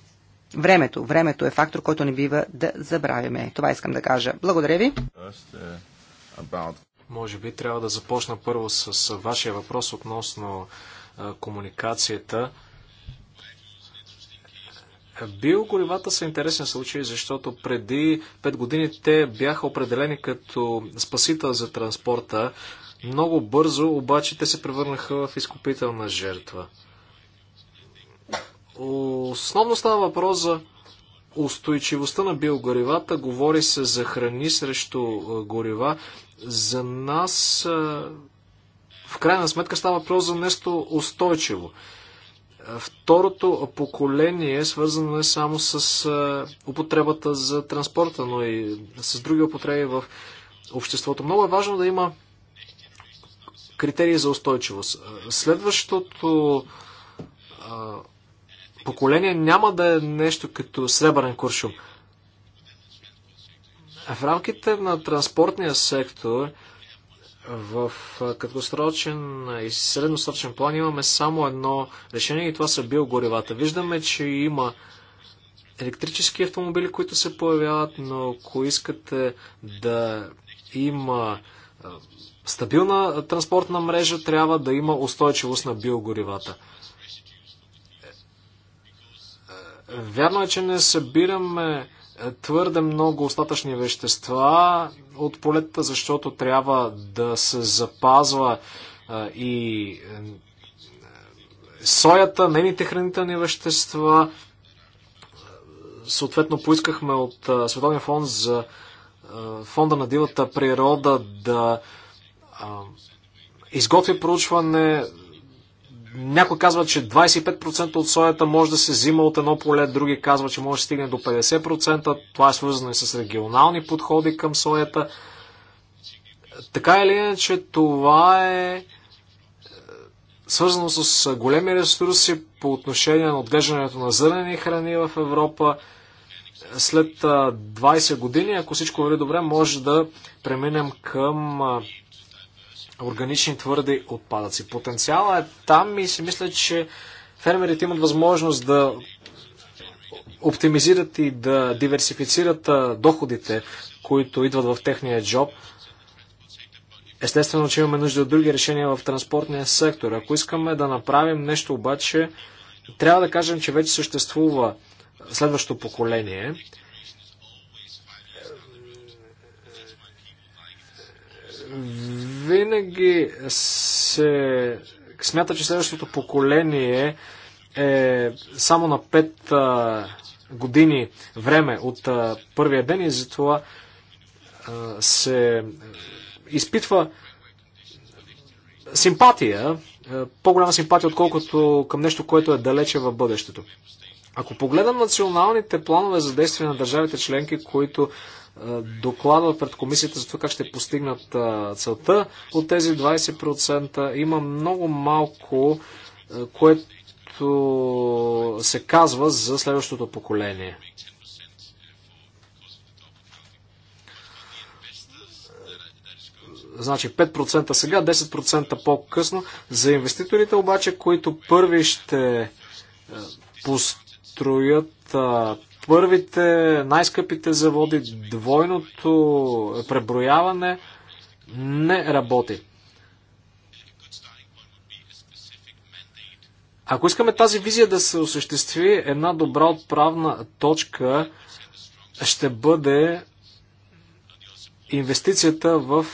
Времето. Времето е фактор, който не бива да забравяме. Това искам да кажа. Благодаря ви. Може би трябва да започна първо с вашия въпрос относно комуникацията. Биогоривата са интересен случай, защото преди 5 години те бяха определени като спасител за транспорта. Много бързо обаче те се превърнаха в изкупителна жертва. Основно става въпрос за устойчивостта на биогоривата. Говори се за храни срещу горива. За нас в крайна сметка става въпрос за нещо устойчиво. Второто поколение е свързано не само с употребата за транспорта, но и с други употреби в обществото. Много е важно да има критерии за устойчивост. Следващото поколение няма да е нещо като сребърен куршум. В рамките на транспортния сектор в краткосрочен и средносрочен план имаме само едно решение и това са биогоревата. Виждаме, че има електрически автомобили, които се появяват, но ако искате да има стабилна транспортна мрежа, трябва да има устойчивост на биогоривата. Е, е, вярно е, че не събираме твърде много остатъчни вещества от полета, защото трябва да се запазва и е, соята, нейните хранителни вещества. Съответно поискахме от Световния фонд за фонда на дивата природа да изготви проучване някой казват, че 25% от соята може да се взима от едно поле, други казват, че може да стигне до 50%. Това е свързано и с регионални подходи към соята. Така или иначе, това е, е свързано с големи ресурси по отношение на отглеждането на зърнени храни в Европа. След 20 години, ако всичко върви добре, може да преминем към органични твърди отпадъци. Потенциала е там и си мисля, че фермерите имат възможност да оптимизират и да диверсифицират доходите, които идват в техния джоб. Естествено, че имаме нужда от други решения в транспортния сектор. Ако искаме да направим нещо обаче, трябва да кажем, че вече съществува следващото поколение. винаги се смята, че следващото поколение е само на 5 години време от първия ден и затова се изпитва симпатия, по-голяма симпатия, отколкото към нещо, което е далече в бъдещето. Ако погледам националните планове за действие на държавите членки, които докладват пред комисията за това как ще постигнат целта от тези 20%. Има много малко, което се казва за следващото поколение. Значи 5% сега, 10% по-късно. За инвеститорите обаче, които първи ще построят първите, най-скъпите заводи, двойното преброяване не работи. Ако искаме тази визия да се осъществи, една добра отправна точка ще бъде инвестицията в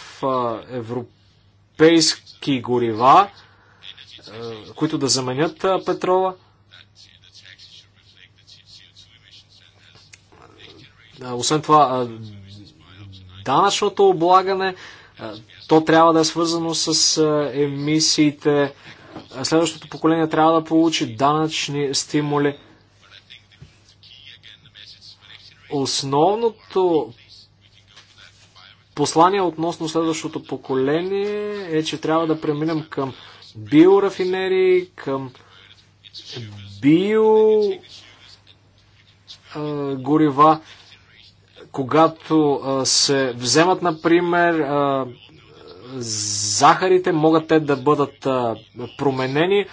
европейски горива, които да заменят петрола. Освен това, данъчното облагане, то трябва да е свързано с емисиите. Следващото поколение трябва да получи данъчни стимули. Основното послание относно следващото поколение е, че трябва да преминем към биорафинерии, към био горива когато се вземат, например, захарите, могат те да бъдат променени.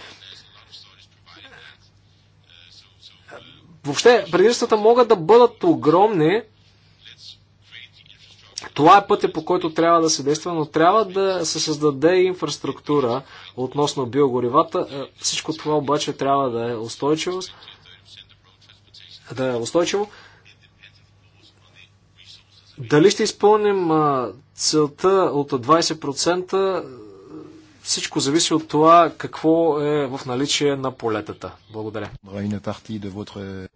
Въобще, предимствата могат да бъдат огромни. Това е пътя, по който трябва да се действа, но трябва да се създаде инфраструктура относно биогоривата. Е, всичко това обаче трябва да е устойчиво. Да е устойчиво дали ще изпълним целта от 20%, всичко зависи от това какво е в наличие на полетата. Благодаря.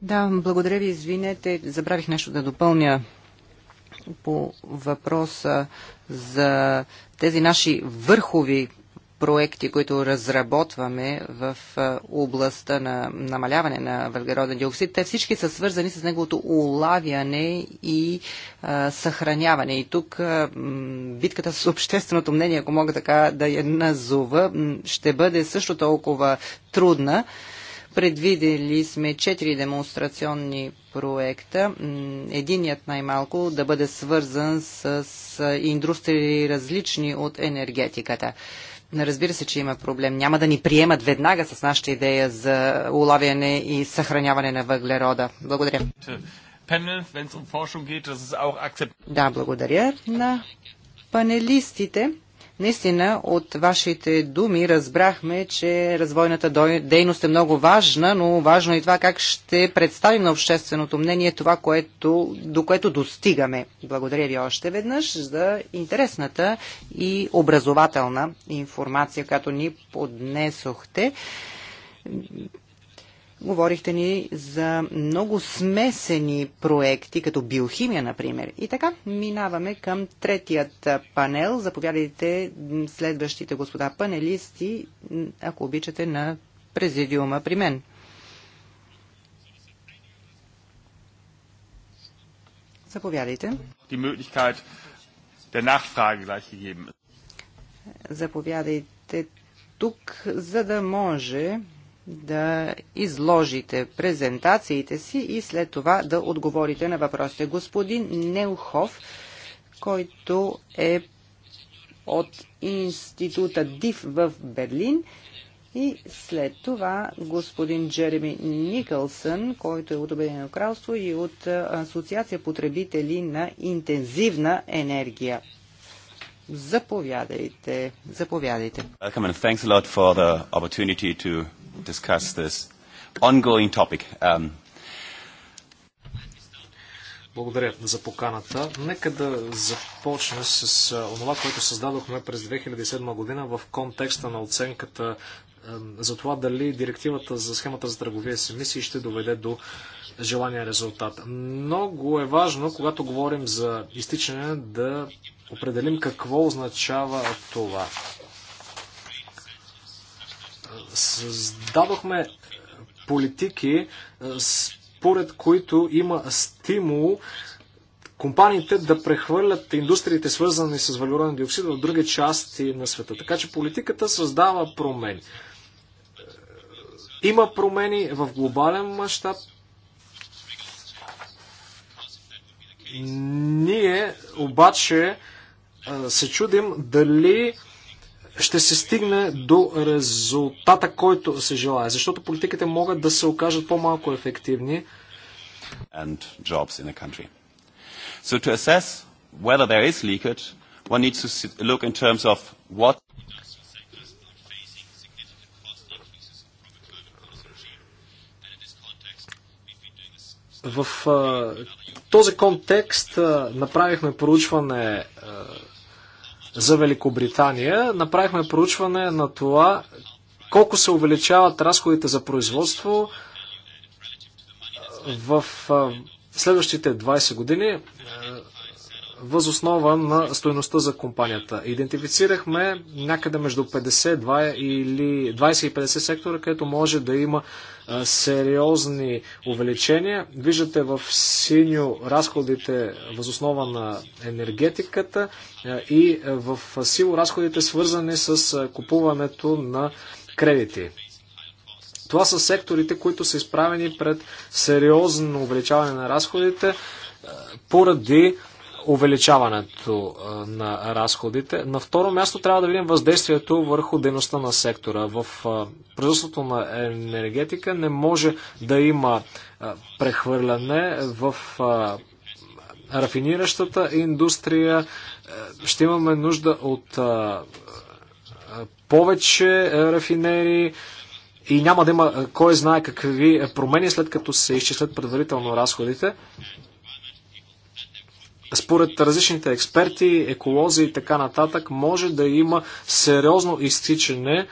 Да, благодаря ви, извинете. Забравих нещо да допълня по въпроса за тези наши върхови проекти, които разработваме в областта на намаляване на въглероден диоксид, те всички са свързани с неговото улавяне и а, съхраняване. И тук а, битката с общественото мнение, ако мога така да я назова, ще бъде също толкова трудна. Предвидели сме четири демонстрационни проекта. Единият най-малко да бъде свързан с индустрии различни от енергетиката. Разбира се, че има проблем. Няма да ни приемат веднага с нашата идея за улавяне и съхраняване на въглерода. Благодаря. Um да, благодаря на панелистите. Наистина от вашите думи разбрахме, че развойната дейност е много важна, но важно е и това как ще представим на общественото мнение това, което, до което достигаме. Благодаря ви още веднъж за интересната и образователна информация, която ни поднесохте. Говорихте ни за много смесени проекти, като биохимия, например. И така, минаваме към третият панел. Заповядайте следващите господа панелисти, ако обичате, на президиума при мен. Заповядайте. Заповядайте тук, за да може да изложите презентациите си и след това да отговорите на въпросите. Господин Неухов, който е от института ДИФ в Берлин и след това господин Джереми Никълсън, който е от Обединено кралство и от Асоциация потребители на интензивна енергия. Заповядайте. Заповядайте. Welcome and thanks a lot for the opportunity to discuss this ongoing topic. Um... Благодаря за поканата. Нека да започна с това, което създадохме през 2007 година в контекста на оценката за това дали директивата за схемата за търговия с емисии ще доведе до желания резултат. Много е важно, когато говорим за изтичане, да определим какво означава това. Създадохме политики, е, според които има стимул компаниите да прехвърлят индустриите, свързани с въглероден диоксид, в други части на света. Така че политиката създава промени. Е, има промени в глобален мащаб. Ние обаче е, се чудим дали ще се стигне до резултата, който се желая. Защото политиките могат да се окажат по-малко ефективни. So to assess whether there is leakage, one needs to look in terms of what В този контекст направихме проучване за Великобритания, направихме проучване на това колко се увеличават разходите за производство в следващите 20 години възоснова на стоеността за компанията. Идентифицирахме някъде между 50 или 20 и 50 сектора, където може да има сериозни увеличения. Виждате в синьо разходите възоснова на енергетиката и в сило разходите свързани с купуването на кредити. Това са секторите, които са изправени пред сериозно увеличаване на разходите поради увеличаването на разходите. На второ място трябва да видим въздействието върху дейността на сектора. В производството на енергетика не може да има прехвърляне в рафиниращата индустрия. Ще имаме нужда от повече рафинери и няма да има кой знае какви промени след като се изчислят предварително разходите според различните експерти, еколози и така нататък, може да има сериозно изтичане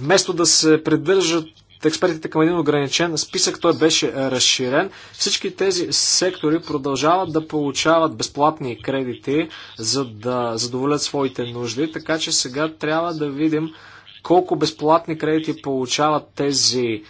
вместо да се придържат експертите към един ограничен списък, той беше разширен. Всички тези сектори продължават да получават безплатни кредити, за да задоволят своите нужди, така че сега трябва да видим колко безплатни кредити получават тези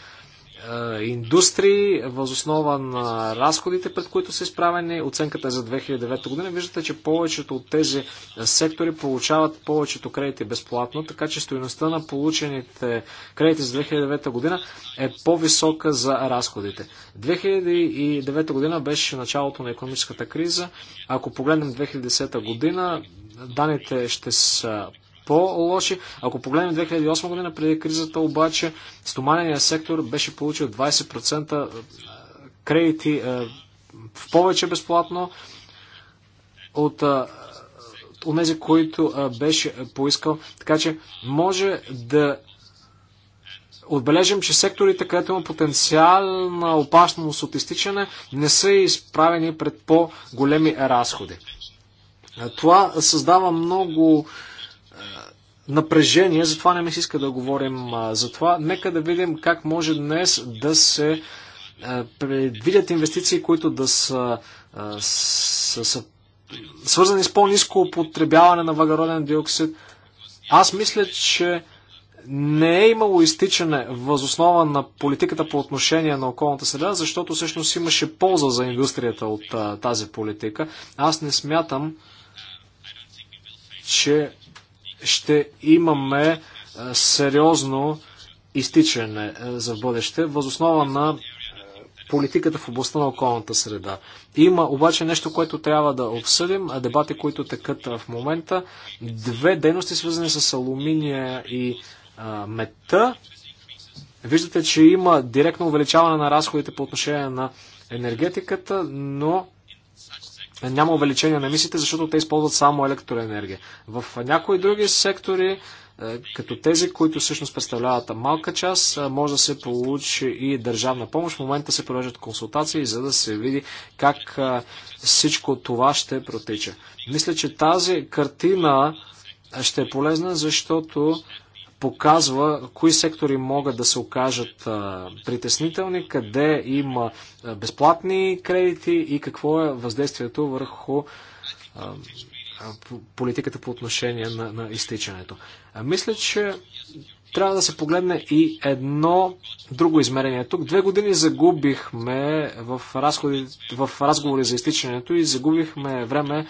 индустрии, възоснова на разходите, пред които са изправени. Оценката е за 2009 година. Виждате, че повечето от тези сектори получават повечето кредити безплатно, така че стоеността на получените кредити за 2009 година е по-висока за разходите. 2009 година беше началото на економическата криза. Ако погледнем 2010 година, данните ще са по-лоши. Ако погледнем 2008 година преди кризата, обаче стоманеният сектор беше получил 20% е, кредити е, в повече безплатно от е, онези, които беше поискал. Така че може да отбележим, че секторите, където има потенциална опасност от изтичане, не са изправени пред по-големи разходи. Това създава много е, напрежение, затова не ми се иска да говорим за това. Нека да видим как може днес да се е, предвидят инвестиции, които да са, е, са, са свързани с по-низко употребяване на въглероден диоксид. Аз мисля, че не е имало изтичане възоснова на политиката по отношение на околната среда, защото всъщност имаше полза за индустрията от а, тази политика. Аз не смятам, че ще имаме е, сериозно изтичане е, за бъдеще, възоснова на е, политиката в областта на околната среда. Има обаче нещо, което трябва да обсъдим, дебати, които текат в момента. Две дейности, свързани с алуминия и а, мета. Виждате, че има директно увеличаване на разходите по отношение на енергетиката, но няма увеличение на мисите, защото те използват само електроенергия. В някои други сектори, е, като тези, които всъщност представляват малка част, е, може да се получи и държавна помощ. В момента се провеждат консултации, за да се види как е, всичко това ще протича. Мисля, че тази картина ще е полезна, защото показва кои сектори могат да се окажат притеснителни, къде има безплатни кредити и какво е въздействието върху политиката по отношение на, на изтичането. Мисля, че трябва да се погледне и едно друго измерение. Тук две години загубихме в, разходи, в разговори за изтичането и загубихме време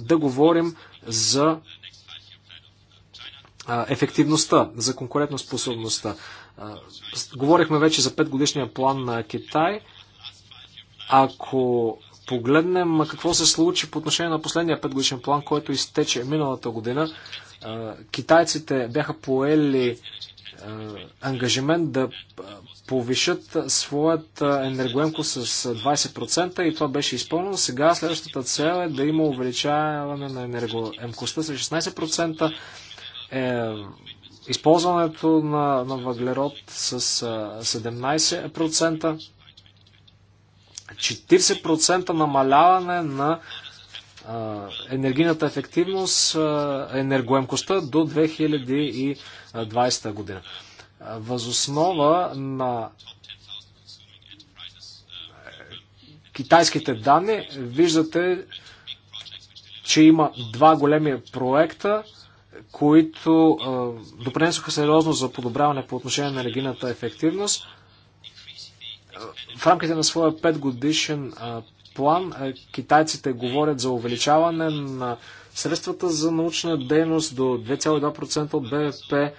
да говорим за ефективността, за конкурентоспособността. Говорихме вече за 5 годишния план на Китай. Ако погледнем какво се случи по отношение на последния 5 годишен план, който изтече миналата година, китайците бяха поели ангажимент да повишат своята енергоемко с 20% и това беше изпълнено. Сега следващата цел е да има увеличаване на енергоемкостта с 16% е, използването на, на въглерод с 17%, 40% намаляване на енергийната ефективност, енергоемкостта до 2020 година. Възоснова на китайските данни виждате, че има два големи проекта, които допренесоха сериозно за подобряване по отношение на енергийната ефективност. В рамките на своя 5 годишен план китайците говорят за увеличаване на средствата за научна дейност до 2,2% от БВП.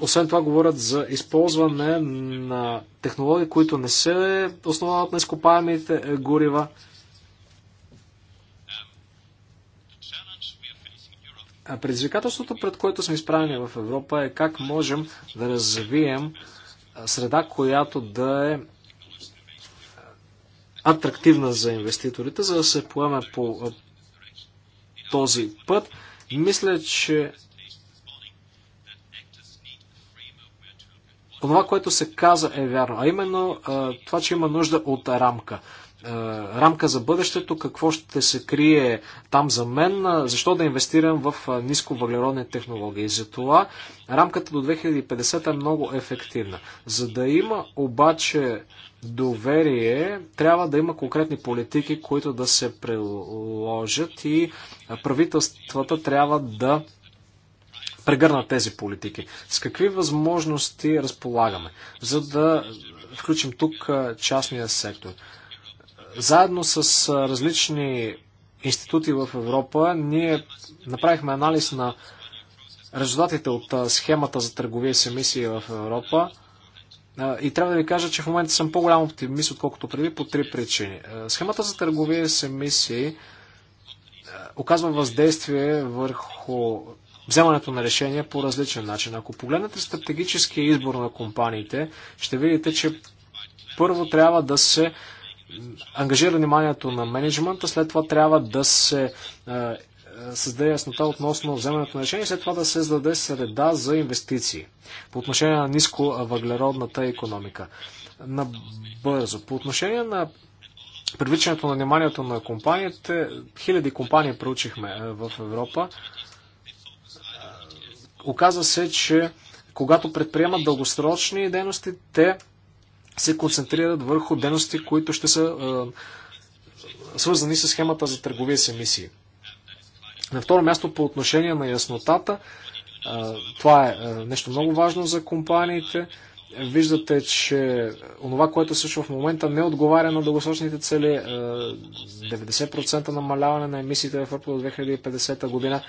Освен това говорят за използване на технологии, които не се основават на изкопаемите е, горива. Предизвикателството, пред което сме изправени в Европа е как можем да развием среда, която да е атрактивна за инвеститорите, за да се поеме по този път. Мисля, че това, което се каза е вярно, а именно това, че има нужда от рамка. Е, рамка за бъдещето, какво ще се крие там за мен, е, защо да инвестирам в е, ниско въглеродни технологии. Затова рамката до 2050 е много ефективна. За да има обаче доверие, трябва да има конкретни политики, които да се приложат и правителствата трябва да прегърнат тези политики. С какви възможности разполагаме, за да включим тук частния сектор? Заедно с различни институти в Европа ние направихме анализ на резултатите от схемата за търговия с емисии в Европа. И трябва да ви кажа, че в момента съм по-голям оптимист, отколкото преди, по три причини. Схемата за търговия с емисии оказва въздействие върху вземането на решения по различен начин. Ако погледнете стратегическия избор на компаниите, ще видите, че първо трябва да се ангажира вниманието на менеджмента, след това трябва да се е, създаде яснота относно вземането на решение, след това да се създаде среда за инвестиции по отношение на ниско въглеродната економика. Набързо. По отношение на привличането на вниманието на компаниите, хиляди компании проучихме е, в Европа. Е, оказва се, че когато предприемат дългосрочни дейности, те се концентрират върху дейности, които ще са е, свързани с схемата за търговия с емисии. На второ място по отношение на яснотата, е, това е нещо много важно за компаниите. Виждате, че онова, което също в момента не отговаря на дългосрочните цели, 90% намаляване на емисиите в Европа до 2050 година,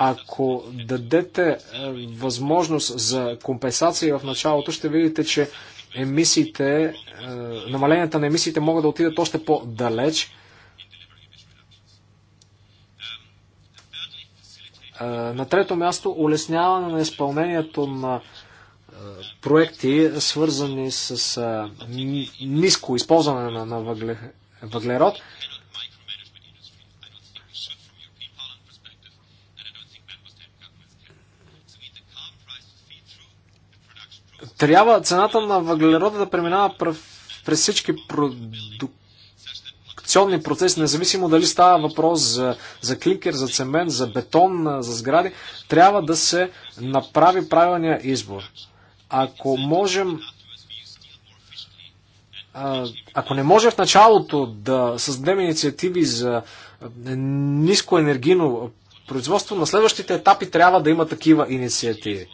ако дадете е, възможност за компенсация в началото, ще видите, че емисиите, е, намаленията на емисиите могат да отидат още по-далеч. Е, на трето място, улесняване на изпълнението на проекти, свързани с ниско използване на въглерод. Трябва цената на въглерода да преминава през всички продукционни процеси, независимо дали става въпрос за, за клинкер, за цемент, за бетон, за сгради, трябва да се направи правилния избор. Ако можем ако не може в началото да създадем инициативи за ниско енергийно производство, на следващите етапи трябва да има такива инициативи.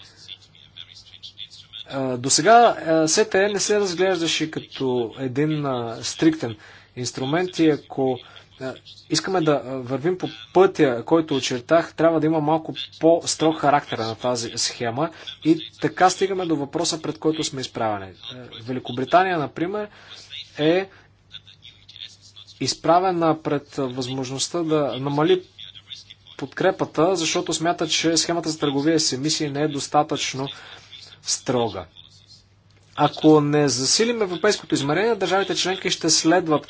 До сега СТЕ не се разглеждаше като един стриктен инструмент и ако искаме да вървим по пътя, който очертах, трябва да има малко по-строг характер на тази схема и така стигаме до въпроса, пред който сме изправени. Великобритания, например, е изправена пред възможността да намали подкрепата, защото смята, че схемата за търговия с емисии не е достатъчно строга. Ако не засилим европейското измерение, държавите членки ще следват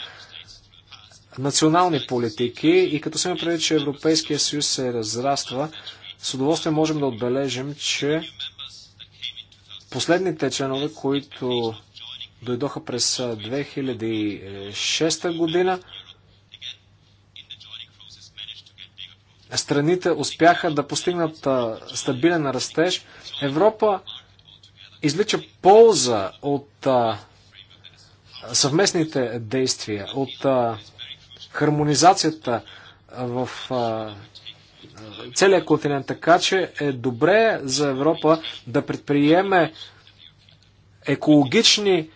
национални политики и като се преди, че Европейския съюз се разраства, с удоволствие можем да отбележим, че последните членове, които дойдоха през 2006 година, страните успяха да постигнат стабилен растеж. Европа извлича полза от а, съвместните действия, от а, хармонизацията в а, целия континент. Така че е добре за Европа да предприеме екологични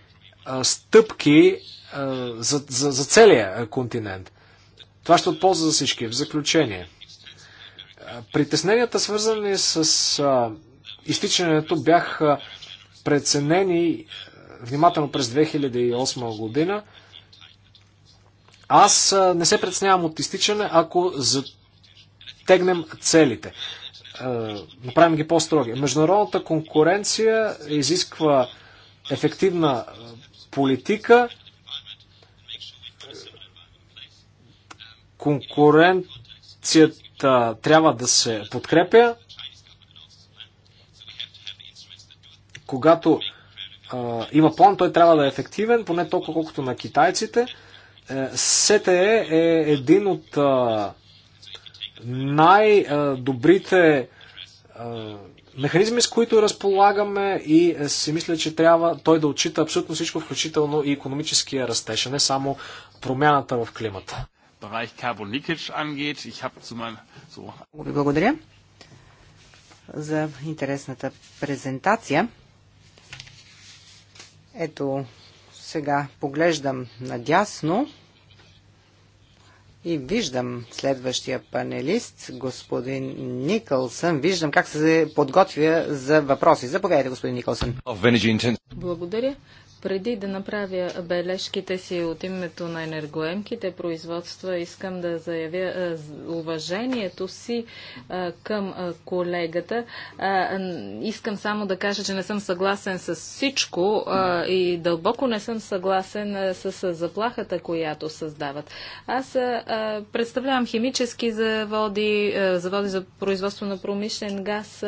а, стъпки а, за, за, за целия континент. Това ще отползва за всички. В заключение. Притесненията, свързани с а, изтичането, бяха преценени е, внимателно през 2008 година. Аз е, не се преценявам от изтичане, ако затегнем целите. Е, направим ги по-строги. Международната конкуренция изисква ефективна политика, конкуренцията трябва да се подкрепя, когато а, има план, той трябва да е ефективен, поне толкова колкото на китайците. Е, СТЕ е един от най-добрите механизми, с които разполагаме и си мисля, че трябва той да отчита абсолютно всичко, включително и економическия растеж, а не само промяната в климата. Благодаря за интересната презентация. Ето, сега поглеждам надясно и виждам следващия панелист, господин Никълсън. Виждам как се подготвя за въпроси. Заповядайте, господин Никълсън. Благодаря. Преди да направя бележките си от името на енергоемките производства, искам да заявя уважението си към колегата. Искам само да кажа, че не съм съгласен с всичко и дълбоко не съм съгласен с заплахата, която създават. Аз представлявам химически заводи, заводи за производство на промишлен газ,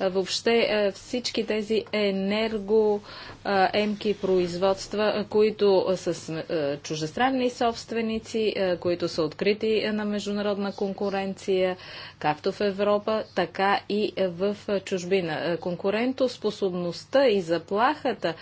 въобще всички тези енергоемки производства, които са с чужестранни собственици, които са открити на международна конкуренция, както в Европа, така и в чужбина. Конкурентоспособността и заплахата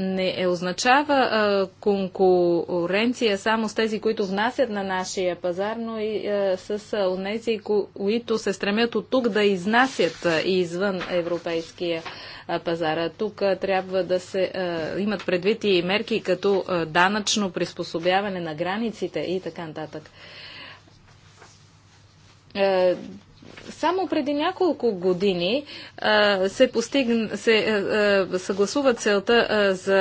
не е, означава конкуренция само с тези, които внасят на нашия пазар, но и с тези, които се стремят от тук да изнасят извън Европейския пазара. Тук трябва да се имат предвид и мерки като данъчно приспособяване на границите и така нататък. Само преди няколко години се, постигн, се съгласува целта за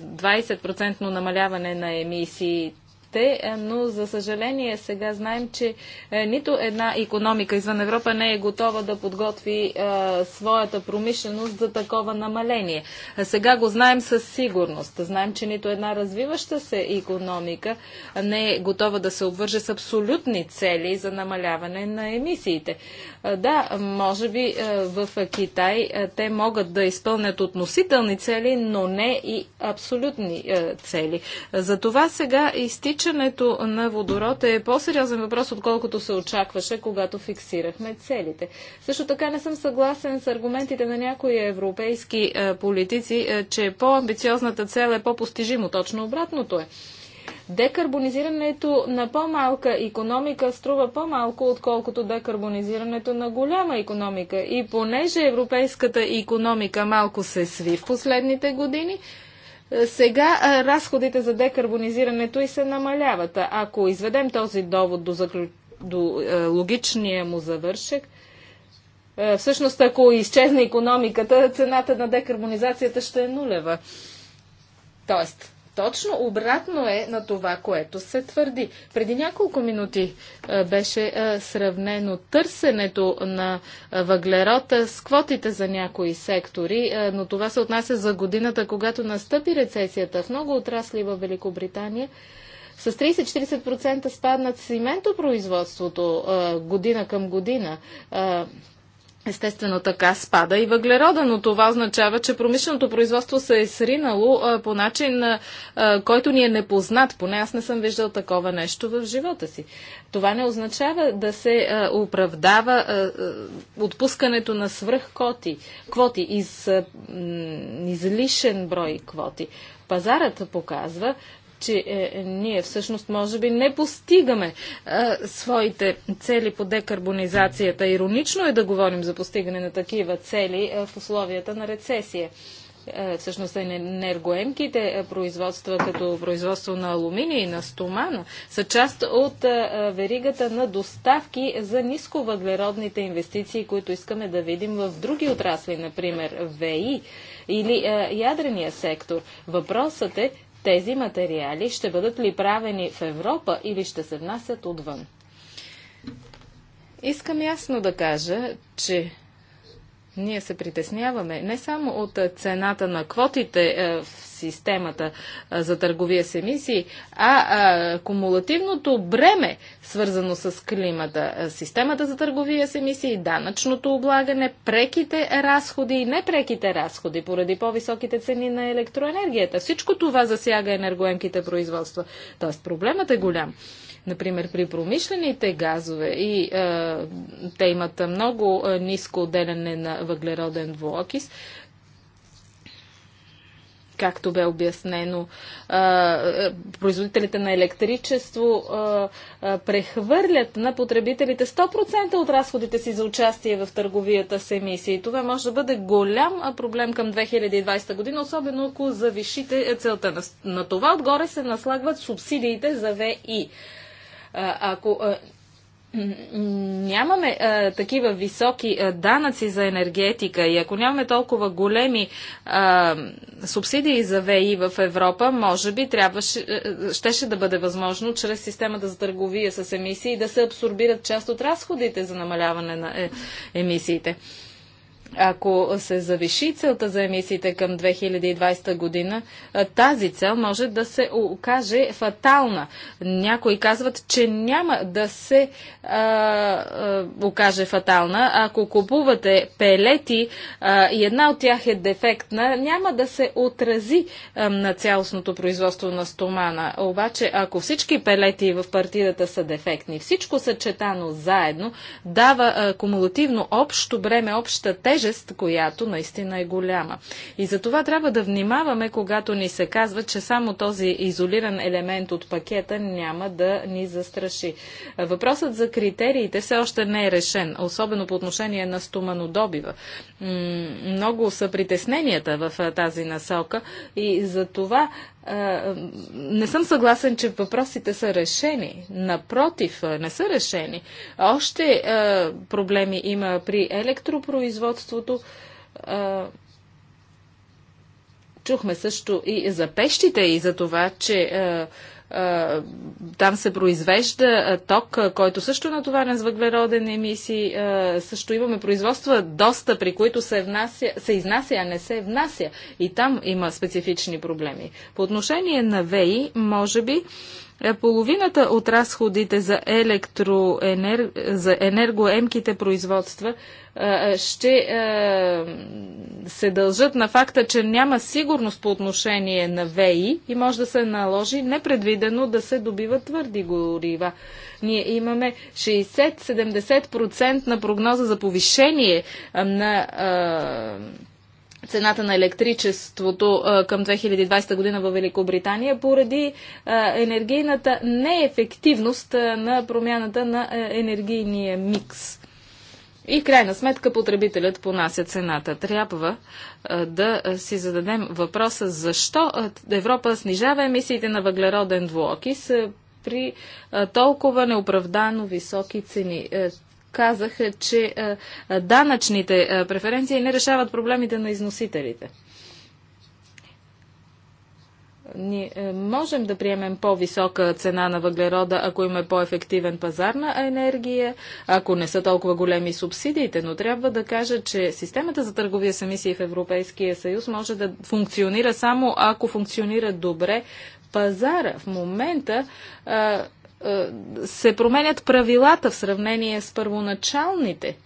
20% намаляване на емисиите те, е, но за съжаление сега знаем, че е, нито една економика извън Европа не е готова да подготви а, е, своята промишленост за такова намаление. А сега го знаем със сигурност. Знаем, че нито една развиваща се економика не е готова да се обвърже с абсолютни цели за намаляване на емисиите. Да, може би в Китай те могат да изпълнят относителни цели, но не и абсолютни цели. Затова сега изтичането на водород е по-сериозен въпрос, отколкото се очакваше, когато фиксирахме целите. Също така не съм съгласен с аргументите на някои европейски политици, че по-амбициозната цел е по-постижимо. Точно обратното е. Декарбонизирането на по-малка економика струва по-малко, отколкото декарбонизирането на голяма економика. И понеже европейската економика малко се сви в последните години, е, сега е, разходите за декарбонизирането и се намаляват. Ако изведем този довод до, заклю... до е, логичния му завършек, е, всъщност ако изчезне економиката, цената на декарбонизацията ще е нулева. Тоест, точно обратно е на това, което се твърди. Преди няколко минути е, беше е, сравнено търсенето на е, въглерода с квотите за някои сектори, но това се отнася за годината, когато настъпи рецесията в много отрасли в Великобритания. С 30-40% спаднат сементопроизводството година към година. Естествено така спада и въглерода, но това означава, че промишленото производство се е сринало а, по начин, а, който ни е непознат. Поне аз не съм виждал такова нещо в живота си. Това не означава да се а, оправдава а, отпускането на свръхкоти, квоти, из, а, излишен брой квоти. Пазарът показва, че е, е, ние всъщност може би не постигаме е, своите цели по декарбонизацията. Иронично е да говорим за постигане на такива цели е, в условията на рецесия. Е, всъщност е енергоемките е, производства, като производство на алуминия и на стомана, са част от е, е, веригата на доставки за нисковъглеродните инвестиции, които искаме да видим в други отрасли, например ВИ или ядрения сектор. Въпросът е тези материали ще бъдат ли правени в Европа или ще се внасят отвън. Искам ясно да кажа, че ние се притесняваме не само от цената на квотите в системата за търговия с емисии, а кумулативното бреме, свързано с климата. Системата за търговия с емисии, данъчното облагане, преките разходи и непреките разходи поради по-високите цени на електроенергията. Всичко това засяга енергоемките производства. Тоест проблемът е голям например, при промишлените газове и е, те имат много ниско отделяне на въглероден двуокис, както бе обяснено, производителите на електричество прехвърлят на потребителите 100% от разходите си за участие в търговията с емисии. Това може да бъде голям проблем към 2020 година, особено ако завишите целта. На това отгоре се наслагват субсидиите за ВИ. Ако нямаме а, такива високи а, данъци за енергетика и ако нямаме толкова големи а, субсидии за ВИ в Европа, може би трябваше, а, щеше да бъде възможно чрез системата за търговия с емисии да се абсорбират част от разходите за намаляване на е, емисиите. Ако се завиши целта за емисиите към 2020 година, тази цел може да се окаже фатална. Някои казват, че няма да се а, а, окаже фатална. Ако купувате пелети а, и една от тях е дефектна, няма да се отрази а, на цялостното производство на стомана. Обаче, ако всички пелети в партидата са дефектни, всичко съчетано заедно дава а, кумулативно общо бреме, обща тежест тежест, която наистина е голяма. И за това трябва да внимаваме, когато ни се казва, че само този изолиран елемент от пакета няма да ни застраши. Въпросът за критериите все още не е решен, особено по отношение на стоманодобива. Много са притесненията в тази насока и за това не съм съгласен, че въпросите са решени. Напротив, не са решени. Още проблеми има при електропроизводството. Чухме също и за пещите и за това, че е, там се произвежда е, ток, е, който също е натоварен с въглероден емисии. Също имаме производства доста, при които се, внася, се изнася, а не се внася. И там има специфични проблеми. По отношение на ВЕИ, може би, е, половината от разходите за, електроенер... за енергоемките производства е, е, ще се дължат на факта, че няма сигурност по отношение на ВЕИ и може да се наложи непредвидено да се добиват твърди горива. Ние имаме 60-70% на прогноза за повишение на цената на електричеството към 2020 година в Великобритания поради енергийната неефективност на промяната на енергийния микс. И в крайна сметка потребителят понася цената. Трябва да си зададем въпроса защо Европа снижава емисиите на въглероден двуокис при толкова неоправдано високи цени. Е, казаха, че е, е, данъчните е, преференции не решават проблемите на износителите. Ние можем да приемем по-висока цена на въглерода, ако има по-ефективен пазар на енергия, ако не са толкова големи субсидиите, но трябва да кажа, че системата за търговия с емисии в Европейския съюз може да функционира само ако функционира добре пазара. В момента а, е, се променят правилата в сравнение с първоначалните.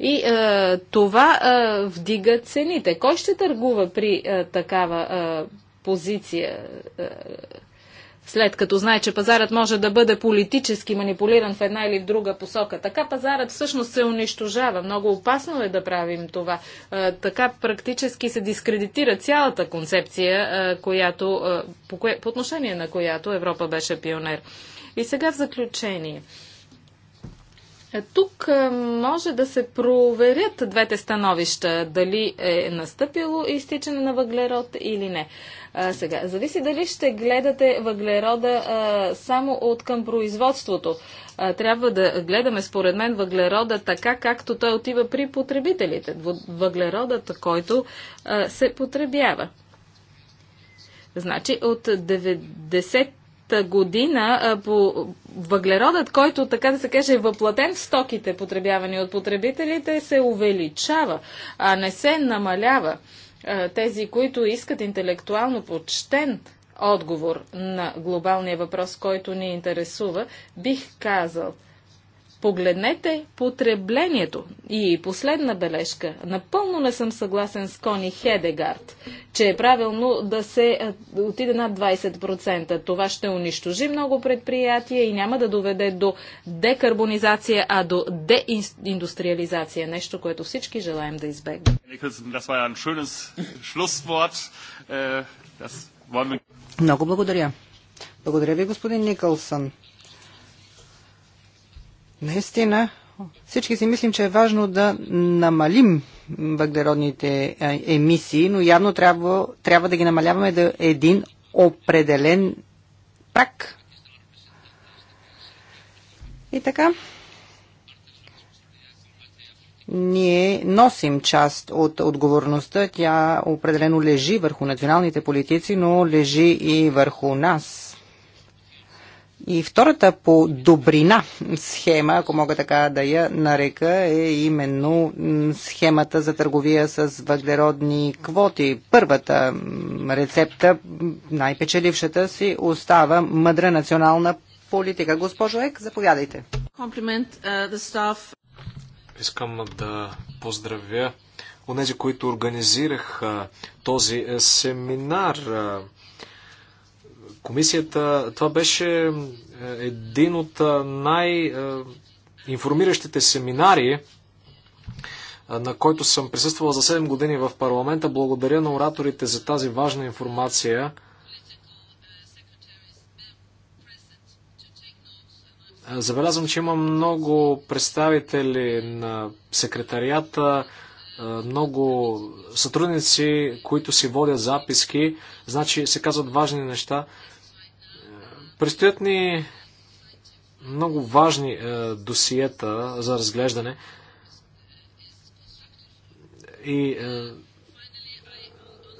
И е, това е, вдига цените. Кой ще търгува при е, такава е, позиция, е, след като знае, че пазарът може да бъде политически манипулиран в една или в друга посока? Така пазарът всъщност се унищожава. Много опасно е да правим това. Е, така практически се дискредитира цялата концепция, е, която, е, по, кое, по отношение на която Европа беше пионер. И сега в заключение. Е, тук е, може да се проверят двете становища, дали е настъпило изтичане на въглерод или не. Е, сега, зависи дали ще гледате въглерода а, само от към производството. А, трябва да гледаме, според мен, въглерода така, както той отива при потребителите. Въглеродът, който а, се потребява. Значи от 90 година по въглеродът, който така да се каже е въплатен в стоките, потребявани от потребителите, се увеличава, а не се намалява. Тези, които искат интелектуално почтен отговор на глобалния въпрос, който ни интересува, бих казал – Погледнете потреблението. И последна бележка. Напълно не съм съгласен с Кони Хедегард, че е правилно да се отиде над 20%. Това ще унищожи много предприятия и няма да доведе до декарбонизация, а до деиндустриализация. Нещо, което всички желаем да избегнем. Äh, много благодаря. Благодаря ви, господин Никълсън. Наистина, всички си мислим, че е важно да намалим въглеродните емисии, но явно трябва, трябва да ги намаляваме до един определен прак. И така, ние носим част от отговорността. Тя определено лежи върху националните политици, но лежи и върху нас, и втората по добрина схема, ако мога така да я нарека, е именно схемата за търговия с въглеродни квоти. Първата рецепта, най-печелившата си, остава мъдра национална политика. Госпожо Ек, заповядайте. Комплимент uh, Искам да поздравя онези, които организираха този семинар комисията. Това беше е, един от е, най-информиращите семинари, е, на който съм присъствал за 7 години в парламента. Благодаря на ораторите за тази важна информация. Забелязвам, че има много представители на секретарията, много сътрудници, които си водят записки, значи се казват важни неща. Предстоят ни много важни е, досиета за разглеждане. И е,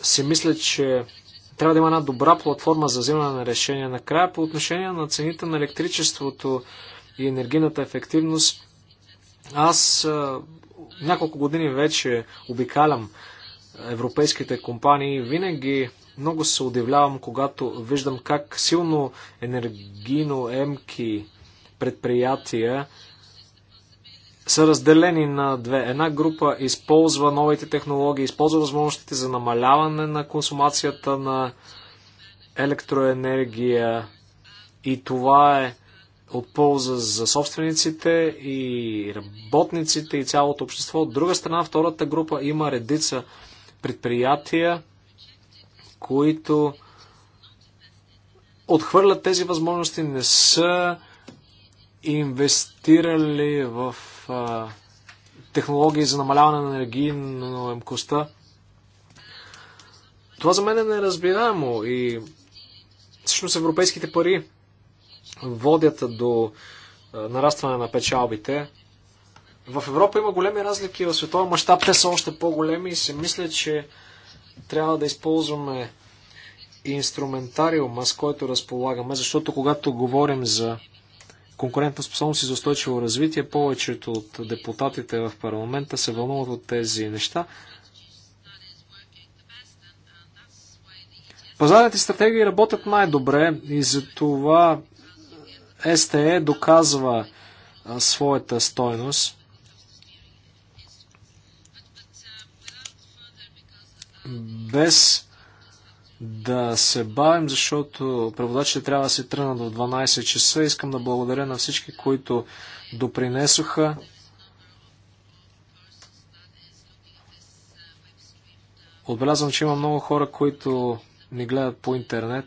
си мисля, че трябва да има една добра платформа за взимане на решения. Накрая по отношение на цените на електричеството и енергийната ефективност, аз е, няколко години вече обикалям европейските компании и винаги много се удивлявам, когато виждам как силно енергийно емки предприятия са разделени на две. Една група използва новите технологии, използва възможностите за намаляване на консумацията на електроенергия и това е от полза за собствениците и работниците и цялото общество. От друга страна, втората група има редица предприятия, които отхвърлят тези възможности, не са инвестирали в а, технологии за намаляване на на емкостта. Това за мен е неразбираемо и всъщност европейските пари водят до а, нарастване на печалбите. В Европа има големи разлики, в световен мащаб те са още по-големи и се мисля, че трябва да използваме инструментариума, с който разполагаме, защото когато говорим за конкурентоспособност и за устойчиво развитие, повечето от депутатите в парламента се вълнуват от тези неща. Пазарните стратегии работят най-добре и за това СТЕ доказва своята стойност. без да се бавим, защото преводачите трябва да се тръгнат в 12 часа. Искам да благодаря на всички, които допринесоха. Отбелязвам, че има много хора, които ни гледат по интернет.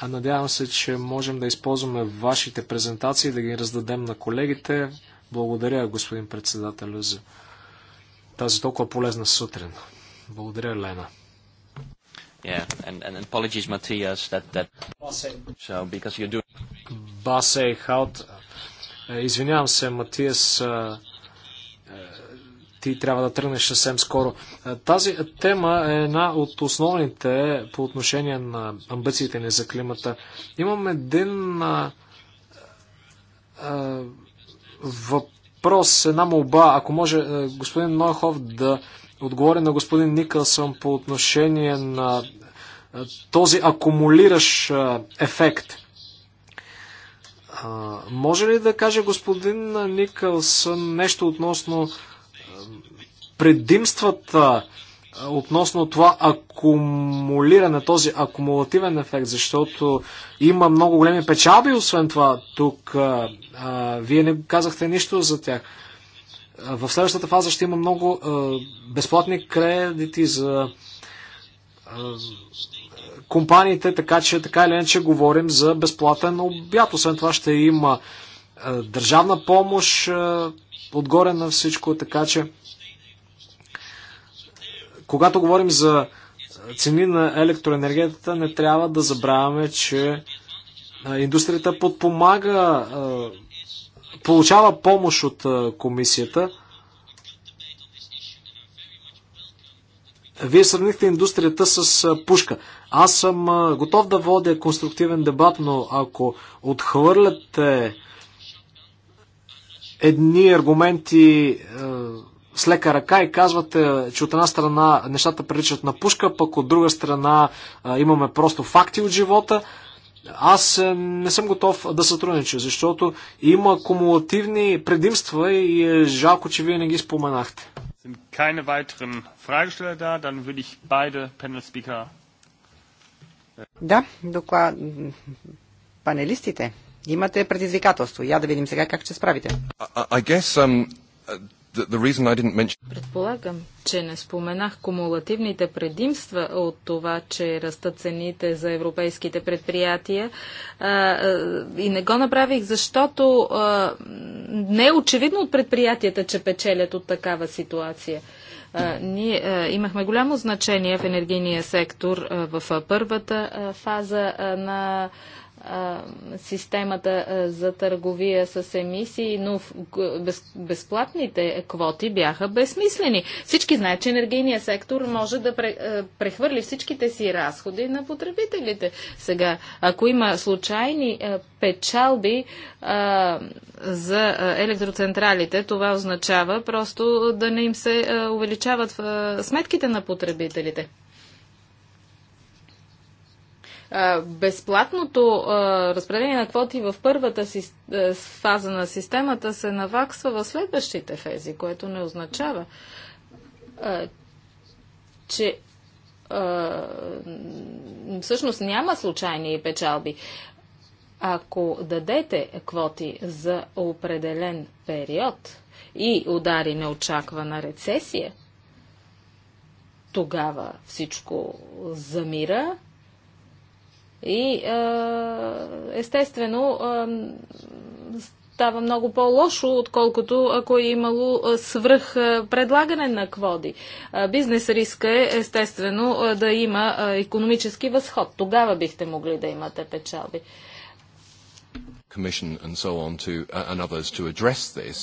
А надявам се, че можем да използваме вашите презентации, да ги раздадем на колегите. Благодаря, господин председател, за тази толкова полезна сутрин. Благодаря, Лена. Yeah, and, and apologies, Matthias, that, that... So, because you do... Басей Хаут. Е, извинявам се, Матиас, е, е, ти трябва да тръгнеш съвсем скоро. Тази тема е една от основните по отношение на амбициите ни за климата. Имам един а, а, въпрос, една молба. Ако може господин Нойхов да отговоря на господин Никълсън по отношение на този акумулиращ ефект. Може ли да каже господин Никълсън нещо относно предимствата относно това акумулиране, този акумулативен ефект, защото има много големи печалби, освен това тук. А, вие не казахте нищо за тях. В следващата фаза ще има много безплатни кредити за компаниите, така че така или иначе говорим за безплатен обяд. Освен това ще има държавна помощ отгоре на всичко, така че когато говорим за цени на електроенергетиката, не трябва да забравяме, че индустрията подпомага получава помощ от комисията. Вие сравнихте индустрията с пушка. Аз съм готов да водя конструктивен дебат, но ако отхвърляте едни аргументи е, с лека ръка и казвате, че от една страна нещата приличат на пушка, пък от друга страна е, имаме просто факти от живота, аз е, не съм готов да сътрудничам, защото има кумулативни предимства и е жалко, че вие не ги споменахте. Да, доклад... панелистите, имате предизвикателство. Я да видим сега как ще справите. I, I guess, um, Предполагам, че не споменах кумулативните предимства от това, че растат цените за европейските предприятия и не го направих, защото не е очевидно от предприятията, че печелят от такава ситуация. Ние имахме голямо значение в енергийния сектор в първата фаза на системата за търговия с емисии, но в, без, безплатните квоти бяха безсмислени. Всички знаят, че енергийният сектор може да пре, прехвърли всичките си разходи на потребителите. Сега, ако има случайни а, печалби за електроцентралите, това означава просто да не им се увеличават сметките на потребителите. Безплатното разпределение на квоти в първата си, фаза на системата се наваксва в следващите фези, което не означава, че всъщност няма случайни печалби. Ако дадете квоти за определен период и удари неочаквана рецесия, тогава всичко замира и естествено става много по-лошо, отколкото ако е имало свръх предлагане на кводи. Бизнес риска е естествено да има економически възход. Тогава бихте могли да имате печалби. Commission and so on to, uh, and others to address this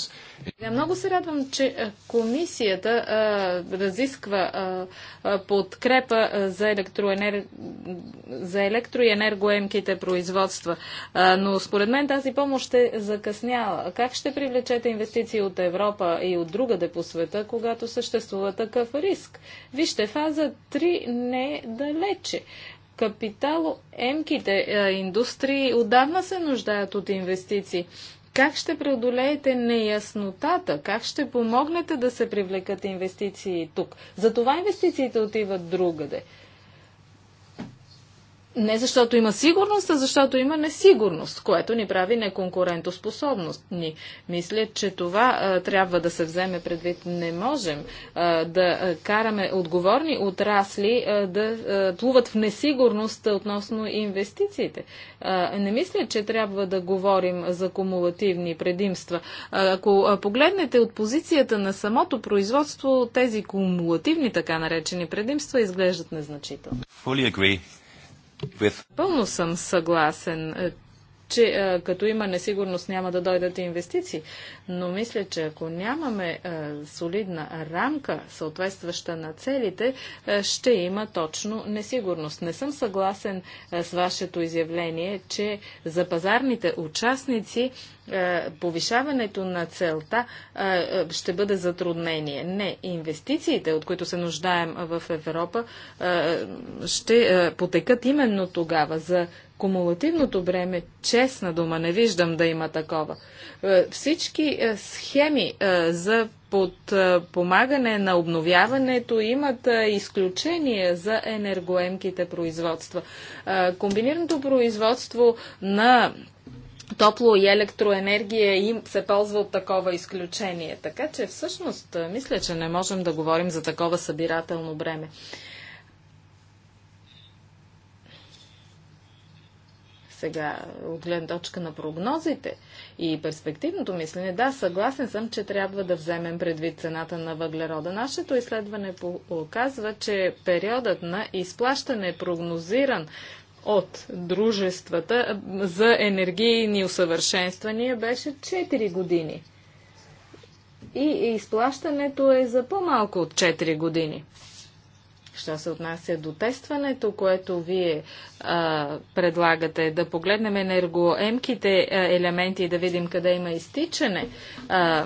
я много се радвам, че комисията а, разисква а, подкрепа за, електроенер... за електро и енергоемките производства. А, но според мен тази помощ е закъсняла. Как ще привлечете инвестиции от Европа и от другаде по света, когато съществува такъв риск? Вижте, фаза 3 не е далече емките индустрии отдавна се нуждаят от инвестиции. Как ще преодолеете неяснотата? Как ще помогнете да се привлекат инвестиции тук? Затова инвестициите отиват другаде. Не защото има сигурност, а защото има несигурност, което ни прави неконкурентоспособност. Ни. Мисля, че това а, трябва да се вземе предвид. Не можем а, да караме отговорни отрасли а, да а, плуват в несигурност относно инвестициите. А, не мисля, че трябва да говорим за кумулативни предимства. А, ако погледнете от позицията на самото производство, тези кумулативни така наречени предимства изглеждат незначително. Fully agree. With... Пълно съм съгласен, е, че а, като има несигурност няма да дойдат инвестиции. Но мисля, че ако нямаме а, солидна рамка, съответстваща на целите, а, ще има точно несигурност. Не съм съгласен с вашето изявление, че за пазарните участници повишаването на целта ще бъде затруднение. Не, инвестициите, от които се нуждаем в Европа, ще потекат именно тогава за Кумулативното бреме, честна дума, не виждам да има такова. Е, всички е, схеми е, за подпомагане на обновяването имат изключение за енергоемките производства. Комбинираното производство на топло и електроенергия им се ползва от такова изключение. Така че всъщност мисля, че не можем да говорим за такова събирателно бреме. Сега, от гледна точка на прогнозите и перспективното мислене, да, съгласен съм, че трябва да вземем предвид цената на въглерода. Нашето изследване показва, че периодът на изплащане е прогнозиран от дружествата за енергийни усъвършенствания беше 4 години. И изплащането е за по-малко от 4 години. Що се отнася до тестването, което вие а, предлагате, да погледнем енергоемките а, елементи и да видим къде има изтичане. А,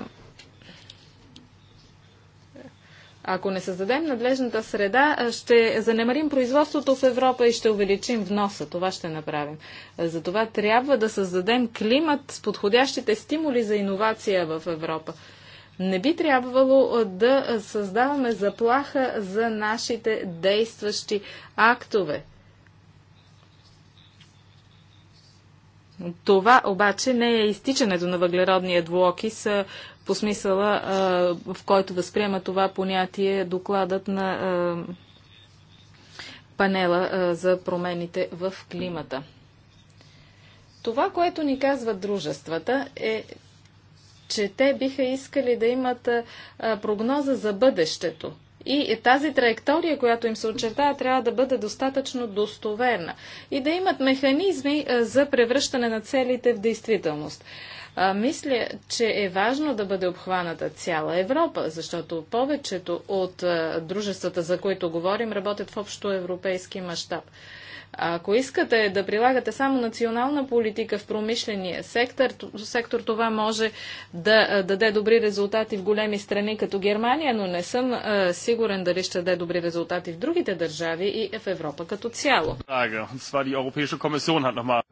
ако не създадем надлежната среда, ще занемарим производството в Европа и ще увеличим вноса. Това ще направим. Затова трябва да създадем климат с подходящите стимули за иновация в Европа. Не би трябвало да създаваме заплаха за нашите действащи актове. Това обаче не е изтичането на въглеродния двуокис по смисъла, в който възприема това понятие докладът на панела за промените в климата. Това, което ни казват дружествата е, че те биха искали да имат прогноза за бъдещето. И тази траектория, която им се очертава, трябва да бъде достатъчно достоверна и да имат механизми за превръщане на целите в действителност. мисля, че е важно да бъде обхваната цяла Европа, защото повечето от дружествата, за които говорим, работят в общо европейски мащаб. Ако искате да прилагате само национална политика в промишления сектор, сектор това може да даде добри резултати в големи страни като Германия, но не съм а, сигурен дали ще даде добри резултати в другите държави и в Европа като цяло.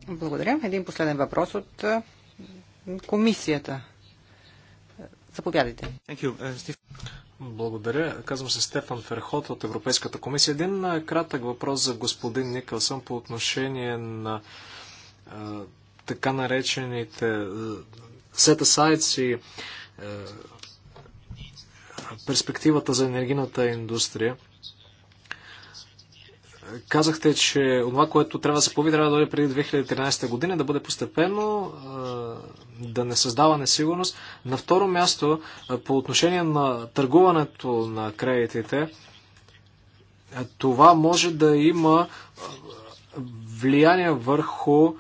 Благодаря. Един последен въпрос от комисията. Заповядайте. Uh, благодаря. Казвам се Стефан Ферхот от Европейската комисия. Един кратък въпрос за господин Никълсън по отношение на а, така наречените set сайци и перспективата за енергийната индустрия. Казахте, че това, което трябва да се появи, трябва да дойде преди 2013 година, да бъде постепенно, да не създава несигурност. На второ място, по отношение на търгуването на кредитите, това може да има влияние върху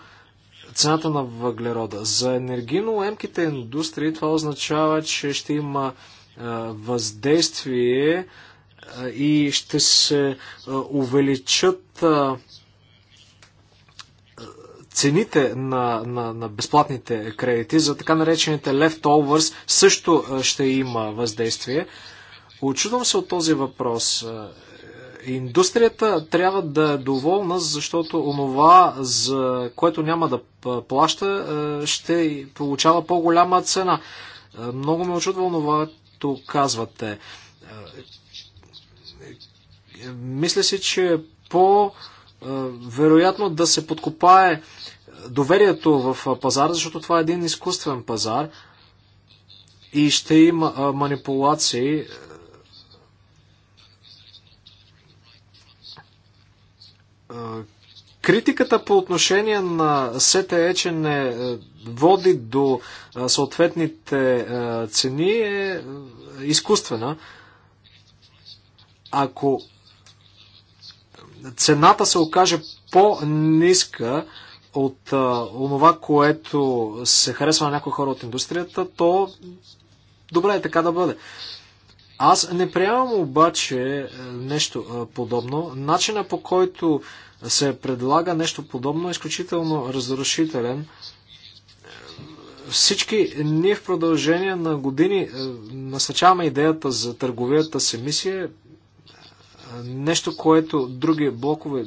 цената на въглерода. За енергийно-емките индустрии това означава, че ще има въздействие и ще се увеличат цените на, на, на безплатните кредити, за така наречените leftovers също ще има въздействие. Очудвам се от този въпрос. Индустрията трябва да е доволна, защото онова, за което няма да плаща, ще получава по-голяма цена. Много ме очудва онова, което казвате. Мисля си, че е по-вероятно да се подкопае доверието в пазара, защото това е един изкуствен пазар и ще има манипулации. Критиката по отношение на СТЕ, че не води до съответните цени е изкуствена. Ако цената се окаже по-ниска от това, онова, което се харесва на някои хора от индустрията, то добре е така да бъде. Аз не приемам обаче е, нещо е, подобно. Начина по който се предлага нещо подобно е изключително разрушителен. Всички ние в продължение на години е, насъчаваме идеята за търговията с емисия нещо, което други блокове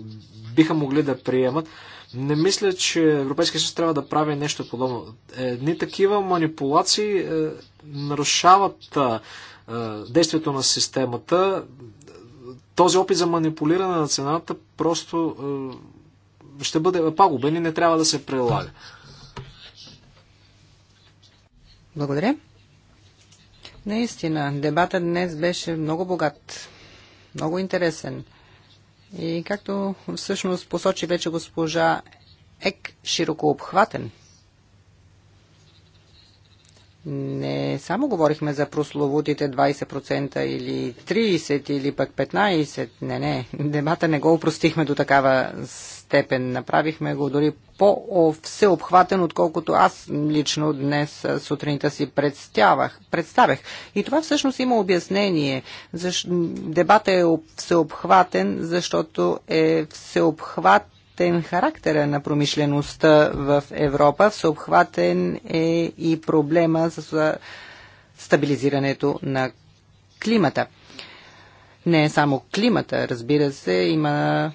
биха могли да приемат. Не мисля, че Европейския съюз трябва да прави нещо подобно. Едни такива манипулации е, нарушават е, действието на системата. Този опит за манипулиране на цената просто е, ще бъде пагубен и не трябва да се прилага. Благодаря. Наистина, дебата днес беше много богат много интересен. И както всъщност посочи вече госпожа Ек, широко обхватен. Не само говорихме за прословутите 20% или 30% или пък 15%. Не, не. Дебата не го упростихме до такава степен. Направихме го дори по-всеобхватен, отколкото аз лично днес сутринта си представях. представях. И това всъщност има обяснение. Защ... Дебата е всеобхватен, защото е всеобхватен характера на промишлеността в Европа. Всеобхватен е и проблема с стабилизирането на климата. Не е само климата, разбира се, има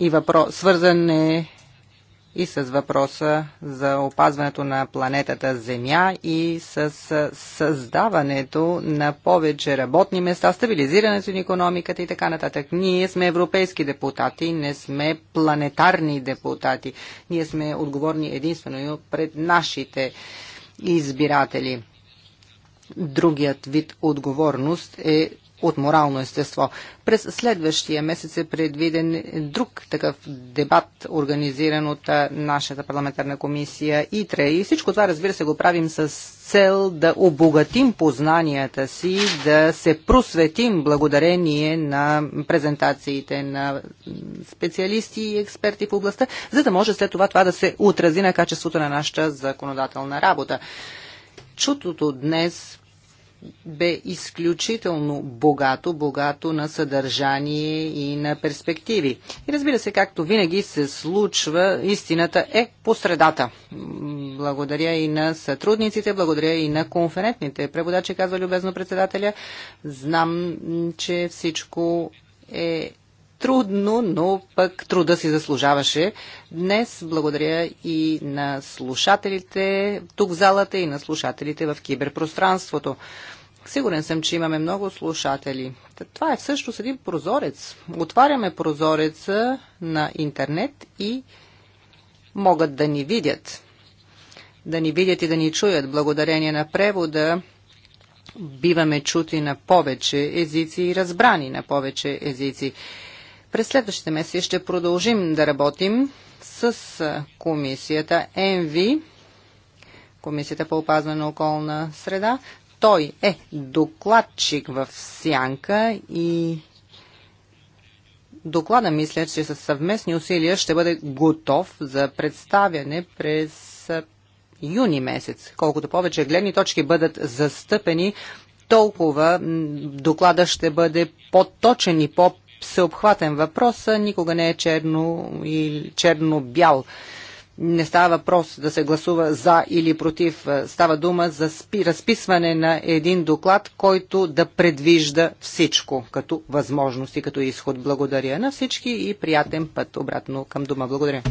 и въпрос, свързан е и с въпроса за опазването на планетата Земя и с създаването на повече работни места, стабилизирането на економиката и така нататък. Ние сме европейски депутати, не сме планетарни депутати. Ние сме отговорни единствено и пред нашите избиратели. Другият вид отговорност е от морално естество. През следващия месец е предвиден друг такъв дебат, организиран от нашата парламентарна комисия ИТРЕ. И всичко това, разбира се, го правим с цел да обогатим познанията си, да се просветим благодарение на презентациите на специалисти и експерти в областта, за да може след това това да се отрази на качеството на нашата законодателна работа. Чутото днес бе изключително богато, богато на съдържание и на перспективи. И разбира се, както винаги се случва, истината е по средата. Благодаря и на сътрудниците, благодаря и на конферентните преводачи, казва любезно председателя. Знам, че всичко е трудно, но пък труда си заслужаваше. Днес благодаря и на слушателите тук в залата и на слушателите в киберпространството. Сигурен съм, че имаме много слушатели. Това е всъщност един прозорец. Отваряме прозореца на интернет и могат да ни видят. Да ни видят и да ни чуят. Благодарение на превода биваме чути на повече езици и разбрани на повече езици. През следващите месеци ще продължим да работим с комисията МВ, Комисията по опазване на околна среда. Той е докладчик в Сянка и доклада мисля, че със съвместни усилия ще бъде готов за представяне през юни месец. Колкото повече гледни точки бъдат застъпени, толкова доклада ще бъде по-точен и по всеобхватен въпрос, никога не е черно и черно-бял. Не става въпрос да се гласува за или против. Става дума за спи, разписване на един доклад, който да предвижда всичко като възможности, като изход. Благодаря на всички и приятен път обратно към дома. Благодаря.